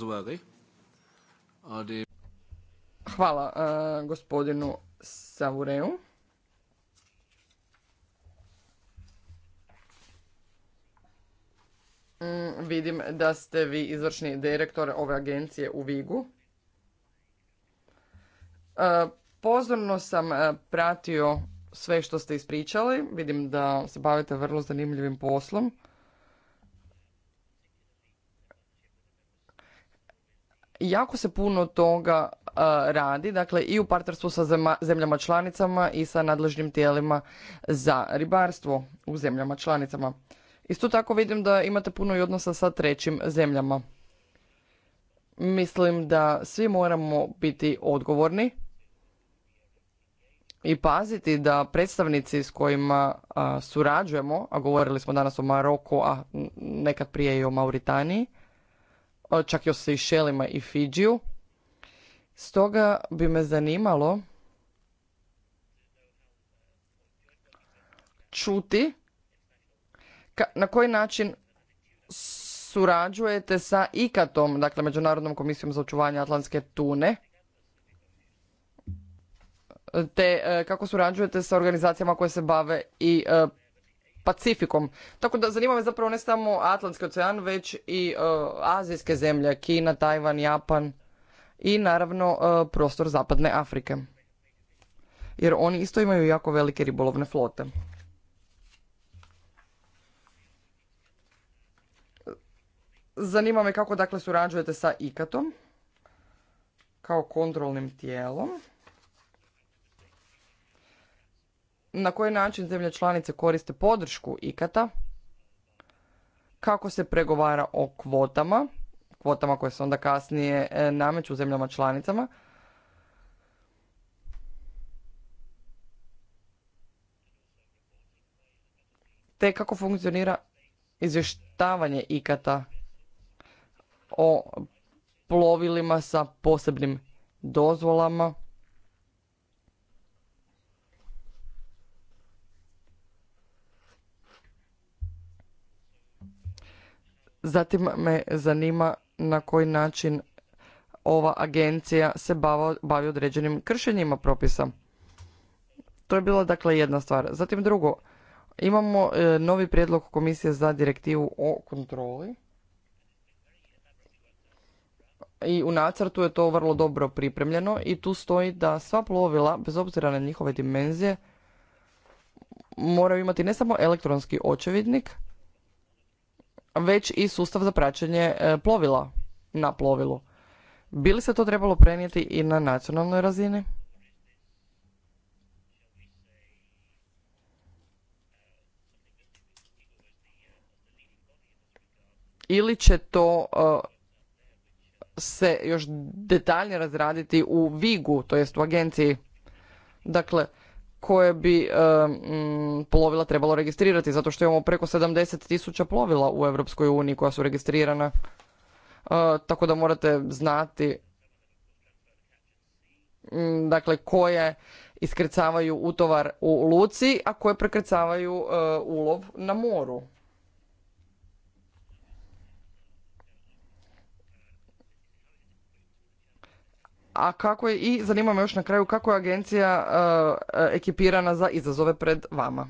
Hvala e, gospodinu Savureu. Mm, vidim da ste vi izvršni direktor ove agencije u Vigu. E, pozorno sam e, pratio sve što ste ispričali. Vidim da se bavite vrlo zanimljivim poslom. Jako se puno toga e, radi, dakle i u partnerstvu sa zemljama članicama i sa nadležnim tijelima za ribarstvo u zemljama članicama. Isto tako vidim da imate puno i odnosa sa trećim zemljama. Mislim da svi moramo biti odgovorni i paziti da predstavnici s kojima surađujemo, a govorili smo danas o Maroku, a nekad prije i o Mauritaniji, a čak i o i Fidžiju. Stoga bi me zanimalo čuti na koji način surađujete sa ikatom dakle Međunarodnom komisijom za očuvanje Atlantske tune, te e, kako surađujete sa organizacijama koje se bave i e, Pacifikom. Tako da zanima me zapravo ne samo Atlantski ocean, već i e, azijske zemlje, Kina, Tajvan, Japan i naravno prostor zapadne Afrike. Jer oni isto imaju jako velike ribolovne flote. Zanima me kako dakle surađujete sa ikatom kao kontrolnim tijelom. Na koji način zemlje članice koriste podršku ikata, Kako se pregovara o kvotama? Kvotama koje se onda kasnije e, nameću zemljama članicama. Te kako funkcionira izvještavanje ikata o plovilima sa posebnim dozvolama. Zatim me zanima na koji način ova agencija se bavi određenim kršenjima propisa. To je bila dakle jedna stvar. Zatim drugo, imamo e, novi prijedlog komisije za direktivu o kontroli i u nacrtu je to vrlo dobro pripremljeno i tu stoji da sva plovila, bez obzira na njihove dimenzije, moraju imati ne samo elektronski očevidnik, već i sustav za praćenje e, plovila na plovilu. Bi li se to trebalo prenijeti i na nacionalnoj razini? Ili će to e, se još detaljnije razraditi u Vigu, to jest u agenciji. Dakle, koje bi e, mm, plovila trebalo registrirati, zato što imamo preko 70 tisuća plovila u Europskoj uniji koja su registrirana. E, tako da morate znati mm, dakle koje iskrcavaju utovar u luci, a koje prekrcavaju e, ulov na moru. a kako je i zanima me još na kraju kako je agencija eh, ekipirana za izazove pred vama.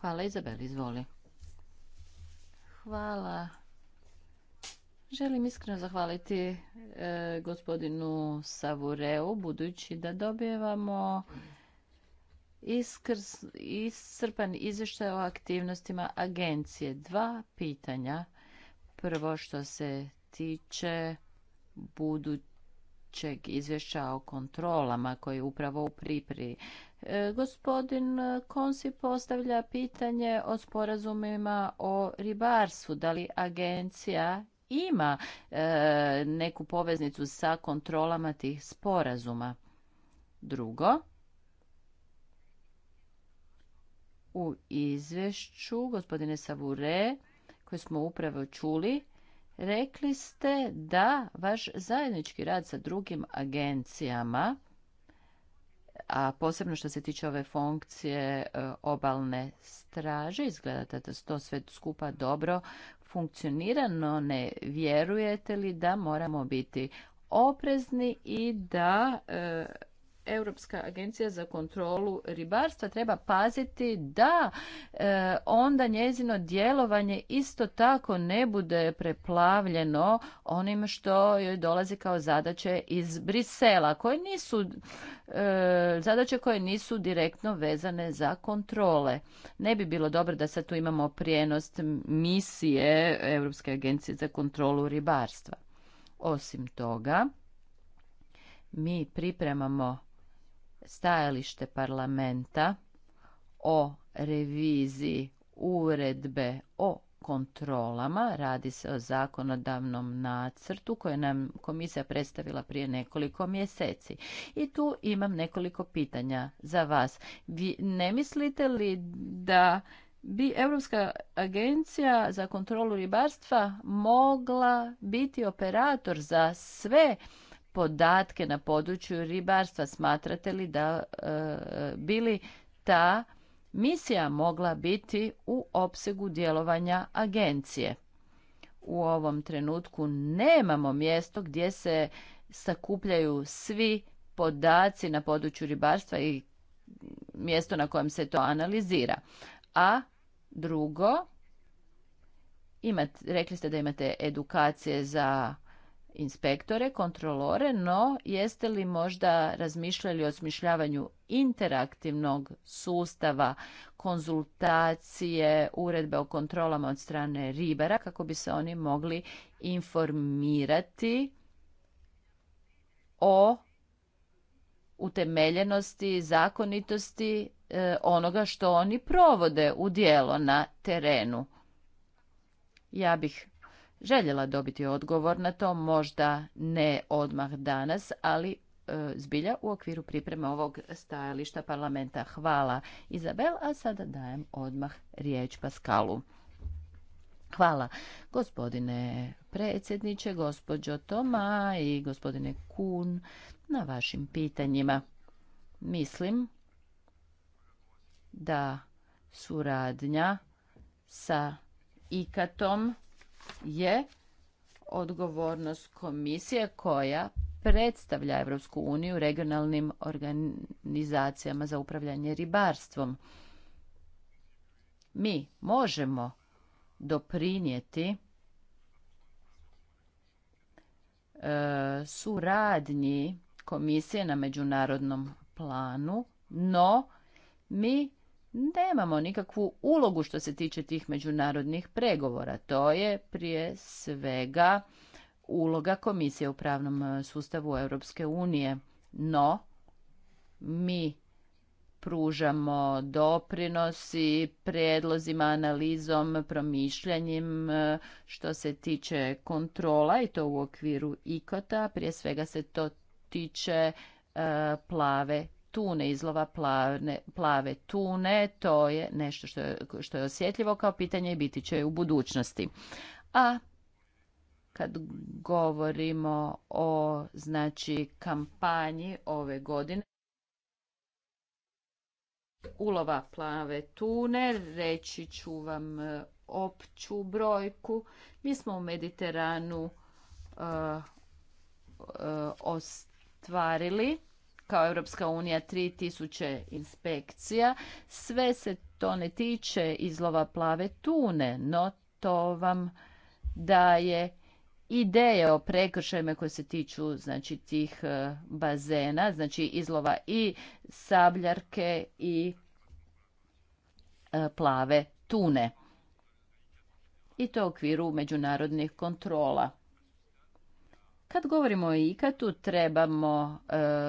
Hvala Izabel, izvoli. Hvala. Želim iskreno zahvaliti eh, gospodinu Savureu, budući da dobijevamo iskrs, iscrpan izvještaj o aktivnostima agencije. Dva pitanja. Prvo što se tiče budućeg izvješća o kontrolama koji je upravo u pripri. E, gospodin Konsi postavlja pitanje o sporazumima o ribarstvu. Da li agencija ima e, neku poveznicu sa kontrolama tih sporazuma? Drugo, u izvješću gospodine Savure koje smo upravo čuli Rekli ste da vaš zajednički rad sa drugim agencijama, a posebno što se tiče ove funkcije e, obalne straže, izgleda da to sve skupa dobro funkcionira, no ne vjerujete li da moramo biti oprezni i da e, Europska agencija za kontrolu ribarstva treba paziti da e, onda njezino djelovanje isto tako ne bude preplavljeno onim što joj dolazi kao zadaće iz Brisela, koje nisu e, zadaće koje nisu direktno vezane za kontrole. Ne bi bilo dobro da sad tu imamo prijenost misije Europske agencije za kontrolu ribarstva. Osim toga, mi pripremamo stajalište parlamenta o reviziji uredbe o kontrolama. Radi se o zakonodavnom nacrtu koje nam komisija predstavila prije nekoliko mjeseci. I tu imam nekoliko pitanja za vas. Vi ne mislite li da bi Europska agencija za kontrolu ribarstva mogla biti operator za sve podatke na području ribarstva. Smatrate li da e, bili ta misija mogla biti u opsegu djelovanja agencije? U ovom trenutku nemamo mjesto gdje se sakupljaju svi podaci na području ribarstva i mjesto na kojem se to analizira. A drugo, imate, rekli ste da imate edukacije za inspektore, kontrolore, no jeste li možda razmišljali o smišljavanju interaktivnog sustava konzultacije uredbe o kontrolama od strane ribara kako bi se oni mogli informirati o utemeljenosti, zakonitosti e, onoga što oni provode u dijelo na terenu. Ja bih željela dobiti odgovor na to, možda ne odmah danas, ali e, zbilja u okviru pripreme ovog stajališta parlamenta. Hvala Izabel, a sada dajem odmah riječ Paskalu. Hvala gospodine predsjedniče, gospođo Toma i gospodine Kun na vašim pitanjima. Mislim da suradnja sa ikatom je odgovornost komisije koja predstavlja Europsku uniju regionalnim organizacijama za upravljanje ribarstvom. Mi možemo doprinijeti e, suradnji komisije na međunarodnom planu, no mi nemamo nikakvu ulogu što se tiče tih međunarodnih pregovora. To je prije svega uloga komisije u pravnom e, sustavu Europske unije. No, mi pružamo doprinosi predlozima, analizom, promišljanjem e, što se tiče kontrola i to u okviru ikota. Prije svega se to tiče e, plave tune, izlova plave, plave tune, to je nešto što je, što je osjetljivo kao pitanje i biti će u budućnosti. A kad govorimo o znači kampanji ove godine ulova plave tune, reći ću vam e, opću brojku. Mi smo u Mediteranu uh, ostvarili kao Europska unija 3000 inspekcija. Sve se to ne tiče izlova plave tune, no to vam daje ideje o prekršajima koje se tiču znači tih e, bazena, znači izlova i sabljarke i e, plave tune. I to u okviru međunarodnih kontrola. Kad govorimo o ikatu, trebamo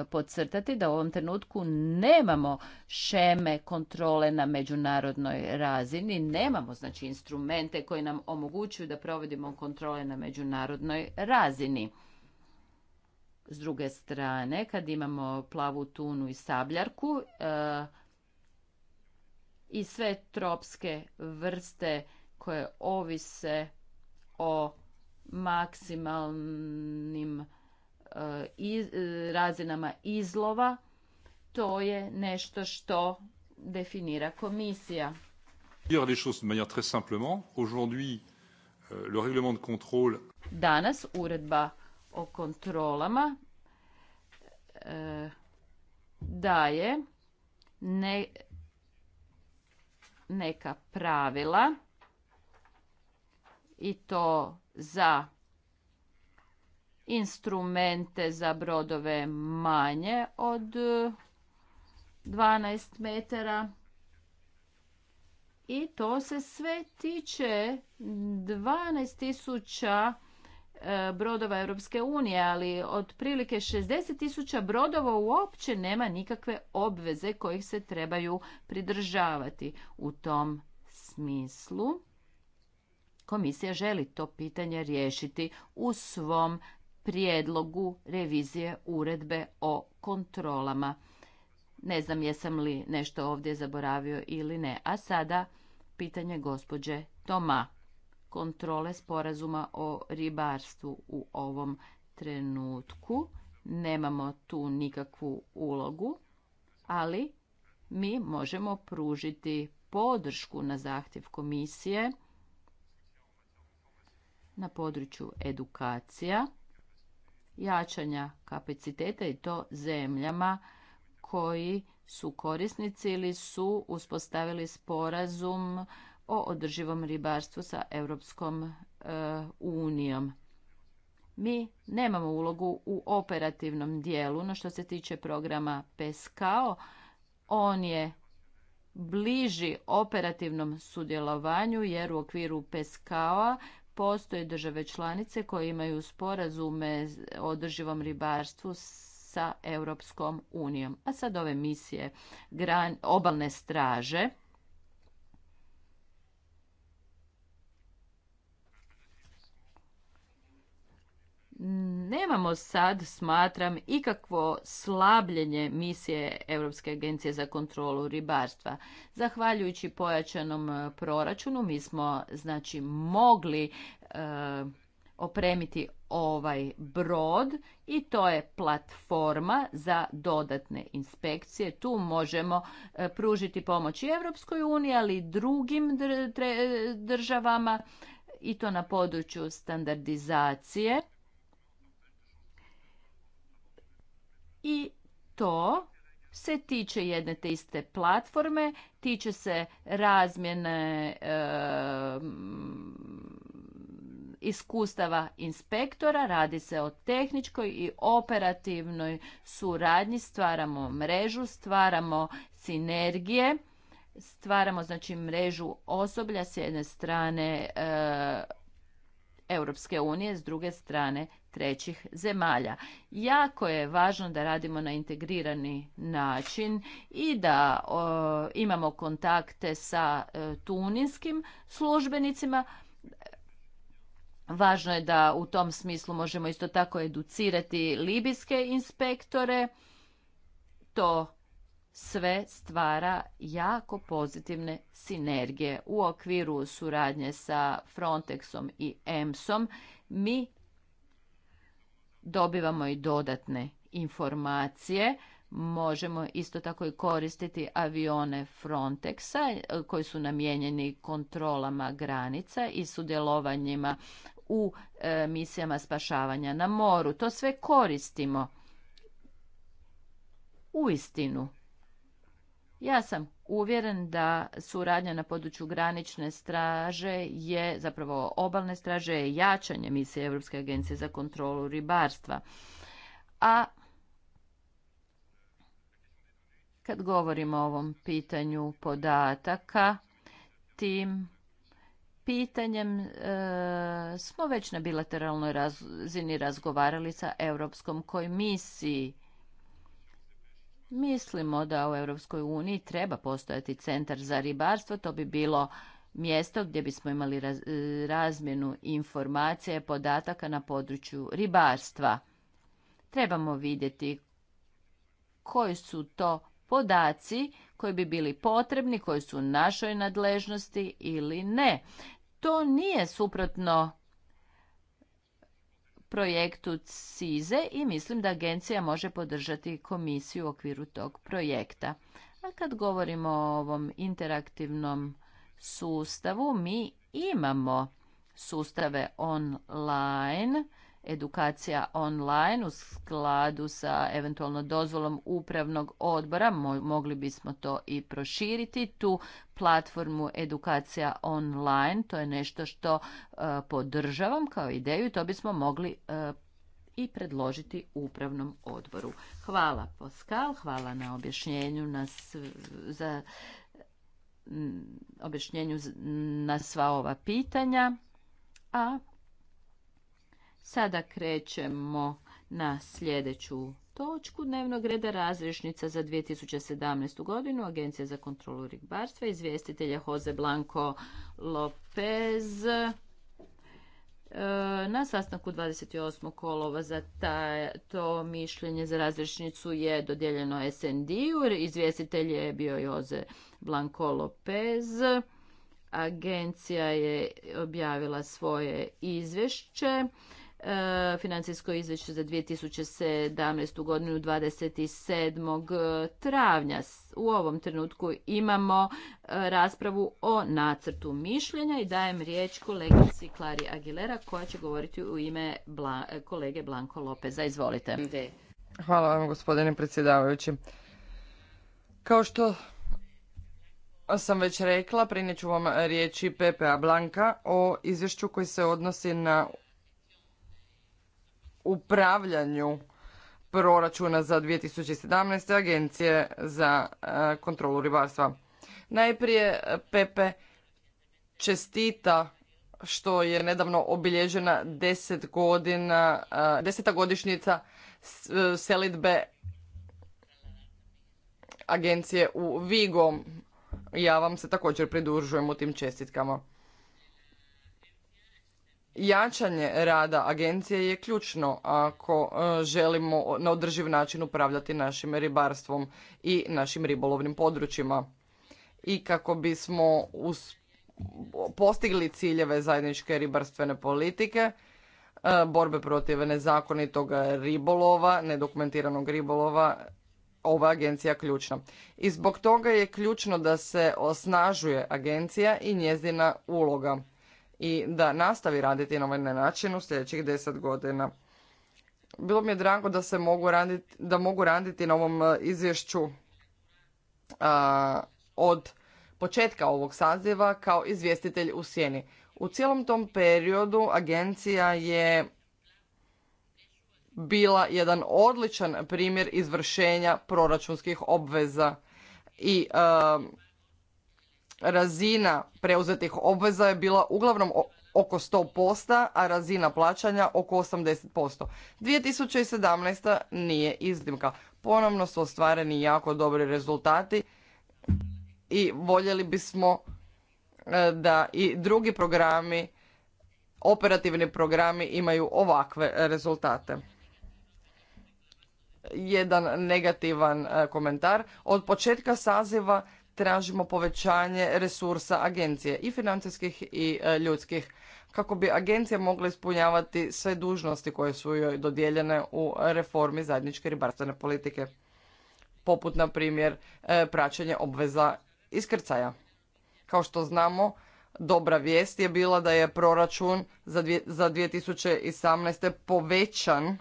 e, podcrtati da u ovom trenutku nemamo šeme kontrole na međunarodnoj razini, nemamo znači instrumente koji nam omogućuju da provodimo kontrole na međunarodnoj razini. S druge strane, kad imamo plavu tunu i sabljarku e, i sve tropske vrste koje ovise o maksimalnim e, e, razinama izlova, to je nešto što definira komisija. Danas uredba o kontrolama e, daje neka pravila i to za instrumente za brodove manje od 12 metara. I to se sve tiče 12.000 e, brodova Europske unije, ali otprilike 60.000 brodova uopće nema nikakve obveze kojih se trebaju pridržavati u tom smislu. Komisija želi to pitanje riješiti u svom prijedlogu revizije uredbe o kontrolama. Ne znam jesam li nešto ovdje zaboravio ili ne. A sada pitanje gospođe Toma. Kontrole sporazuma o ribarstvu u ovom trenutku. Nemamo tu nikakvu ulogu, ali mi možemo pružiti podršku na zahtjev komisije na području edukacija, jačanja kapaciteta i to zemljama koji su korisnici ili su uspostavili sporazum o održivom ribarstvu sa Europskom e, unijom. Mi nemamo ulogu u operativnom dijelu, no što se tiče programa PESCAO, on je bliži operativnom sudjelovanju jer u okviru PESCAO postoje države članice koje imaju sporazume o održivom ribarstvu sa Europskom unijom. A sad ove misije obalne straže nemamo sad, smatram, ikakvo slabljenje misije Europske agencije za kontrolu ribarstva. Zahvaljujući pojačanom e, proračunu mi smo znači mogli e, opremiti ovaj brod i to je platforma za dodatne inspekcije. Tu možemo e, pružiti pomoć i Europskoj uniji, ali i drugim državama i to na području standardizacije i to se tiče jedne te iste platforme, tiče se razmjene iskustava inspektora, radi se o tehničkoj i operativnoj suradnji, stvaramo mrežu, stvaramo sinergije, stvaramo znači mrežu osoblja s jedne strane e, Europske unije, s druge strane trećih zemalja. Jako je važno da radimo na integrirani način i da imamo kontakte sa e, tuninskim službenicima. Važno je da u tom smislu možemo isto tako educirati libijske inspektore. To sve stvara jako pozitivne sinergije u okviru suradnje sa Frontexom i EMSom. Mi dobivamo i dodatne informacije. Možemo isto tako i koristiti avione Frontexa eh, koji su namijenjeni kontrolama granica i sudjelovanjima u eh, misijama spašavanja na moru. To sve koristimo. U istinu ja sam uvjeren da suradnja na području granične straže je, zapravo obalne straže je jačanje misije Europske agencije za kontrolu ribarstva. A kad govorimo o ovom pitanju podataka, tim pitanjem e, smo već na bilateralnoj razini razgovarali sa Europskom komisiji Mislimo da u Europskoj uniji treba postojati centar za ribarstvo, to bi bilo mjesto gdje bismo imali e, razmjenu informacija i podataka na području ribarstva. Trebamo vidjeti koji su to podaci koji bi bili potrebni, koji su u našoj nadležnosti ili ne. To nije suprotno projektu CIZE i mislim da agencija može podržati komisiju u okviru tog projekta. A kad govorimo o ovom interaktivnom sustavu, mi imamo sustave online edukacija online u skladu sa eventualno dozvolom upravnog odbora. mogli bismo to i proširiti. Tu platformu edukacija online, to je nešto što e, podržavam kao ideju i to bismo mogli e, i predložiti upravnom odboru. Hvala Poskal, hvala na objašnjenju na za objašnjenju na sva ova pitanja. A Sada krećemo na sljedeću točku dnevnog reda razrešnica za 2017. godinu Agencija za kontrolu ribarstva izvjestitelja Jose Blanco Lopez e, na sastanku 28. kolova za to mišljenje za razrešnicu je dodijeljeno SND-u. Izvjestitelj je bio Jose Blanco Lopez. Agencija je objavila svoje izvješće. E, financijsko izvješće za 2017. godinu 27. E, travnja. U ovom trenutku imamo e, raspravu o nacrtu mišljenja i dajem riječ kolegici Klari Aguilera koja će govoriti u ime kolege Blanko Lopeza. Izvolite. Hvala vam gospodine predsjedavajući. Kao što sam već rekla, prineću vam riječi Pepea Blanka o izvješću koji se odnosi na upravljanju proračuna za 2017. agencije za e, kontrolu ribarstva. Najprije e, Pepe čestita što je nedavno obilježena deset godina, e, deseta godišnjica selitbe agencije u Vigo. Ja vam se također pridružujem u tim čestitkama. Jačanje rada agencije je ključno ako e, želimo na održiv način upravljati našim ribarstvom i našim ribolovnim područjima. I kako bismo postigli ciljeve zajedničke ribarstvene politike, e, borbe protiv nezakonitog ribolova, nedokumentiranog ribolova, ova agencija je ključna. I zbog toga je ključno da se osnažuje agencija i njezina uloga i da nastavi raditi na ovaj način u sljedećih deset godina. Bilo mi je drago da se mogu raditi, da mogu raditi na ovom e, izvješću od početka ovog saziva kao izvjestitelj u sjeni. U cijelom tom periodu agencija je bila jedan odličan primjer izvršenja proračunskih obveza i e, razina preuzetih obveza je bila uglavnom oko 100%, a razina plaćanja oko 80%. 2017. nije iznimka. Ponovno su ostvareni jako dobri rezultati i voljeli bismo e, da i drugi programi, operativni programi imaju ovakve rezultate. Jedan negativan e, komentar. Od početka saziva tražimo povećanje resursa agencije i financijskih i e, ljudskih kako bi agencija mogla ispunjavati sve dužnosti koje su joj dodijeljene u reformi zajedničke ribarstvene politike, poput na primjer e, praćenje obveza iskrcaja. Kao što znamo, dobra vijest je bila da je proračun za 2018. povećan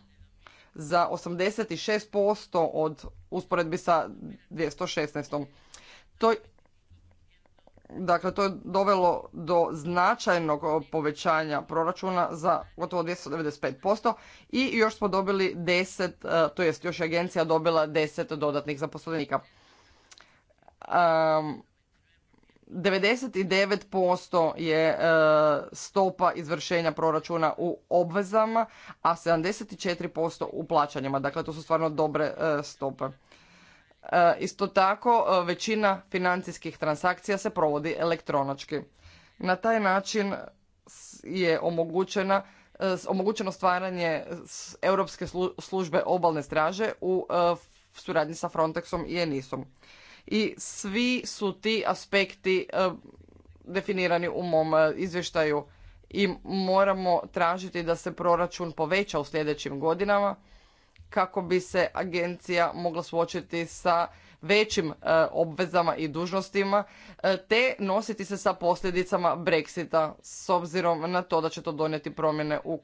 za 86% od usporedbi sa 2016. To, dakle, to je dovelo do značajnog povećanja proračuna za gotovo 295% i još smo dobili 10, e, to jest još je agencija dobila 10 dodatnih zaposlenika. Um, 99% je e, stopa izvršenja proračuna u obvezama, a 74% u plaćanjima. Dakle, to su stvarno dobre e, stope. E, isto tako, e, većina financijskih transakcija se provodi elektronački. Na taj način je omogućena e, omogućeno stvaranje Europske službe obalne straže u suradnji sa Frontexom i Enisom. I svi su ti aspekti definirani u mom izvještaju i moramo tražiti da se proračun poveća u sljedećim godinama kako bi se agencija mogla suočiti sa većim e, obvezama i dužnostima e, te nositi se sa posljedicama Brexita s obzirom na to da će to donijeti promjene u,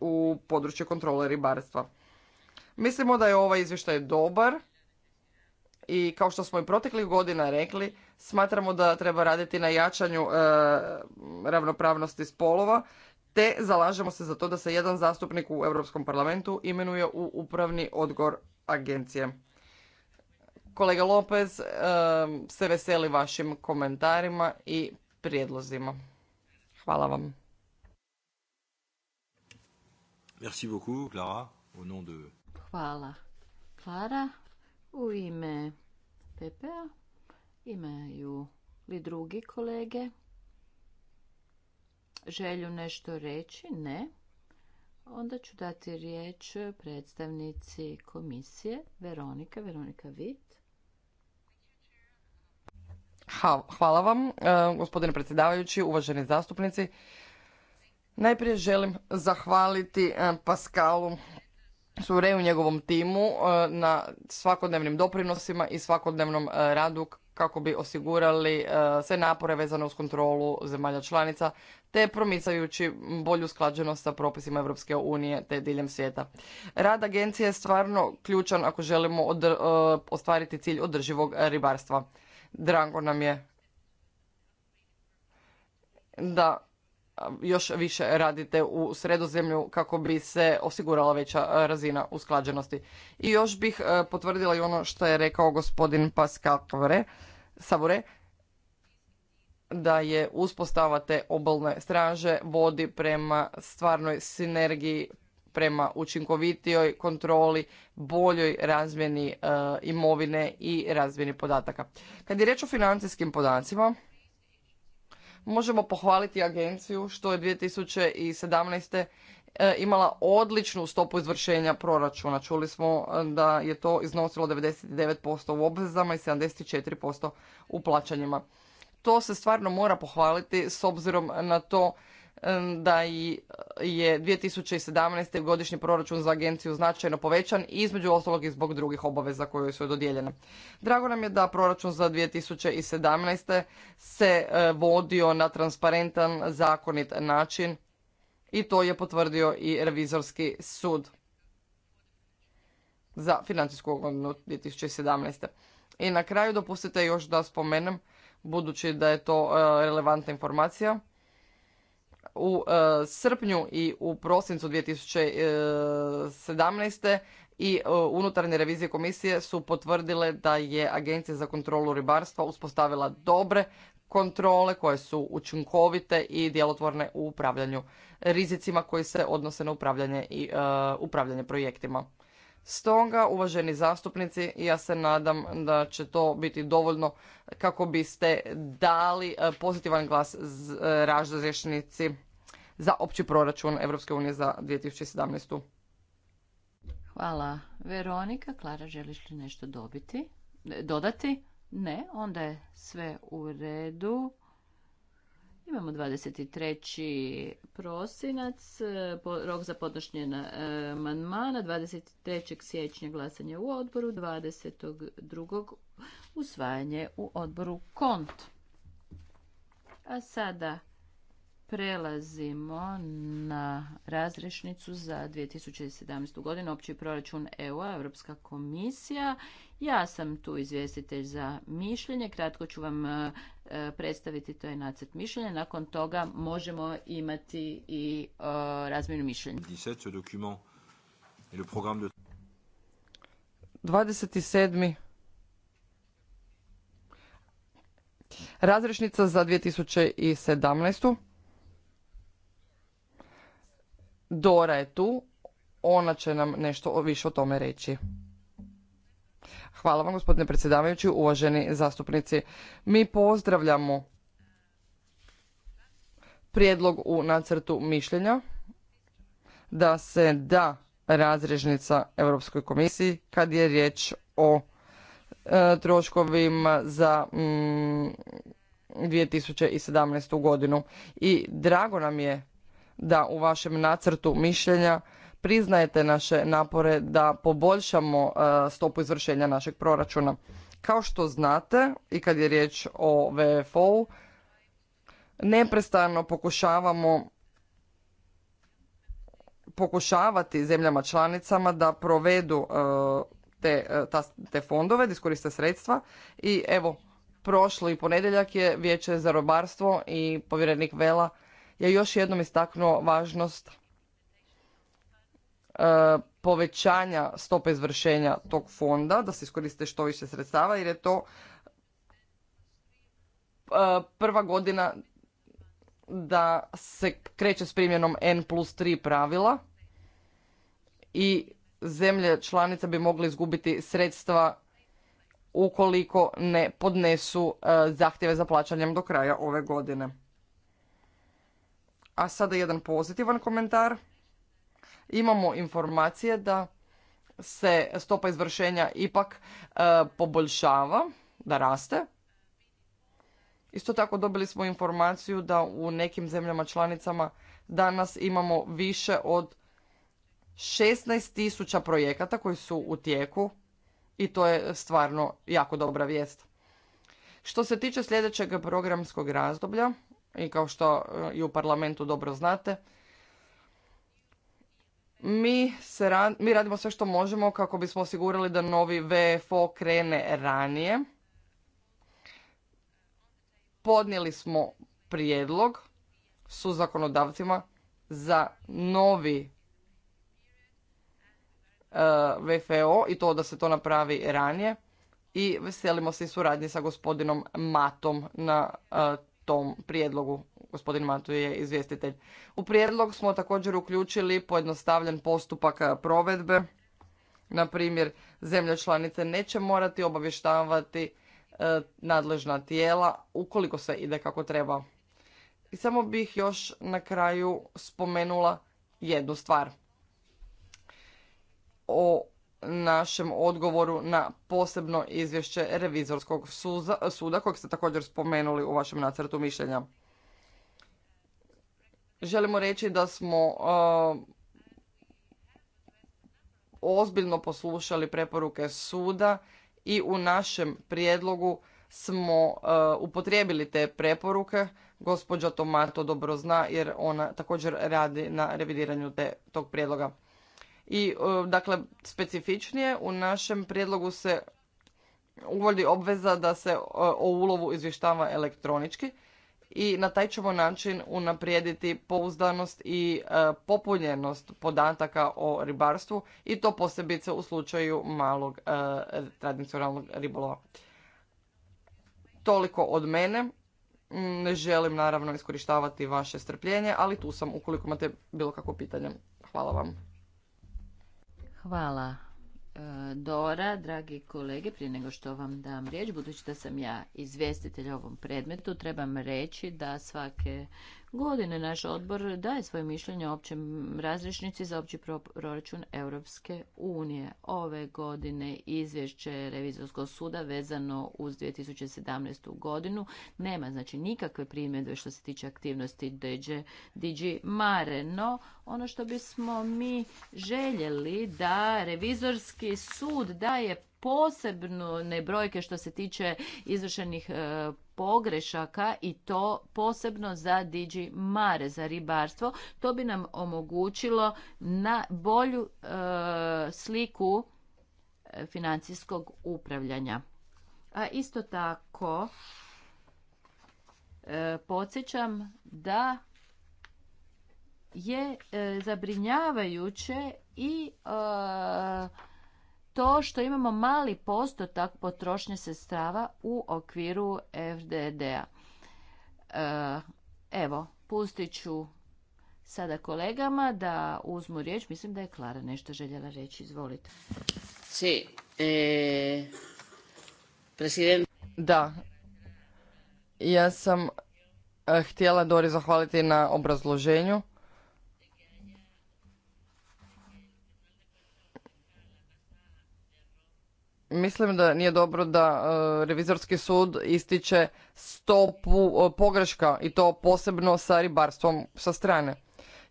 u području kontrole ribarstva. Mislimo da je ovaj izvještaj dobar i kao što smo i proteklih godina rekli, smatramo da treba raditi na jačanju e, ravnopravnosti spolova te zalažemo se za to da se jedan zastupnik u Europskom parlamentu imenuje u upravni odgor agencije. Kolega Lopez eh, se veseli vašim komentarima i prijedlozima. Hvala vam. Merci beaucoup, Clara, au nom de... Hvala, Clara. U ime PPA imaju li drugi kolege želju nešto reći? Ne. Onda ću dati riječ predstavnici komisije. Veronika, Veronika Vit. Hvala vam, e, gospodine predsjedavajući, uvaženi zastupnici. Najprije želim zahvaliti e, Paskalu Sureju i njegovom timu e, na svakodnevnim doprinosima i svakodnevnom radu kako bi osigurali e, sve napore vezane uz kontrolu zemalja članica, te promicajući bolju sklađenost sa propisima Europske unije te diljem svijeta. Rad agencije je stvarno ključan ako želimo e, ostvariti cilj održivog ribarstva. Drago nam je da još više radite u sredozemlju kako bi se osigurala veća razina usklađenosti. I još bih e, potvrdila i ono što je rekao gospodin Pascal Savore da je uspostava te obalne straže vodi prema stvarnoj sinergiji, prema učinkovitijoj kontroli, boljoj razmjeni e, imovine i razmjeni podataka. Kad je reč o financijskim podacima, možemo pohvaliti agenciju što je 2017. E, imala odličnu stopu izvršenja proračuna. Čuli smo e, da je to iznosilo 99% u obvezama i 74% u plaćanjima. To se stvarno mora pohvaliti s obzirom na to e, da je 2017. godišnji proračun za agenciju značajno povećan između ostalog i zbog drugih obaveza koje su dodijeljene. Drago nam je da proračun za 2017. se vodio na transparentan, zakonit način i to je potvrdio i revizorski sud za financijsku godinu 2017. I na kraju dopustite još da spomenem, budući da je to e, relevantna informacija, u e, srpnju i u prosincu 2017. E, i unutarnje revizije komisije su potvrdile da je Agencija za kontrolu ribarstva uspostavila dobre kontrole koje su učinkovite i djelotvorne u upravljanju rizicima koji se odnose na upravljanje i e, upravljanje projektima. Stoga, uvaženi zastupnici, ja se nadam da će to biti dovoljno kako biste dali e, pozitivan glas e, razrješnici za opći proračun Europske unije za 2017. Hvala. Veronika, Klara, želiš li nešto dobiti? Dodati? Ne, onda je sve u redu. Imamo 23. prosinac, rok za podnošnje e, manmana, 23. siječnja glasanje u odboru, 22. usvajanje u odboru KONT. A sada Prelazimo na razrešnicu za 2017. godinu, opći proračun eu Europska komisija. Ja sam tu izvjestitelj za mišljenje, kratko ću vam e, predstaviti to je nacrt mišljenja, nakon toga možemo imati i e, razmjenu mišljenja. 27. Razrešnica za 2017. Dora je tu, ona će nam nešto više o tome reći. Hvala vam gospodine predsjedavajući, uvaženi zastupnici. Mi pozdravljamo prijedlog u nacrtu mišljenja da se da razrežnica Europskoj komisiji kad je riječ o e, troškovima za 2017. Mm, godinu. I drago nam je da u vašem nacrtu mišljenja priznajete naše napore da poboljšamo e, stopu izvršenja našeg proračuna. Kao što znate i kad je riječ o VFO-u, neprestano pokušavamo pokušavati zemljama članicama da provedu e, te, e, te fondove, da iskoriste sredstva i evo, prošli ponedjeljak je vijeće za robarstvo i povjerenik Vela je još jednom istaknuo važnost e, povećanja stope izvršenja tog fonda, da se iskoriste što više sredstava jer je to e, prva godina da se kreće s primjenom N plus 3 pravila i zemlje članice bi mogle izgubiti sredstva ukoliko ne podnesu e, zahtjeve za plaćanjem do kraja ove godine. A sada jedan pozitivan komentar. Imamo informacije da se stopa izvršenja ipak e, poboljšava, da raste. Isto tako dobili smo informaciju da u nekim zemljama članicama danas imamo više od 16.000 projekata koji su u tijeku i to je stvarno jako dobra vijest. Što se tiče sljedećeg programskog razdoblja, i kao što e, i u parlamentu dobro znate, mi, se mi radimo sve što možemo kako bismo osigurali da novi VFO krene ranije. Podnijeli smo prijedlog su zakonodavcima za novi e, VFO i to da se to napravi ranije i veselimo se i suradnji sa gospodinom Matom na e, tom prijedlogu. Gospodin Matu je izvjestitelj. U prijedlog smo također uključili pojednostavljen postupak provedbe. Na primjer, zemlje članice neće morati obavještavati e, nadležna tijela ukoliko se ide kako treba. I samo bih još na kraju spomenula jednu stvar. O našem odgovoru na posebno izvješće revizorskog suda kojeg ste također spomenuli u vašem nacrtu mišljenja. Želimo reći da smo e, ozbiljno poslušali preporuke suda i u našem prijedlogu smo e, upotrijebili te preporuke. Gospođa Tomato dobro zna jer ona također radi na revidiranju tog prijedloga i e, dakle specifičnije u našem prijedlogu se uvodi obveza da se e, o ulovu izvještava elektronički i na taj ćemo način unaprijediti pouzdanost i e, popunjenost podataka o ribarstvu i to posebice u slučaju malog tradicionalnog ribolova. Toliko od mene. Ne želim naravno iskorištavati vaše strpljenje, ali tu sam ukoliko imate bilo kakvo pitanje. Hvala vam. Hvala. E, Dora, dragi kolege, prije nego što vam dam riječ, budući da sam ja izvjestitelj ovom predmetu, trebam reći da svake godine. Naš odbor daje svoje mišljenje o općem razrišnici za opći proračun Europske unije. Ove godine izvješće Revizorskog suda vezano uz 2017. godinu nema znači nikakve primjedbe što se tiče aktivnosti DG, Mare, no ono što bismo mi željeli da Revizorski sud daje posebne brojke što se tiče izvršenih e, pogrešaka i to posebno za Digi Mare, za ribarstvo. To bi nam omogućilo na bolju e, sliku e, financijskog upravljanja. A isto tako e, podsjećam da je zabrinjavajuće i to što imamo mali postotak potrošnje sestrava u okviru FDD-a. E, evo, pustit ću sada kolegama da uzmu riječ. Mislim da je Klara nešto željela reći. Izvolite. Eh, si, Da. Ja sam eh, htjela Dori zahvaliti na obrazloženju. mislim da nije dobro da e, revizorski sud ističe stopu e, pogreška i to posebno sa ribarstvom sa strane.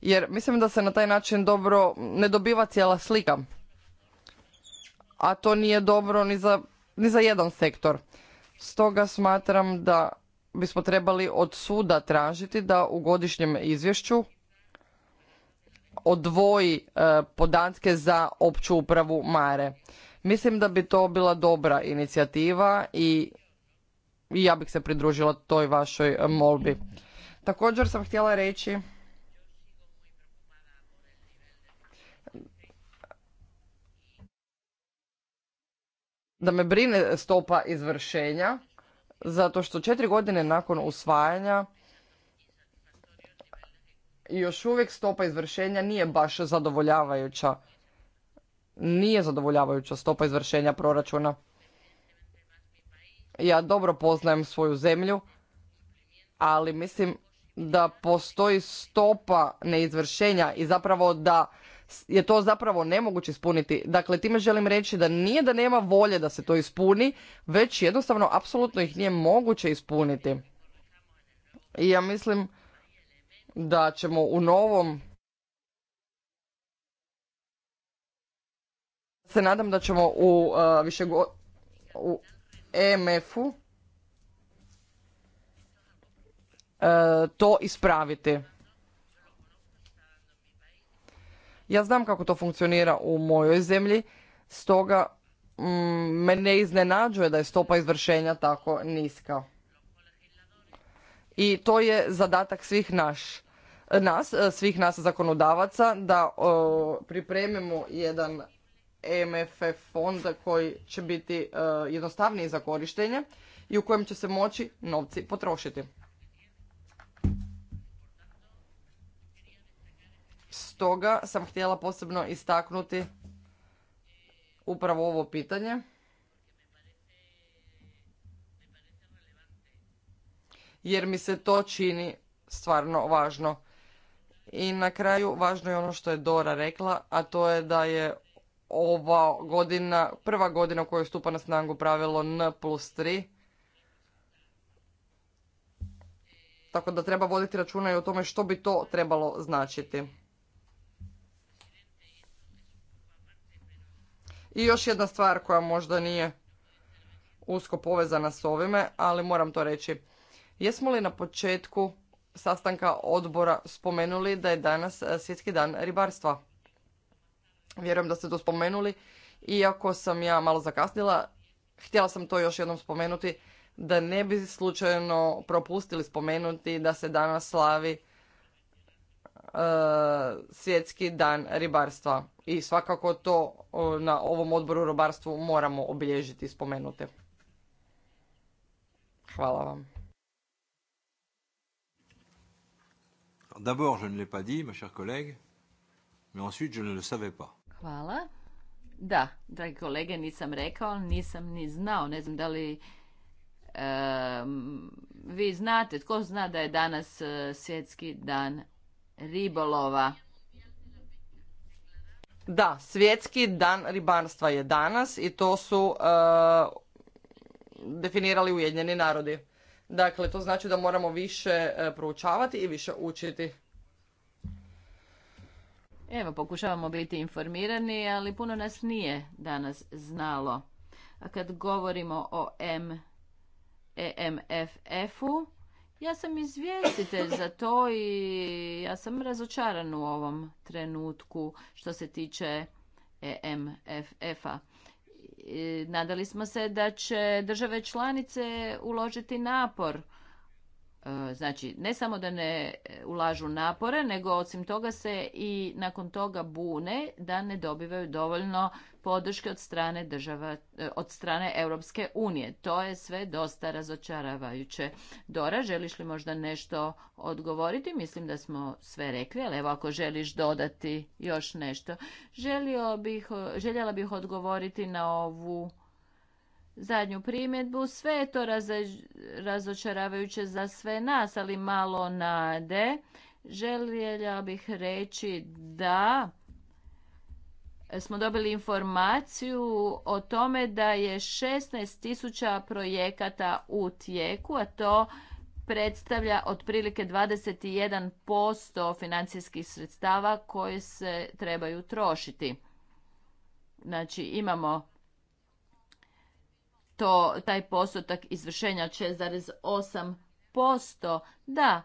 Jer mislim da se na taj način dobro ne dobiva cijela slika. A to nije dobro ni za, ni za jedan sektor. Stoga smatram da bismo trebali od suda tražiti da u godišnjem izvješću odvoji e, podatke za opću upravu Mare. Mislim da bi to bila dobra inicijativa i, ja bih se pridružila toj vašoj molbi. Također sam htjela reći da me brine stopa izvršenja, zato što četiri godine nakon usvajanja još uvijek stopa izvršenja nije baš zadovoljavajuća nije zadovoljavajuća stopa izvršenja proračuna. Ja dobro poznajem svoju zemlju, ali mislim da postoji stopa neizvršenja i zapravo da je to zapravo nemoguće ispuniti. Dakle, time želim reći da nije da nema volje da se to ispuni, već jednostavno apsolutno ih nije moguće ispuniti. I ja mislim da ćemo u novom se nadam da ćemo u e, u EMF-u e, to ispraviti. Ja znam kako to funkcionira u mojoj zemlji, stoga mm, me ne iznenađuje da je stopa izvršenja tako niska. I to je zadatak svih naš nas, svih nas zakonodavaca, da pripremimo jedan E MFF fond koji će biti e, jednostavniji za korištenje i u kojem će se moći novci potrošiti. Stoga sam htjela posebno istaknuti upravo ovo pitanje. Jer mi se to čini stvarno važno. I na kraju važno je ono što je Dora rekla, a to je da je ova godina, prva godina u kojoj stupa na snagu pravilo N plus 3. Tako da treba voditi računa i o tome što bi to trebalo značiti. I još jedna stvar koja možda nije usko povezana s ovime, ali moram to reći. Jesmo li na početku sastanka odbora spomenuli da je danas eh, svjetski dan ribarstva? Vjerujem da ste to spomenuli. Iako sam ja malo zakasnila, htjela sam to još jednom spomenuti da ne bi slučajno propustili spomenuti da se danas slavi e, svjetski dan ribarstva i svakako to e, na ovom odboru ribarstvu moramo obilježiti i spomenuti. Hvala vam. D'abord, je ne l'ai pas dit, ma chère collègue, mais ensuite, je ne le savais pas. Hvala. Da, dragi kolege, nisam rekao, nisam ni znao, ne znam da li vi znate, tko zna da je danas e, svjetski dan ribolova? Da, svjetski dan ribarstva je danas i to su e, definirali Ujedinjeni narodi. Dakle, to znači da moramo više e, proučavati i više učiti. Evo, pokušavamo biti informirani, ali puno nas nije danas znalo. A kad govorimo o EMFF-u, ja sam izvjestitelj za to i ja sam razočaran u ovom trenutku što se tiče EMFF-a. Nadali smo se da će države članice uložiti napor E, znači, ne samo da ne ulažu napore, nego osim toga se i nakon toga bune da ne dobivaju dovoljno podrške od strane država, e, od strane Europske unije. To je sve dosta razočaravajuće. Dora, želiš li možda nešto odgovoriti? Mislim da smo sve rekli, ali evo ako želiš dodati još nešto. Želio bih, e, željela bih odgovoriti na ovu zadnju primjedbu. Sve je to razočaravajuće za sve nas, ali malo nade. Željela bih reći da smo dobili informaciju o tome da je 16.000 projekata u tijeku, a to predstavlja otprilike 21% financijskih sredstava koje se trebaju trošiti. Znači imamo to, taj postotak izvršenja 6,8%. Da,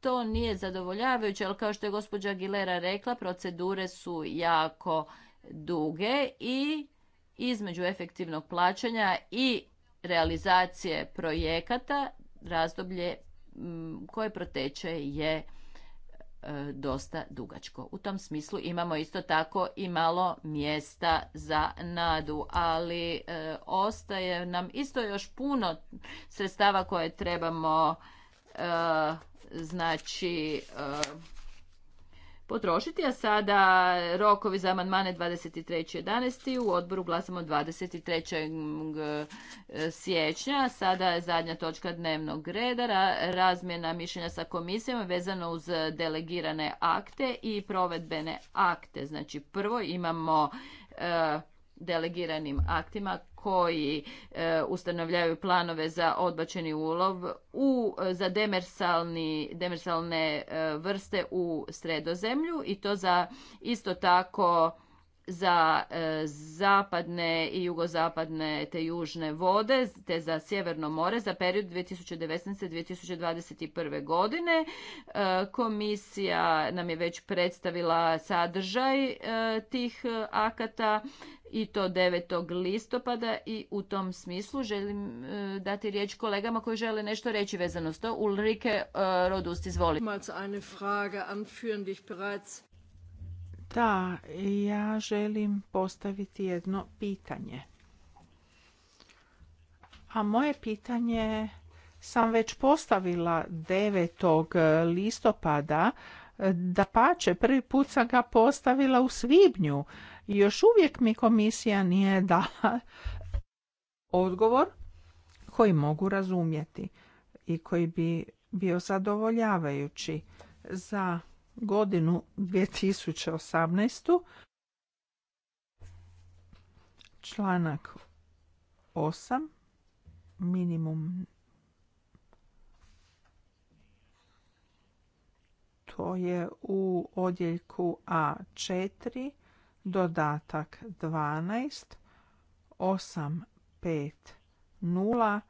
to nije zadovoljavajuće, ali kao što je gospođa Aguilera rekla, procedure su jako duge i između efektivnog plaćanja i realizacije projekata razdoblje koje proteče je E, dosta dugačko. U tom smislu imamo isto tako i malo mjesta za nadu, ali e, ostaje nam isto još puno sredstava koje trebamo e, znači potrošiti, a sada rokovi za amandmane 23.11. U odboru glasamo 23. E, siječnja. Sada je zadnja točka dnevnog reda, razmjena mišljenja sa komisijama vezano uz delegirane akte i provedbene akte. Znači prvo imamo e, delegiranim aktima koji e, ustanovljaju planove za odbačeni ulov u, e, za demersalne e, vrste u sredozemlju i to za isto tako za e, zapadne i jugozapadne te južne vode te za sjeverno more za period 2019. 2021. godine. komisija nam je već predstavila sadržaj tih akata i to 9. listopada i u tom smislu želim e, dati riječ kolegama koji žele nešto reći vezano s to. Ulrike e, Rodust, izvoli. Da, ja želim postaviti jedno pitanje. A moje pitanje sam već postavila 9. listopada. Da pače, prvi put sam ga postavila u svibnju još uvijek mi komisija nije dala odgovor koji mogu razumjeti i koji bi bio zadovoljavajući za godinu 2018. Članak 8. Minimum. To je u odjeljku A4 dodatak 12 850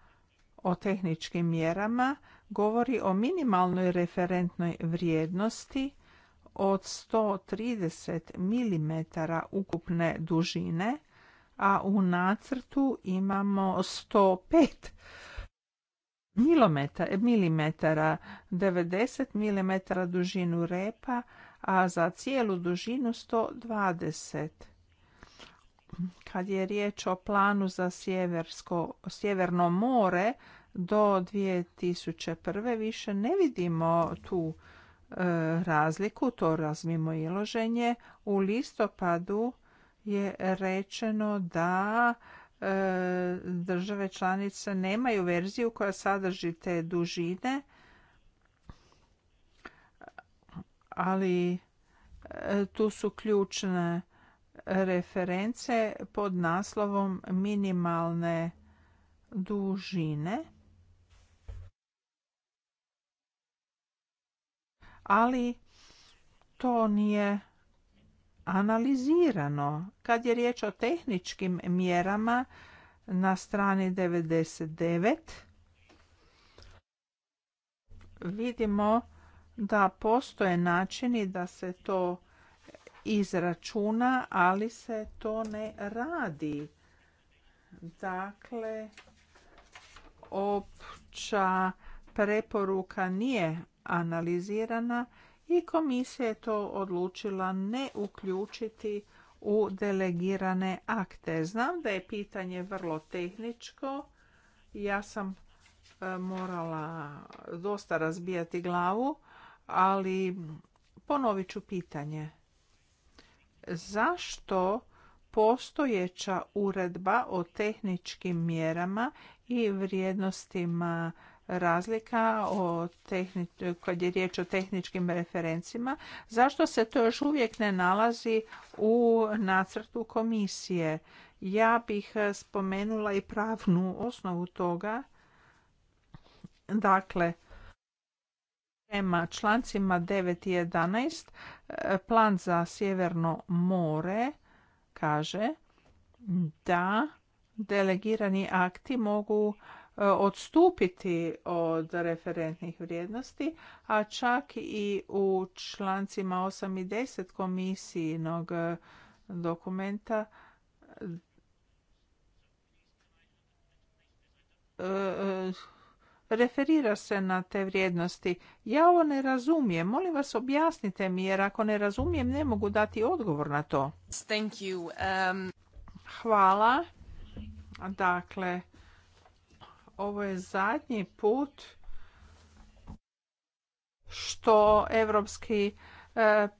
o tehničkim mjerama govori o minimalnoj referentnoj vrijednosti od 130 mm ukupne dužine, a u nacrtu imamo 105 mm, 90 mm dužinu repa, a za cijelu dužinu 120. Kad je riječ o planu za sjeversko, sjeverno more do 2001. više ne vidimo tu e, razliku, to razmimo iloženje. U listopadu je rečeno da e, države članice nemaju verziju koja sadrži te dužine ali e, tu su ključne reference pod naslovom minimalne dužine. Ali to nije analizirano. Kad je riječ o tehničkim mjerama na strani 99 vidimo da postoje načini da se to izračuna, ali se to ne radi. Dakle, opća preporuka nije analizirana i komisija je to odlučila ne uključiti u delegirane akte. Znam da je pitanje vrlo tehničko. Ja sam e, morala dosta razbijati glavu ali ponovit ću pitanje. Zašto postojeća uredba o tehničkim mjerama i vrijednostima razlika o tehni, kad je riječ o tehničkim referencima. Zašto se to još uvijek ne nalazi u nacrtu komisije? Ja bih spomenula i pravnu osnovu toga. Dakle, Prema člancima 9 i 11 e, plan za Sjeverno more kaže da delegirani akti mogu e, odstupiti od referentnih vrijednosti, a čak i u člancima 8 i 10 komisijinog e, dokumenta referira se na te vrijednosti. Ja ovo ne razumijem. Molim vas objasnite mi jer ako ne razumijem ne mogu dati odgovor na to. Thank you. Um... Hvala. Dakle, ovo je zadnji put što Europski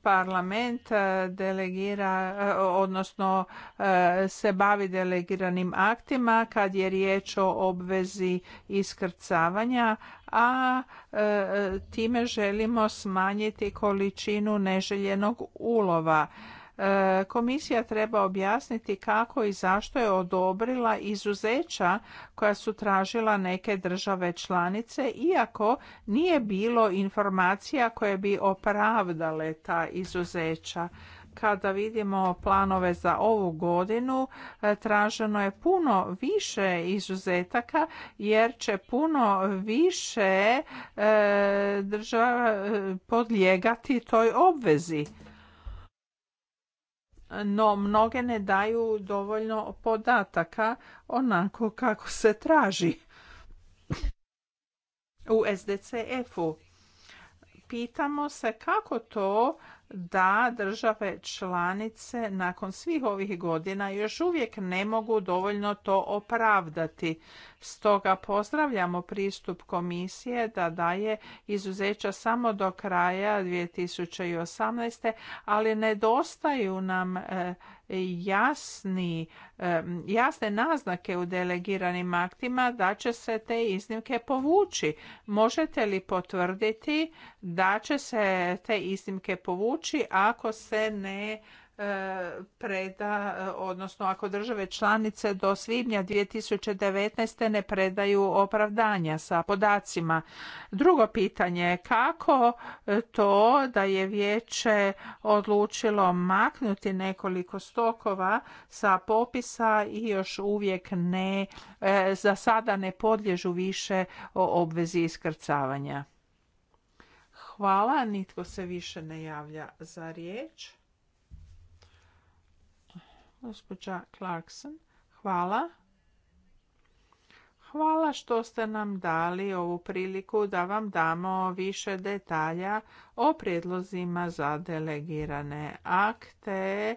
parlament e, delegira, e, odnosno e, se bavi delegiranim aktima kad je riječ o obvezi iskrcavanja, a time želimo smanjiti količinu neželjenog ulova. E, komisija treba objasniti kako i zašto je odobrila izuzeća koja su tražila neke države članice, iako nije bilo informacija koje bi opravdale ta izuzeća kada vidimo planove za ovu godinu, e, traženo je puno više izuzetaka jer će puno više e, država podlijegati toj obvezi no mnoge ne daju dovoljno podataka onako kako se traži u SDCF-u. Pitamo se kako to da države članice nakon svih ovih godina još uvijek ne mogu dovoljno to opravdati. Stoga pozdravljamo pristup komisije da daje izuzeća samo do kraja 2018. ali nedostaju nam e, jasni, jasne naznake u delegiranim aktima da će se te iznimke povući. Možete li potvrditi da će se te iznimke povući ako se ne E, preda, e, odnosno ako države članice do svibnja 2019. ne predaju opravdanja sa podacima. Drugo pitanje, je kako e, to da je vijeće odlučilo maknuti nekoliko stokova sa popisa i još uvijek ne, za sada ne podlježu više o obvezi iskrcavanja? Hvala, nitko se više ne javlja za riječ. Gospođa Clarkson, hvala. Hvala što ste nam dali ovu priliku da vam damo više detalja o prijedlozima za delegirane akte. E,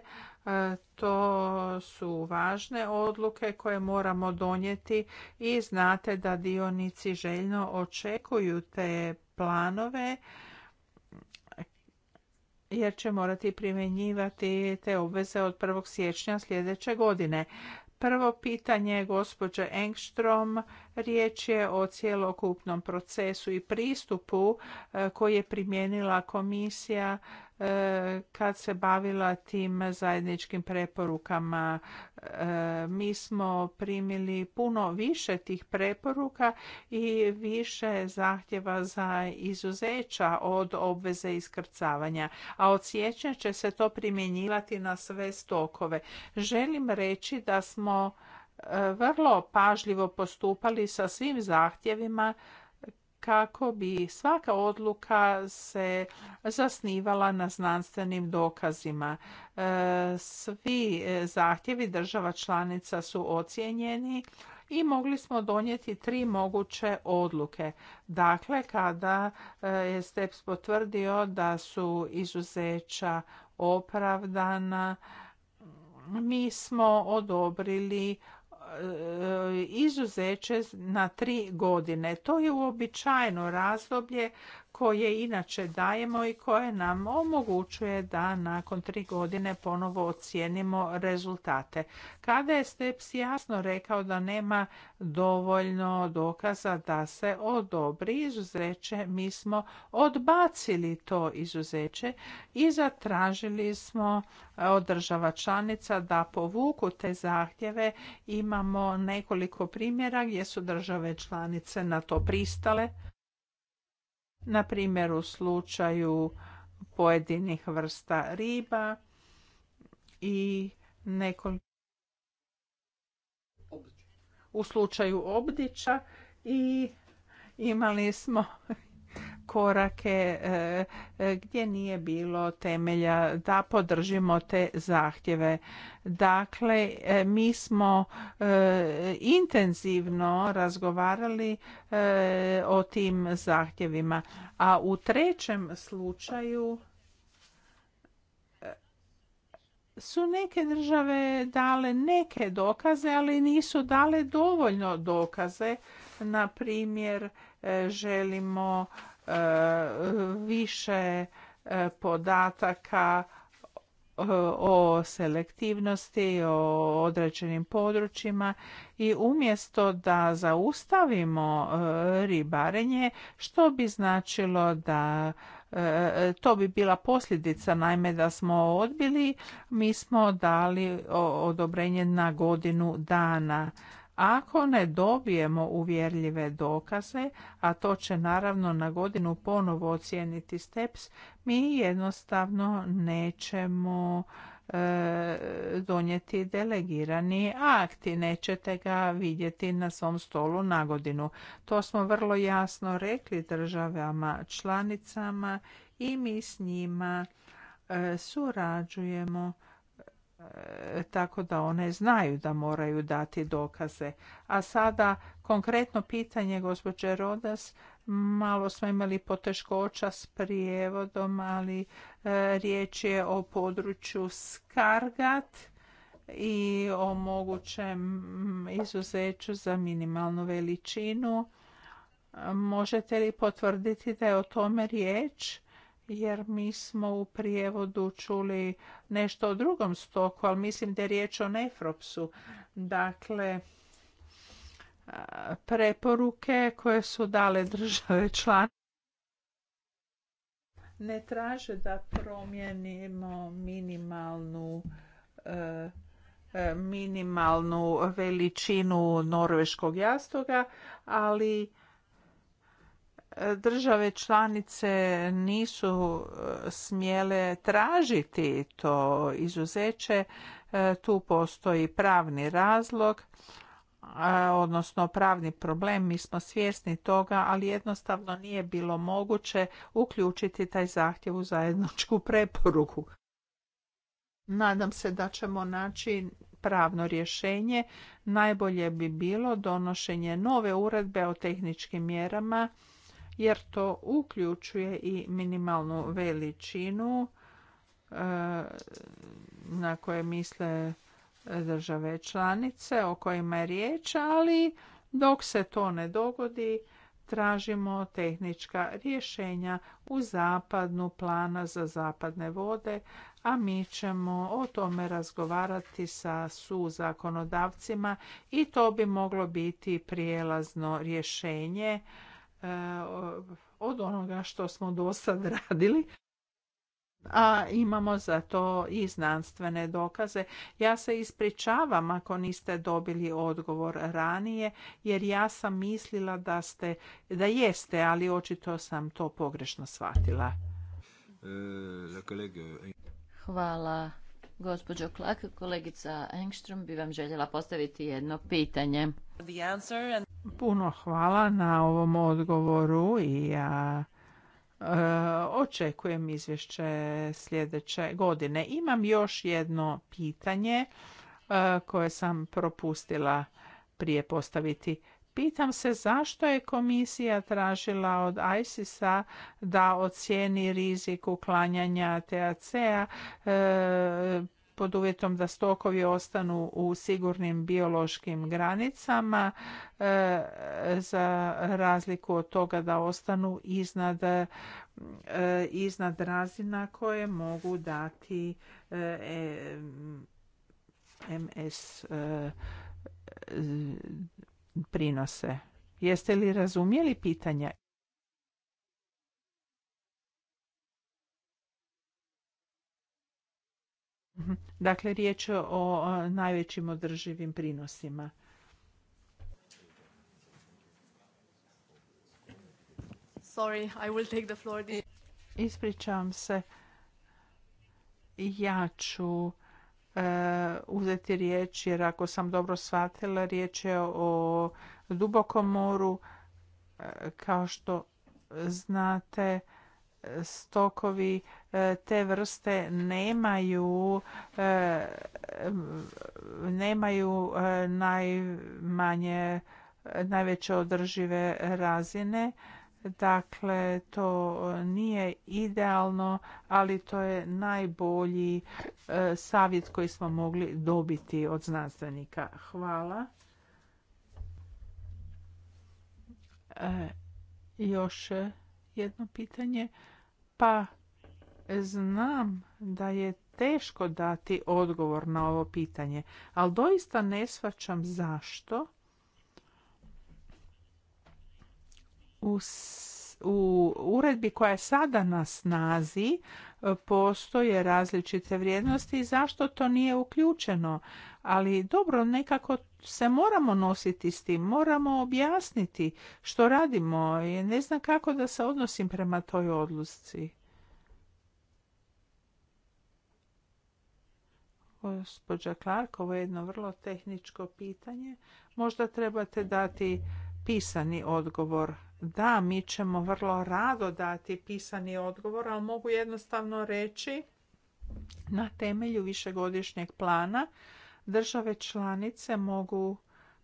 to su važne odluke koje moramo donijeti i znate da dionici željno očekuju te planove jer će morati primjenjivati te obveze od 1. siječnja sljedeće godine. Prvo pitanje gospođe Engstrom, riječ je o cjelokupnom procesu i pristupu e, koji je primijenila komisija kad se bavila tim zajedničkim preporukama. E, mi smo primili puno više tih preporuka i više zahtjeva za izuzeća od obveze iskrcavanja, a od siječnja će se to primjenjivati na sve stokove. Želim reći da smo e, vrlo pažljivo postupali sa svim zahtjevima kako bi svaka odluka se zasnivala na znanstvenim dokazima. E, svi e, zahtjevi država članica su ocijenjeni i mogli smo donijeti tri moguće odluke. Dakle, kada je STEPS potvrdio da su izuzeća opravdana, mi smo odobrili izuzeće na tri godine. To je uobičajeno razdoblje koje inače dajemo i koje nam omogućuje da nakon tri godine ponovo ocijenimo rezultate. Kada je Steps jasno rekao da nema dovoljno dokaza da se odobri izuzeće, mi smo odbacili to izuzeće i zatražili smo od država članica da povuku te zahtjeve. Imamo nekoliko primjera gdje su države članice na to pristale na primjer u slučaju pojedinih vrsta riba i nekoliko u slučaju obdića i imali smo korake e, e, gdje nije bilo temelja da podržimo te zahtjeve. Dakle, e, mi smo intenzivno razgovarali o tim zahtjevima, a u trećem slučaju su neke države dale neke dokaze, ali nisu dale dovoljno dokaze. Na primjer, želimo više e, podataka e, o selektivnosti, o određenim područjima i umjesto da zaustavimo e, ribarenje, što bi značilo da to bi bila posljedica, naime da smo odbili, mi smo dali odobrenje na godinu dana. Ako ne dobijemo uvjerljive dokaze, a to će naravno na godinu ponovo ocijeniti STEPS, mi jednostavno nećemo e, donijeti delegirani akt i nećete ga vidjeti na svom stolu na godinu. To smo vrlo jasno rekli državama članicama i mi s njima e, surađujemo E, tako da one znaju da moraju dati dokaze. A sada konkretno pitanje gospođe Rodas, malo smo imali poteškoća s prijevodom, ali e, riječ je o području Skargat i o mogućem izuzeću za minimalnu veličinu. Možete li potvrditi da je o tome riječ? jer mi smo u prijevodu čuli nešto o drugom stoku, ali mislim da je riječ o nefropsu. Dakle, preporuke koje su dale države članice ne traže da promijenimo minimalnu e, e, minimalnu veličinu norveškog jastoga, ali države članice nisu e, smjele tražiti to izuzeće. E, tu postoji pravni razlog, odnosno pravni problem. Mi smo svjesni toga, ali jednostavno nije bilo moguće uključiti taj zahtjev u zajedničku preporuku. Nadam se da ćemo naći pravno rješenje. Najbolje bi bilo donošenje nove uredbe o tehničkim mjerama jer to uključuje i minimalnu veličinu e, na koje misle države članice o kojima je riječ, ali dok se to ne dogodi, tražimo tehnička rješenja u zapadnu plana za zapadne vode, a mi ćemo o tome razgovarati sa suzakonodavcima i to bi moglo biti prijelazno rješenje E, od onoga što smo do sad radili a imamo za to i znanstvene dokaze. Ja se ispričavam ako niste dobili odgovor ranije, jer ja sam mislila da ste, da jeste, ali očito sam to pogrešno shvatila. E, Hvala Gospođo Klak, kolegica Engström bi vam željela postaviti jedno pitanje. Puno hvala na ovom odgovoru i ja e, očekujem izvješće sljedeće godine. Imam još jedno pitanje e, koje sam propustila prije postaviti. Pitam se zašto je komisija tražila od ISIS-a da ocijeni rizik uklanjanja TAC-a e, pod uvjetom da stokovi ostanu u sigurnim biološkim granicama e, za razliku od toga da ostanu iznad, e, iznad razina koje mogu dati MS prinose. Jeste li razumjeli pitanja? Mhm. Dakle, riječ je o najvećim održivim prinosima. Sorry, Ispričavam se. Ja ću E, uzeti riječ jer ako sam dobro shvatila riječ je o dubokom moru e, kao što znate stokovi e, te vrste nemaju nemaju najmanje najveće održive razine Dakle, to e, nije idealno, ali to je najbolji e, savjet koji smo mogli dobiti od znanstvenika. Hvala. E, još jedno pitanje. Pa znam da je teško dati odgovor na ovo pitanje, ali doista ne shvaćam zašto u, u uredbi koja je sada na snazi e, postoje različite vrijednosti i zašto to nije uključeno. Ali dobro, nekako se moramo nositi s tim, moramo objasniti što radimo i ne znam kako da se odnosim prema toj odluci. Gospođa Clark, ovo je jedno vrlo tehničko pitanje. Možda trebate dati pisani odgovor da, mi ćemo vrlo rado dati pisani odgovor, ali mogu jednostavno reći na temelju višegodišnjeg plana države članice mogu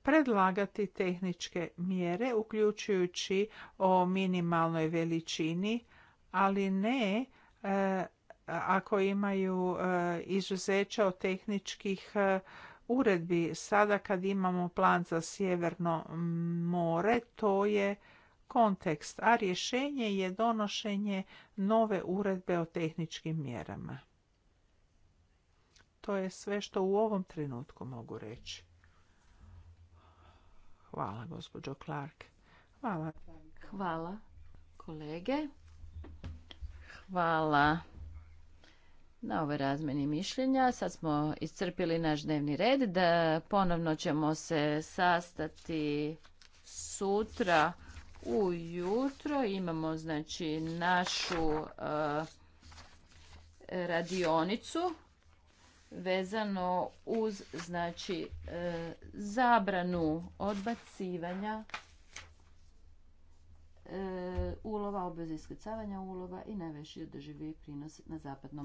predlagati tehničke mjere uključujući o minimalnoj veličini, ali ne e, ako imaju e, izuzeća od tehničkih e, uredbi. Sada kad imamo plan za Sjeverno more, to je kontekst, a rješenje je donošenje nove uredbe o tehničkim mjerama. To je sve što u ovom trenutku mogu reći. Hvala, gospođo Clark. Hvala. Hvala, kolege. Hvala na ovoj razmeni mišljenja. Sad smo iscrpili naš dnevni red. Da ponovno ćemo se sastati sutra ujutro. Imamo znači našu e, radionicu vezano uz znači e, zabranu odbacivanja e, ulova, obveze iskrcavanja ulova i najveći održivi prinos na zapadnom